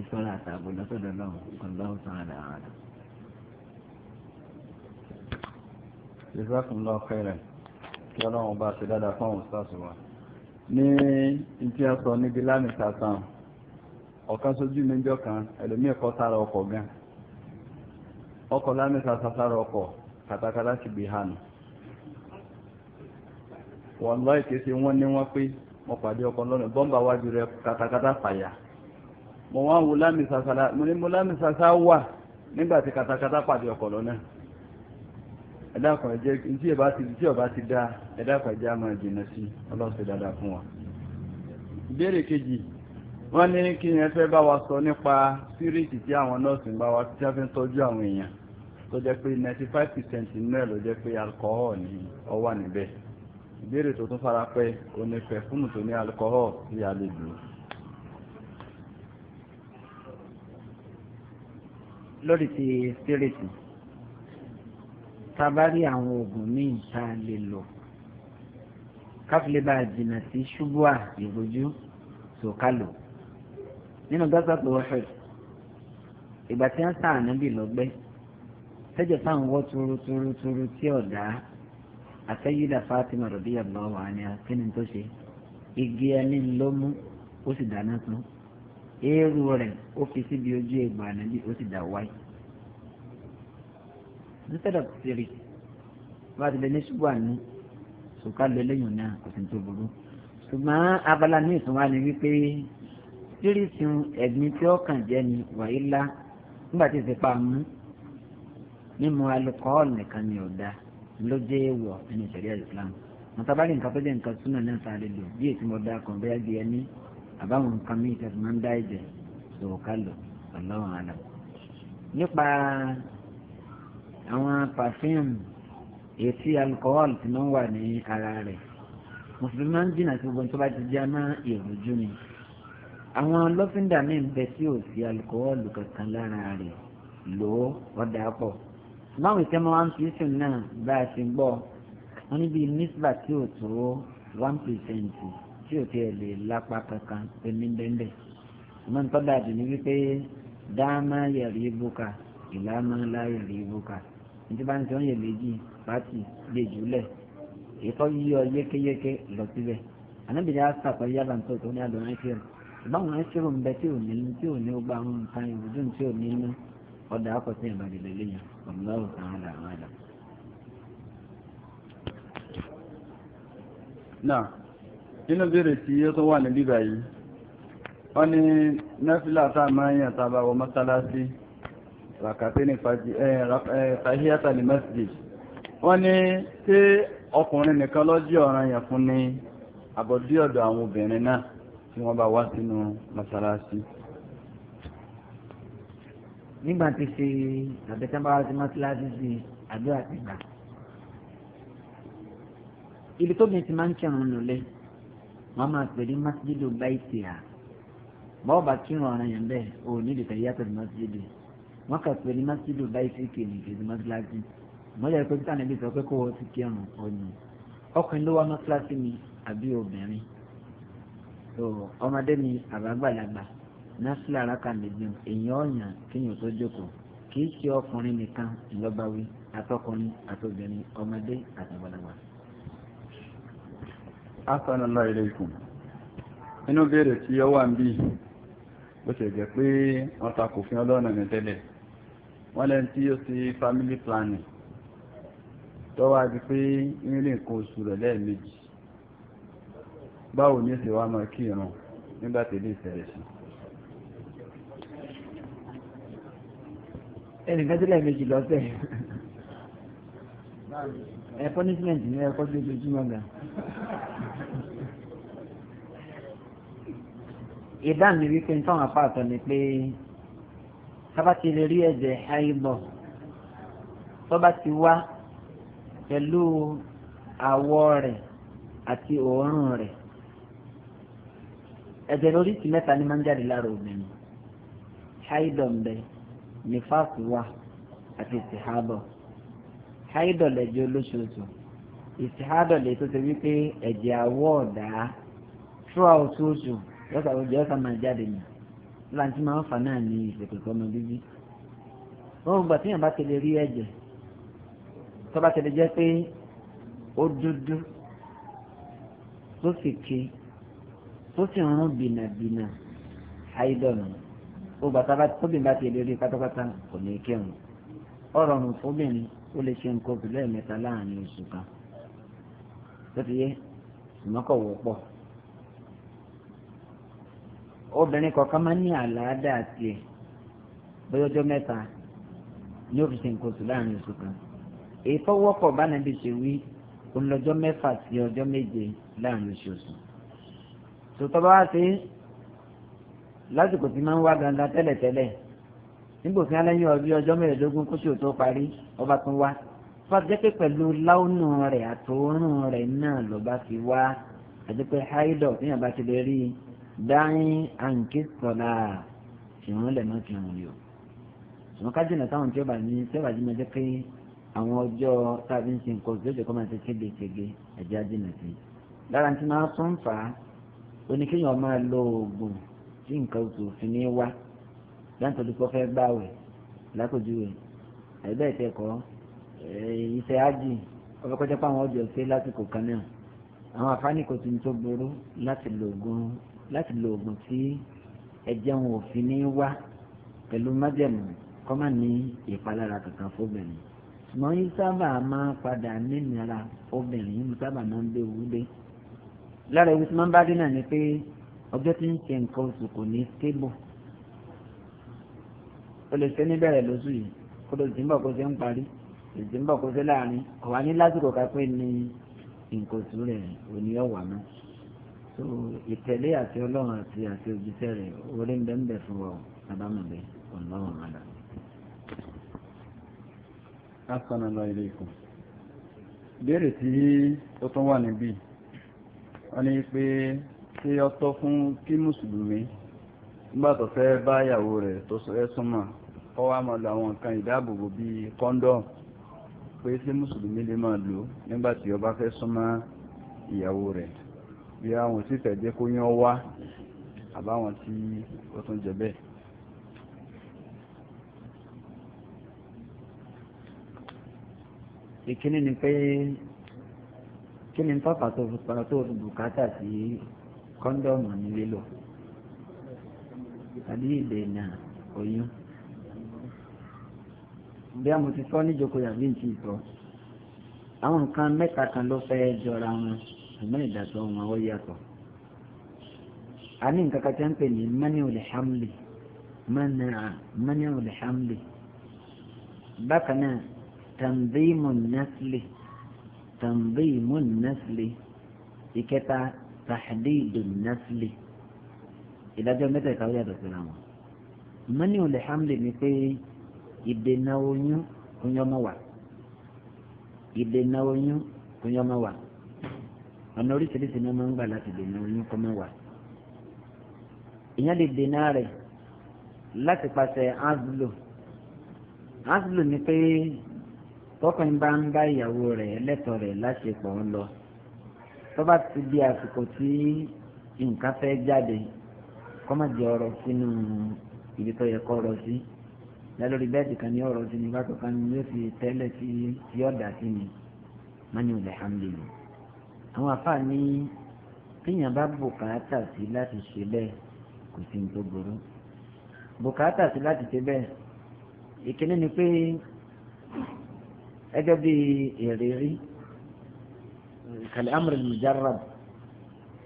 ìṣọ́ra àtààbò lọ́sọ̀dọ̀ náà ọ̀lọ́wọ́ kí ọlọ́run bá ṣe dáadáa fún àwọn stars wa ní ìtí a sọ níbi lánìí sàtàn ọ̀kan sójú mi jọ kan ẹlòmíì kọ́ sára ọkọ̀ gan ọkọ̀ lánìí sàtàn sára ọkọ̀ kàtàkàtà ti gbé hànú wọ́n lọ ìkéṣe wọ́n ní wọ́n pé mo pàdé ọkọ̀ lọ́nà bọ́mbà wájú rẹ kàtàkàtà fàyà mo wá wo lámì sàsà mo ní mo lámì sàsà wà nígbà tí kàtàkàtà pàdé ọkọ̀ lọ́nà ẹ̀dàkùn ẹ̀jẹ̀ tí ọba ti tí ọba ti dá ẹ̀dàkùn ẹ̀jẹ̀ á máa jìnà sí ọlọ́run ṣe dáadáa fún wa. ìbéèrè kejì wọ́n ní kí ni ẹ fẹ́ bá wa sọ nípa síríìtì tí àwọn nọ́ọ̀sì ń bá wa tí wọ́n fi tọ́jú àwọn èèyàn tó jẹ́ pé ninety five percent nínú ẹ̀ ló jẹ́ pé alcohol ni ó wà níbẹ̀ ìbéèrè tó tún fara pẹ́ onífẹ̀ fúnù tó ní alcohol tí a lè lò. lórí ti síríìtì tabari àwọn oògùn míì tá a lè lò káfílẹ̀ bá a jìnnà sí ṣubúà ìrojú sòkálò nínú gásàtò wọ́fẹ̀d ìgbà tí wọ́n sàn níbi lọ́gbẹ́ tẹ́jọ́ sáwọn wọ́ túrútúrútúrú tí ọ̀dà àtẹ́yídà Fatima radiyallahu anha kí ni tó ṣe igi ẹni ló mú ó sì dáná tán eérú rẹ̀ ó fi síbi ojú ẹgbàá níbi ó sì dá wáyé instead of three bá ti lè ní ṣubú àní ṣùkà lè lẹ́yìn náà kò tó burú ṣùgbọ́n abala ní ìsúnwá ni wípé three sun ẹ̀gbin tí ó kàn jẹ́ ni wàyí lá nígbà tí ìsèpá mú mímu alikọ́ọ̀lù nìkan ni ò da ló jẹ́ èèwọ̀ nínú ìṣẹ̀lẹ̀ Islam mọ̀tàbálì nǹkan tó jẹ́ nǹkan súnà náà ta lè lò bí èsì mọ̀dá kan bẹ́ẹ̀ di ẹni àbáwọn nǹkan míì tẹ̀sán máa ń dá ẹ̀jẹ̀ ṣòwò ọlọ́run àlọ́ nípa àwọn perfume èsì alcohol tí wọ́n wà ní ara rẹ̀ mùsùlùmí máa ń jìnnà sí gbogbo tó bá ti já mọ́ ìrújú ni àwọn lọ́fíńdà mi ń bẹ sí òsì alcohol kankan lára rẹ̀ lò ó ọ̀dà pọ̀ báwọn ìtẹ́mọ́ one percent náà bá a ti gbọ́ wọ́n níbi nísbà tí ò tó one percent tí ò tiẹ̀ lè lápá kankan pé ní bẹ́ẹ̀ bẹ́ẹ̀ ìmọ̀ nípa dáàbò ni wípé dáàmà yẹ̀rí ibùkà ìlànà láyé lè ibùkà nítorí bá ń tẹ́ ọ̀yẹ̀ méjì pàtì lè jùlẹ̀ ìkọ́ yíyọ yékéyéké lọ síbẹ̀ ànábìrì àṣà pẹ̀lú yàrá tó tó ní àdùn ẹ̀ṣẹ̀ báwọn ẹ̀ṣẹ̀ ń bẹ tí ò ní tí ò ní gbà ń tan ìrújú tí ò ní inú ọ̀dà akọ̀tún ìbàdàn lẹ́yìn ọ̀lọ́run kan á dà máa náà nínú béèrè tí ó tó wà níbí báyìí wọ́n ní náfìlà tá a máa ń yàn tá a bá wọ mọ́sálásí ràkàtẹ́ni fàhíyàtà ní masjid wọ́n ní tí ọkùnrin nìkan lọ́jí ọ̀ràn yẹn fún ní àbọ̀dí ọ̀dọ̀ àwọn obìnrin náà tí wọ́n bá wá sínú mọ́sálásí. nígbà tí ṣe àbẹ̀tẹ́báwá sí mọ́sálásí sí ibi tóbi ti máa ń kírun wọ́n máa pè ní bọ́ọ̀bà kírun ọ̀ràn yẹn bẹ́ẹ̀ ò ní ní wọ́n kà pé ní masidu báyìísíkì ní ìdí mọ́síláṣí mọ́lẹ̀ ẹ̀kọ́ títà níbi sọ pé kó wọ́n ti kírun ọ̀nà ọkùnrin ló wá mọ́síláṣí mi àbí obìnrin ọmọdé mi àbágbàlagbà násìlẹ̀ araka méjì èèyàn ọ̀yàn kéèyàn tó jókòó kì í ṣe ọkùnrin nìkan ìlọ́ba wí atọkùnrin àtobìnrin ọmọdé àtàgbàlagbà. asanàlá ilé ikùn inú béèrè tí ó wà ń bí bó ṣe jẹ́ pé wọ́n ọlọ́run ní tẹ́lẹ̀ wọ́n lẹ́nu tí yóò ṣe family planning tó wá di pé nílé nǹkan oṣù rẹ̀ lẹ́ẹ̀mejì báwo ni ṣe wá máa kírun nígbà tẹ̀lé ìṣẹ̀lẹ̀ sí. ẹnìkan tó lẹ́ẹ̀mejì lọ́sẹ̀ ẹ punishment ní ẹ̀kọ́ tó lójoojúmọ́ gan. ìdáhùn ni wípé táwọn apá àtọ̀ ni pé tábà ti lè rí ẹ̀jẹ̀ àìbọ̀ tọ́ba ti wá pẹ̀lú àwọ̀ rẹ̀ àti òórùn rẹ̀ ẹ̀jẹ̀ lórí ti mẹ́ta ni máa ń jáde lára obìnrin haidọ̀ ń bẹ nífàsì wà àti ìtìhábọ̀ haidọ̀ lẹ́jọ́ olóṣooṣù ìtìhábọ̀ lè tó ṣe wípé ẹ̀jẹ̀ àwọ̀ ọ̀dà throughout oṣù yọ́sà ojú yọ́sà máa jáde nìyẹn láti máa fà náà ní ìṣèpẹ̀pẹ̀ ọmọ bíbí wọn gbà tíyàn bá tẹ̀lé rí ẹ̀jẹ̀ tó bá tẹ̀lé jẹ́ pé ó dúdú tó sì ké tó sì rún bìnàbìnà àìdọ̀nà gbogbo àtàbà tóbìnrin bá tẹ̀lé rí pátápátá kò ní kírun ọ̀rọ̀ ọ̀rùn fóbìnrin ó lè ṣe nǹkan òbí lẹ́ẹ̀mẹ́ta láàrin oṣù kan tó ti yẹ ìmọ̀kọ̀ wọ́pọ̀ obìnrin kọ̀ọ̀kan máa ń ní àlàáda tiẹ̀ bóyá ọjọ́ mẹ́ta ní òfìsì nǹkan oṣù láàrin oṣù kan èyí tó wọ́pọ̀ bánàbí ṣe wí ọlọ́jọ́ mẹ́fà sí ọjọ́ méje láàrin oṣooṣù tòótọ́ bá wá sí lásìkò tí máa ń wá gangan tẹ́lẹ̀tẹ́lẹ̀ nígbòfin alẹ́yìn ọbí ọjọ́ mẹ́rẹ̀ẹ́dógún kó sì ò tó parí ọba tún wá fàjẹ́ pé pẹ̀lú láwùnù rẹ̀ àtòórùn rẹ̀ náà ló fi wá àti pé háídọ̀ níyàn bá ti lè rí dáhìn àǹkí sọ̀lá ìrún lẹ̀ náà ti rùn yọ. ṣùgbọ́n ká jìnnà táwọn tí ó bá ní tí ó bá jí mẹ́jọ pé àwọn ọjọ́ tàbí ń ṣe nǹkan oṣù lójoojúmọ́ máa ṣe ségesège ẹ̀jẹ̀ àjìnà sí i. lára tí máa tún fà á oníkéèyàn máa lo oògùn tí nǹkan oṣù fi ní wá yàtọ̀ dúpọ́ fẹ́ gbàwẹ̀ lákòjúwe ẹ̀bẹ́ ìtẹ́kọ̀ eh, iṣẹ́ ájì ọ̀fẹ́kọ́jọ́ pé àwọn ọjọ́ ṣe lásìkò kan náà àwọn àfáàní kò tún tó burú láti lo oògùn láti lo oògùn tí ẹ̀jẹ̀ wọn ò fi ní wá pẹ̀lú májẹ̀mú kọ́ má ní ìpalára kankan fóbìnrin ṣùgbọ́n yìí sábà máa padà nínira obìnrin yìí sábà máa ń gbé owó dé lára ewu tí máa bá dé náà ni pé ọjọ́ tí ń ṣe nǹkan oṣù kò ní stable o lè ṣe níbẹ̀rẹ̀ lóṣù yìí kó lè dín bọ̀ kó ṣe ń parí lè dín bọ̀ kó ṣe láàrin kò ní lásìkò ká ní nǹkan oṣù rẹ̀ ò ọ̀wà náà so ìtẹ̀lé àti ọlọ́run àti àti òjíṣẹ́ rẹ̀ orí ń bẹ́ ń bẹ̀ fún ọ abámọ̀bẹ ọlọ́run àdá. Assalamu alaikum. Ìbéèrè tí ó tún wà níbí, wọ́n ní pé ṣé ó tọ́ fún kí Mùsùlùmí nígbà tó fẹ́ bá ìyàwó rẹ̀ tó ẹ súnmọ́ kọ́ wá máa lo àwọn nǹkan ìdáàbòbò bíi kọ́ńdọ̀mù pé ṣé Mùsùlùmí lè máa lò nígbà tí ó fẹ́ súnmọ́ ìyàwó rẹ̀ bí àwọn tí fẹ̀jẹ́ kó yán wá àbáwọn tí ó tún jẹ bẹ́ẹ̀. ìkíní ni pé kí ni pápá tó fi pàrọ̀ tó fi bùkátà sí kọ́ńdọ̀mù ní lílò tàbí ìdènà oyún bí a mo ti sọ níjókòó yàrá ìjì ìtọ́ àwọn nǹkan mẹ́ta kan ló fẹ́ jọra wọn ṣùgbọ́n ìdàtọ̀ wọn ó yàtọ̀ a ní nǹkan kan tí wọ́n pè ní manual hamli manual hamli bákan náà tanzimu nasli tanzimu nasli ìkẹta tahdidu nasli ìdájọ́ mẹ́tẹ̀ẹ̀ta ó yàtọ̀ síra wọn manual hamli ni pé ìdènà oyún oyún ọmọ wà ìdènà oyún oyún ọmọ wà ọ̀nà oríṣiríṣi ni wọ́n máa ń gbà láti dènà oyún kọ́ máa wà. ìyẹn lè dènà rẹ̀ láti pàṣẹ azlo azlo ni pé tọkùnrin bá ń bá ìyàwó rẹ̀ ẹlẹ́tọ̀ rẹ̀ láṣepọ̀ ń lọ tó bá ti di àsìkò tí nǹkan fẹ́ jáde kọ́ máa jẹ ọrọ̀ sínú ibi tó yẹ kọ́ ọrọ̀ sí lálórí bẹ́ẹ̀dì kan ní ọrọ̀ sí ni bá tó kan yóò fi tẹ́lẹ̀ sí yọ̀ọ̀dà sí ni mọ́ni ò hàn lè yìí àwọn afá ní téèyàn bá bùkátà sí láti ṣe bẹ́ẹ̀ kò sí ní tó bùkátà sí láti ṣe bẹ́ẹ̀ ìkíní ni pé ẹgẹ́ bí ìrírí kàlẹ́ amúrẹ̀ mujarrab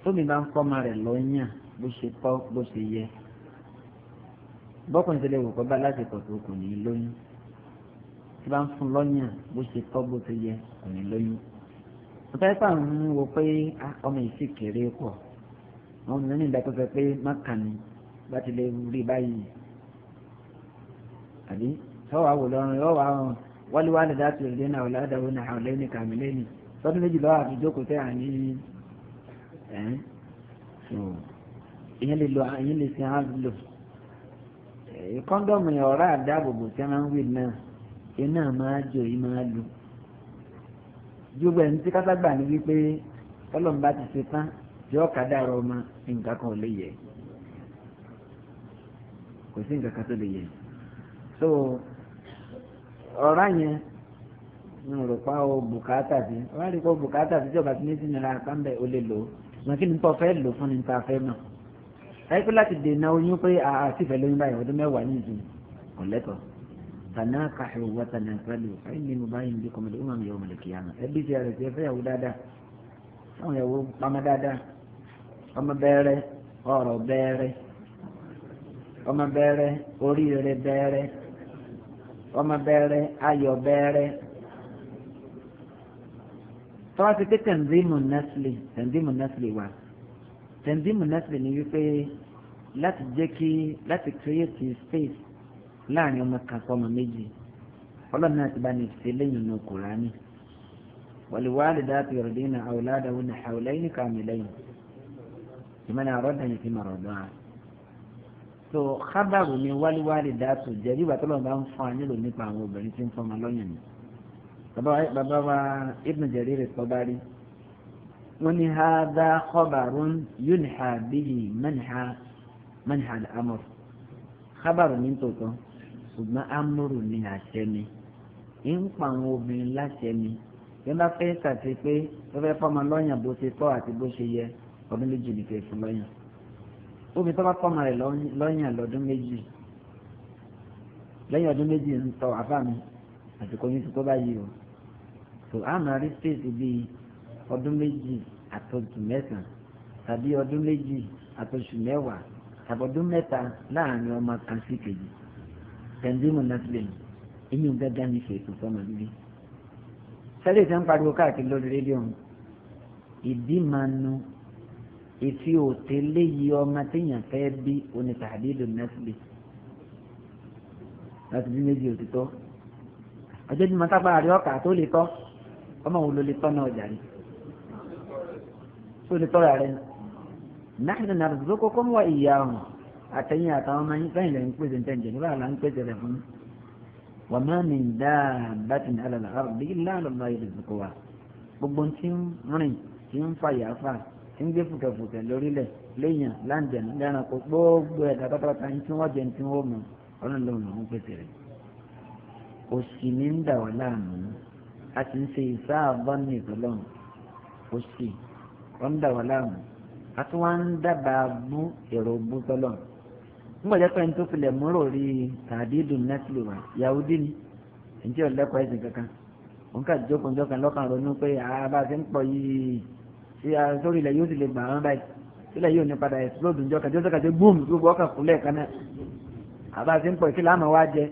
tómi bá ń fọ́mà rẹ̀ lọ́yàn bó ṣe tọ́ bó ṣe yẹ bọ́kùnrin tẹ́lẹ̀ wò kọ́ bá láti pọ̀ tó kò ní lóyún tí bá ń fún lọ́yàn bó ṣe tọ́ bó ṣe yẹ kò ní lóyún. sọtẹ́sà ń wo pé ah, ọmọ yìí sì kéré pọ̀ wọn ní nígbà tó fẹ́ pé mákànnì bá ti lè rí báyìí àbí sọ́wọ́ àwòlọ́run yóò wá wọn wọ́n wá lè dá tìrì lé náà ọ̀làdàwọ̀ náà àwọn lẹ́yìn kàmí lẹ́yìn sọ́dún méjì lọ́wọ́ tẹ́ ìyẹn lè lo ìyẹn lè fi hàn lò ọ̀rá àdáàbòbò tí a máa ń wí náà iná máa jò yìí máa lò. gbogbo ẹni tí káságbà ni wípé ọlọ́mùbá ti ṣe tán yọ ọ̀kadà rọ ọmọ nǹkan kan ò lè yẹ kò sí nǹkan kan tó lè yẹ so ọ̀rá yẹn ń rò pa o bùkátà sí wọ́n á rí i pé bùkátà sí ìjọba tí ní sí nira àkànbẹ̀ ó lè lò ó wọn kí ni tó fẹ́ lò fún ni tá fẹ́ mọ̀ ẹ pé láti dènà oyún pé àá sì lóyún báyìí ọdún mẹ́wàá ní ìdí kò tanakahu wa tanakalu fa inni mubayin bikum al-umam yawm al-qiyamah ẹbí ti àrẹ̀ tí ẹ fẹ́yàwó dáadáa àwọn ìyàwó pamọ́ dáadáa ọmọ bẹ́ẹ̀rẹ̀ ọ̀rọ̀ bẹ́ẹ̀rẹ̀ ọmọ bẹ́ẹ̀rẹ̀ oríire bẹ́ẹ̀rẹ̀ ọmọ bẹ́ẹ̀rẹ̀ ayọ̀ bẹ́ẹ̀rẹ̀ tọ́wọ́ ti pé tẹ̀ǹdìmù nẹ́sìlì tẹ̀ǹdìmù nẹ́sìlì wà tẹ̀ǹdìmù nẹ́sìlì ni wípé láti jẹ́ kí láti create space láàrin ọmọ kan sọmọ méjì ọlọ́run náà ti bá ní ìfẹ́ lẹ́yìn inú kùránì wal-wālidātu yurḍīna awlādahunna ḥawlayni kāmilayni liman arāda an yutimma riḍā'ah. tó kábàrù ni wal-wālidātu jẹ́ bí bàtọ́ lọ́nà bá ń fún wa nílò nípa àwọn obìnrin tí ń fọmọ lọ́yàn ni. bàbá wa Ibn Jarīr al-Tabari wọ́n ní hādhā khabarun yunḥā bihi manḥā al-amr kábàrù ní tòótọ́ ṣùgbọ́n amúrù ni àṣẹ ni ń pa àwọn obìnrin láṣẹ bí wọ́n bá fẹ́ ṣàti pé wọ́n fẹ́ pọ́nmọ lọ́yàn bó ṣe tọ́ àti bó ṣe yẹ ọdún méjì ní lọ́yàn tó bá lọ́yàn lọ́dún o tó a space bíi ọdún méjì mẹ́sàn tàbí ọdún méjì mẹ́wàá tàbí ọdún mẹ́ta láàrin ọmọ kan tanzimu naslim inú gángan ní ṣètò sọmọ bíbí sẹ́lẹ̀ tí wọ́n pariwo káàkiri lórí rédíò ìdí máa nu ìfi òtẹ́ léyìí ọmọ téèyàn fẹ́ bí onítàdídò nẹ́sìlì láti bí méjì òtítọ́ ọjọ́ tí mo sábà rí ọkà tó lè tọ́ ọmọ wo ló lè tọ́ náà jàre tó lè tọ́ rà rẹ náà nàrúdúró kókó ń wá ìyá ọ̀hún àtẹ̀yìn àtàwọn ọmọ yín fẹ́yìn lẹ́yìn pèsè ntẹ̀jẹ̀ nígbà là ń pèsè rẹ̀ fún wa ma min dabbatin ala al-ardi illa ala Allahi rizquha gbogbo tí ń rìn tí ń fa yàáfà tí ń gbé fùkẹ̀fùkẹ̀ lórílẹ̀ léèyàn láǹjẹ̀ lẹ́ranko gbogbo ẹ̀dá pátápátá ń tí wọ́n jẹ tí wọ́n mọ̀ ọ̀run lòun lòun pèsè rẹ̀ òsì ní ń dà wá láàmú a sì ń ṣe ìsáàbọ̀ ní ìtọ́lọ́run òsì ọ̀ ń dà wá láàmú a tún wá ń dábàá bú èrò bú tọ́lọ́run nígbà jẹ́ pé ní tó filẹ̀ múrò rí tàdídùn nẹ́tìlì wa yahudi ni ẹ̀ńtí ọ̀lẹ́kọ̀ọ́ ẹ̀sìn kankan òun kà jókòó jọkàn lọ́kàn ronú pé àbá ti ń pọ̀ yìí sí sórí ilẹ̀ yóò sì lè gbà wọ́n báyìí sílẹ̀ yóò ní padà ẹ̀sìlódù jọkàn tí ó sọ̀kà tí búùmù gbogbo ọkàn kúnlẹ̀ kan náà àbá ti ń pọ̀ kí láàmú wá jẹ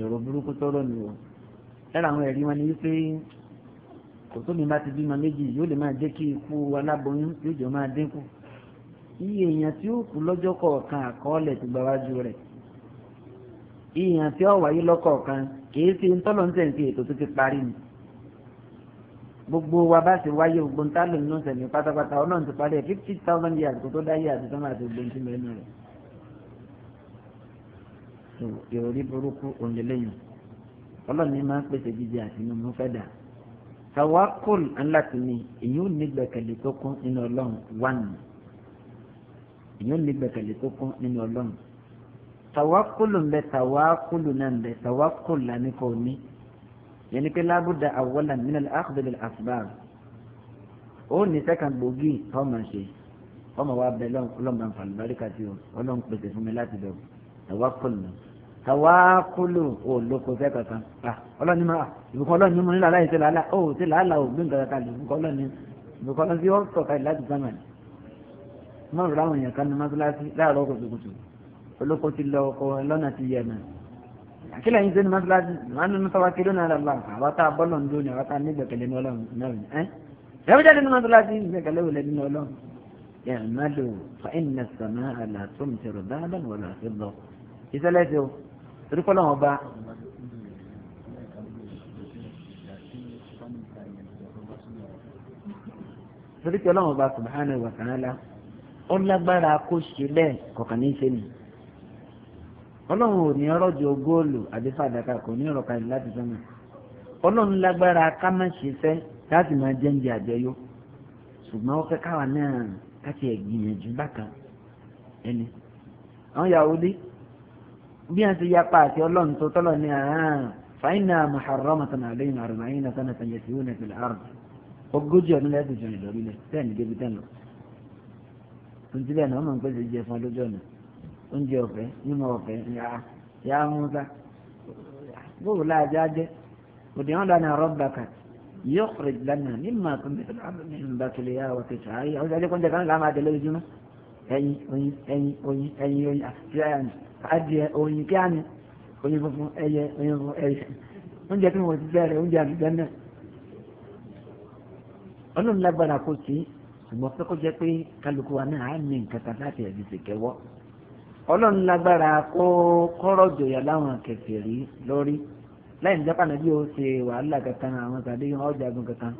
èrò burúkú tó rọ̀nù o iye èèyàn tí ó kú lọ́jọ́ kọ̀ọ̀kan àkọọ́lẹ̀ ti gbáwájú rẹ̀ iye èèyàn tí ó wáyé lọ́kọ̀ọ̀kan kìí ṣe ńtọ́lọ́ ní sẹ̀ǹtì ètò tó ti parí ni gbogbo wa bá ti wáyé gbogbo ńtálò nínú sẹ̀mí pátápátá ọlọ́run ti parí ẹ̀ fifty thousand years kó tó dáyé àti sọ́mà àti gbogbo ntí mẹ́nu rẹ̀ so ìròrí burúkú òǹdílẹ́yìn ọlọ́run ní máa ń pèsè jíjẹ àti mímú fẹ́ dà tawakol ńlá ti ní èyí ò ní gbẹ̀kẹ̀lé tó kún nínú ọlọ́run wánìí èèyàn lè gbẹ̀kẹ̀lé tó kún nínú ọlọ́run tàwákùlù ń bẹ tàwákùlù náà ń bẹ tàwákùlù la ní kò ní yẹn ni pé lábúdà àwọlà nínú àkùdébìlì àsìbáà ó ní sẹ́kàn gbòógì tọ́mọ̀ ṣe ọmọ wa bẹ lọ́nà àǹfààní báríkà tí o ọlọ́run pèsè fún mi láti bẹ̀rù tàwákùlù náà tàwákùlù ò lóko sẹ́kàn kan ọlọ́ni máa ìbùkún ọlọ́ni mú nílò aláìsí làálà ó ti làálà ò gbé nǹkan kan ìbùkún ọlọ́ni ìbùkún ọlọ́ni ó sọ̀ka láti sámà má rọ àwọn èèyàn kan ní mọ́sálásí láàárọ̀ kùtùkùtù olóko ti lọ ọkọ lọ́nà ti yẹ̀nà àkílẹ̀ yín sẹ́ni mọ́sálásí wọn ní sọ́wọ́ kí lónà rẹ̀ lọ àwọn tá a bọ́ lọ́n dún ní àwọn tá a nígbẹ̀kẹ̀lé ní ọlọ́run náà ni ẹ́ ẹ̀rọ jáde ní mọ́sálásí nígbẹ̀kẹ̀lé wò lẹ́ni ní ọlọ́run ẹ̀ẹ́dẹ́gbẹ̀lẹ́ fa iná sàmà àlàtúm ti rọ̀ dáadáa wọ̀lá sí lọ ìṣẹ̀lẹ̀ ti o torí kọ́ lọ́wọ́ bá torí kọ́ lọ́wọ́ bá subhanahu ó lágbára kó ṣe bẹ́ẹ̀ kọ̀ọ̀kan ní í ṣe nì. ọlọ́run ò ní ọ̀rọ̀ ju góòlù àbí fàdákà kò ní ọ̀rọ̀ kalẹ̀ láti sọ́nà. ọlọ́run lágbára ká má ṣe fẹ́ láti máa jẹ́ oúnjẹ àjẹyó. ṣùgbọ́n ó fẹ́ káwa náà káti ẹ̀ gbìyànjú bákan ẹni. àwọn Yahudi bí wọ́n ti yapa àti ọlọ́run tó tọ́lọ̀ ní àárín fàyínà muharramatan alayhim arba'ina sanatan yasiruna tuntun náà ọmọ nǹkan ṣe jẹ fún ọdọjọ náà oúnjẹ ọ̀fẹ́ mímọ ọ̀fẹ́ yà á múta bóòlù láàjọ ajẹ òdì wọn lánàá rọgbàkà yóò rìn lánàá mímọ àkùnbẹ ìbàkìlẹ yà wọ kẹsàn án yà ó sọjọ kọńtà kan láàmú àtẹlẹ ojúmọ ẹyin oyin ẹyin oyin ẹyin oyin àtìláyàn adìẹ oyin kí á ní oyin funfun ẹyẹ oyin funfun ẹyẹ oúnjẹ tí mo ti bẹ̀rẹ̀ oúnjẹ àti bẹ́ẹ̀ náà ọlọ́run lágbára kò sí ṣùgbọ́n pé kó jẹ́ pé kálukú wa náà á ní nǹkan kan láti ẹ̀dí ṣèkẹ́wọ́ ọlọ́run lágbára kó kọ́rọ̀ jòyà láwọn kèfèrí lórí láì ní jápàná bí ó ṣe wàhálà kankan àwọn tàbí ọ̀jàgun kankan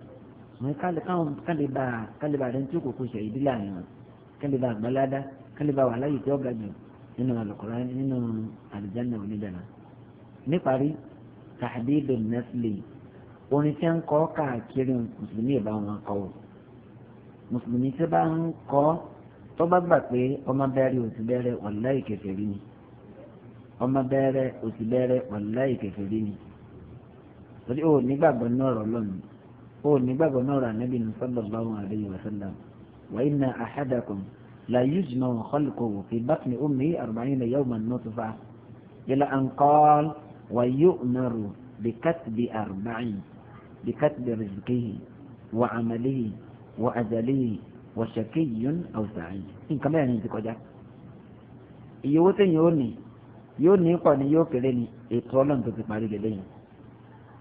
wọn kálíbà kálíbà rẹ̀ ń tí kòkó ṣe ìdílé àyàn kálíbà àgbàládá kálíbà wàhálà yìí tí ó ga jù nínú àlùkòrá nínú àlùjáná onídàá níparí tàbí ìdòmínẹ́sìlì orin tí ń kọ́ káàkiri mùsùlùmí ìbáwọn kọ́wọ́. mùsùlùmí tí bá ń kọ́ tó bá gbà pé ọmọ bẹ̀rẹ̀ òsì bẹ̀rẹ̀ wàláì kèfèrí ni ọmọ bẹ̀rẹ̀ òsì bẹ̀rẹ̀ wàláì kèfèrí ni torí ó nígbàgbọ́ ní ọ̀rọ̀ lọ́nà ó nígbàgbọ́ ní ọ̀rọ̀ ànábì sallallahu alayhi wa sallam wa inna ahadakum la yujma'u khalquhu fi batni ummihi arba'ina yawman nutfah ila an qala wa yu'maru bikatbi arba'in bikatbi rizqihi wa amalihi wọ àjàlè wọ ṣèkéyìún ọ̀sà yìí nǹkan mẹ́rin ti kọjá iye owó tẹ̀yìn ó ní yóò ní pọ̀ ní yóò kéré ní ètò ọlọ́run tó ti parí lélẹ́yìn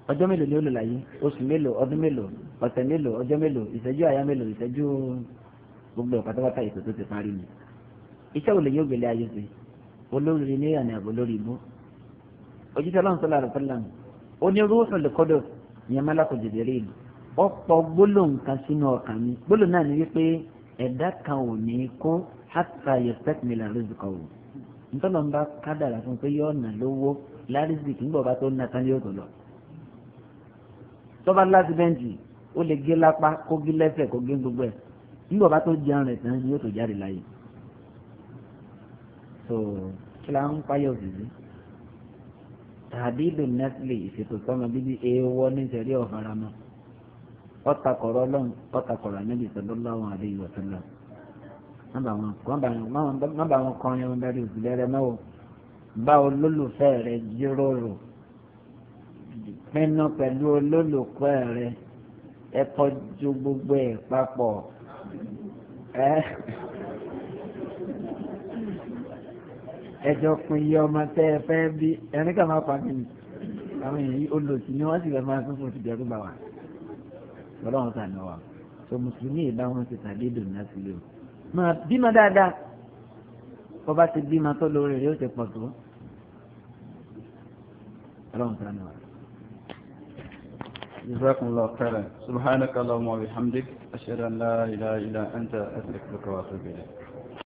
ọjọ́ mélòó ni ó lò láyé oṣù mélòó ọdún mélòó ọ̀sẹ̀ mélòó ọjọ́ mélòó ìṣẹ́jú àyá mélòó ìṣẹ́jú gbogbo pátápátá ètò tó ti parí ni iṣẹ́ òòlù ọ̀pọ̀ gbólóhùn kan sínú ọkàn mi gbólóhùn náà ni wípé ẹ̀dá kan ò ní kó hàtà yẹ̀tẹ́kìmìlà rìzìkọ̀ wò nítorí wọn bá kádàrà fún pé yóò nà lówó lárízì kí n bọ̀ bá tó nà tán yóò tó lọ. tọ́ba láti bẹ́ǹtì ó lè gé lápá kó gé lẹ́sẹ̀ kó gé gbogbo ẹ̀ n bọ̀ bá tó jẹun rẹ̀ tán yóò tó jáde láyé. so kí la ń payọ̀ òsìsì tàbí lè nẹ́sìlè ìṣètò sọ́mọ bíbí èèwọ̀ ní ọ̀faramọ́ ọ̀tàkọ̀rọ̀ ọlọ́run ọ̀tàkọ̀rọ̀ ànábì sallallahu alaihi wa sallam má bá wọn kọrin wọn darí òsìlẹ̀ rẹ náà bá olólùfẹ́ rẹ jíròrò pinnu pẹ̀lú olólùfẹ́ rẹ ẹ kọjú gbogbo ẹ̀ papọ̀ ẹ ẹjọ́ pin iye ọmọ tẹ́ ẹ fẹ́ bí ẹni máa pa mí àwọn èyí olòṣì ni wọ́n sì fẹ́ máa tún fún ti dẹ́rù bà wá ọlọ́run sànù wa so mùsùlùmí ìbá wọn ti tàbí dùnà sílẹ̀ o bímọ dáadáa kó bá ti bímọ tó lórí rẹ̀ yóò ti pọ̀ tó ọlọ́run sànù wa. جزاكم الله خيرا سبحانك اللهم وبحمدك أشهد أن لا إله إلا أنت أستغفرك وأتوب إليك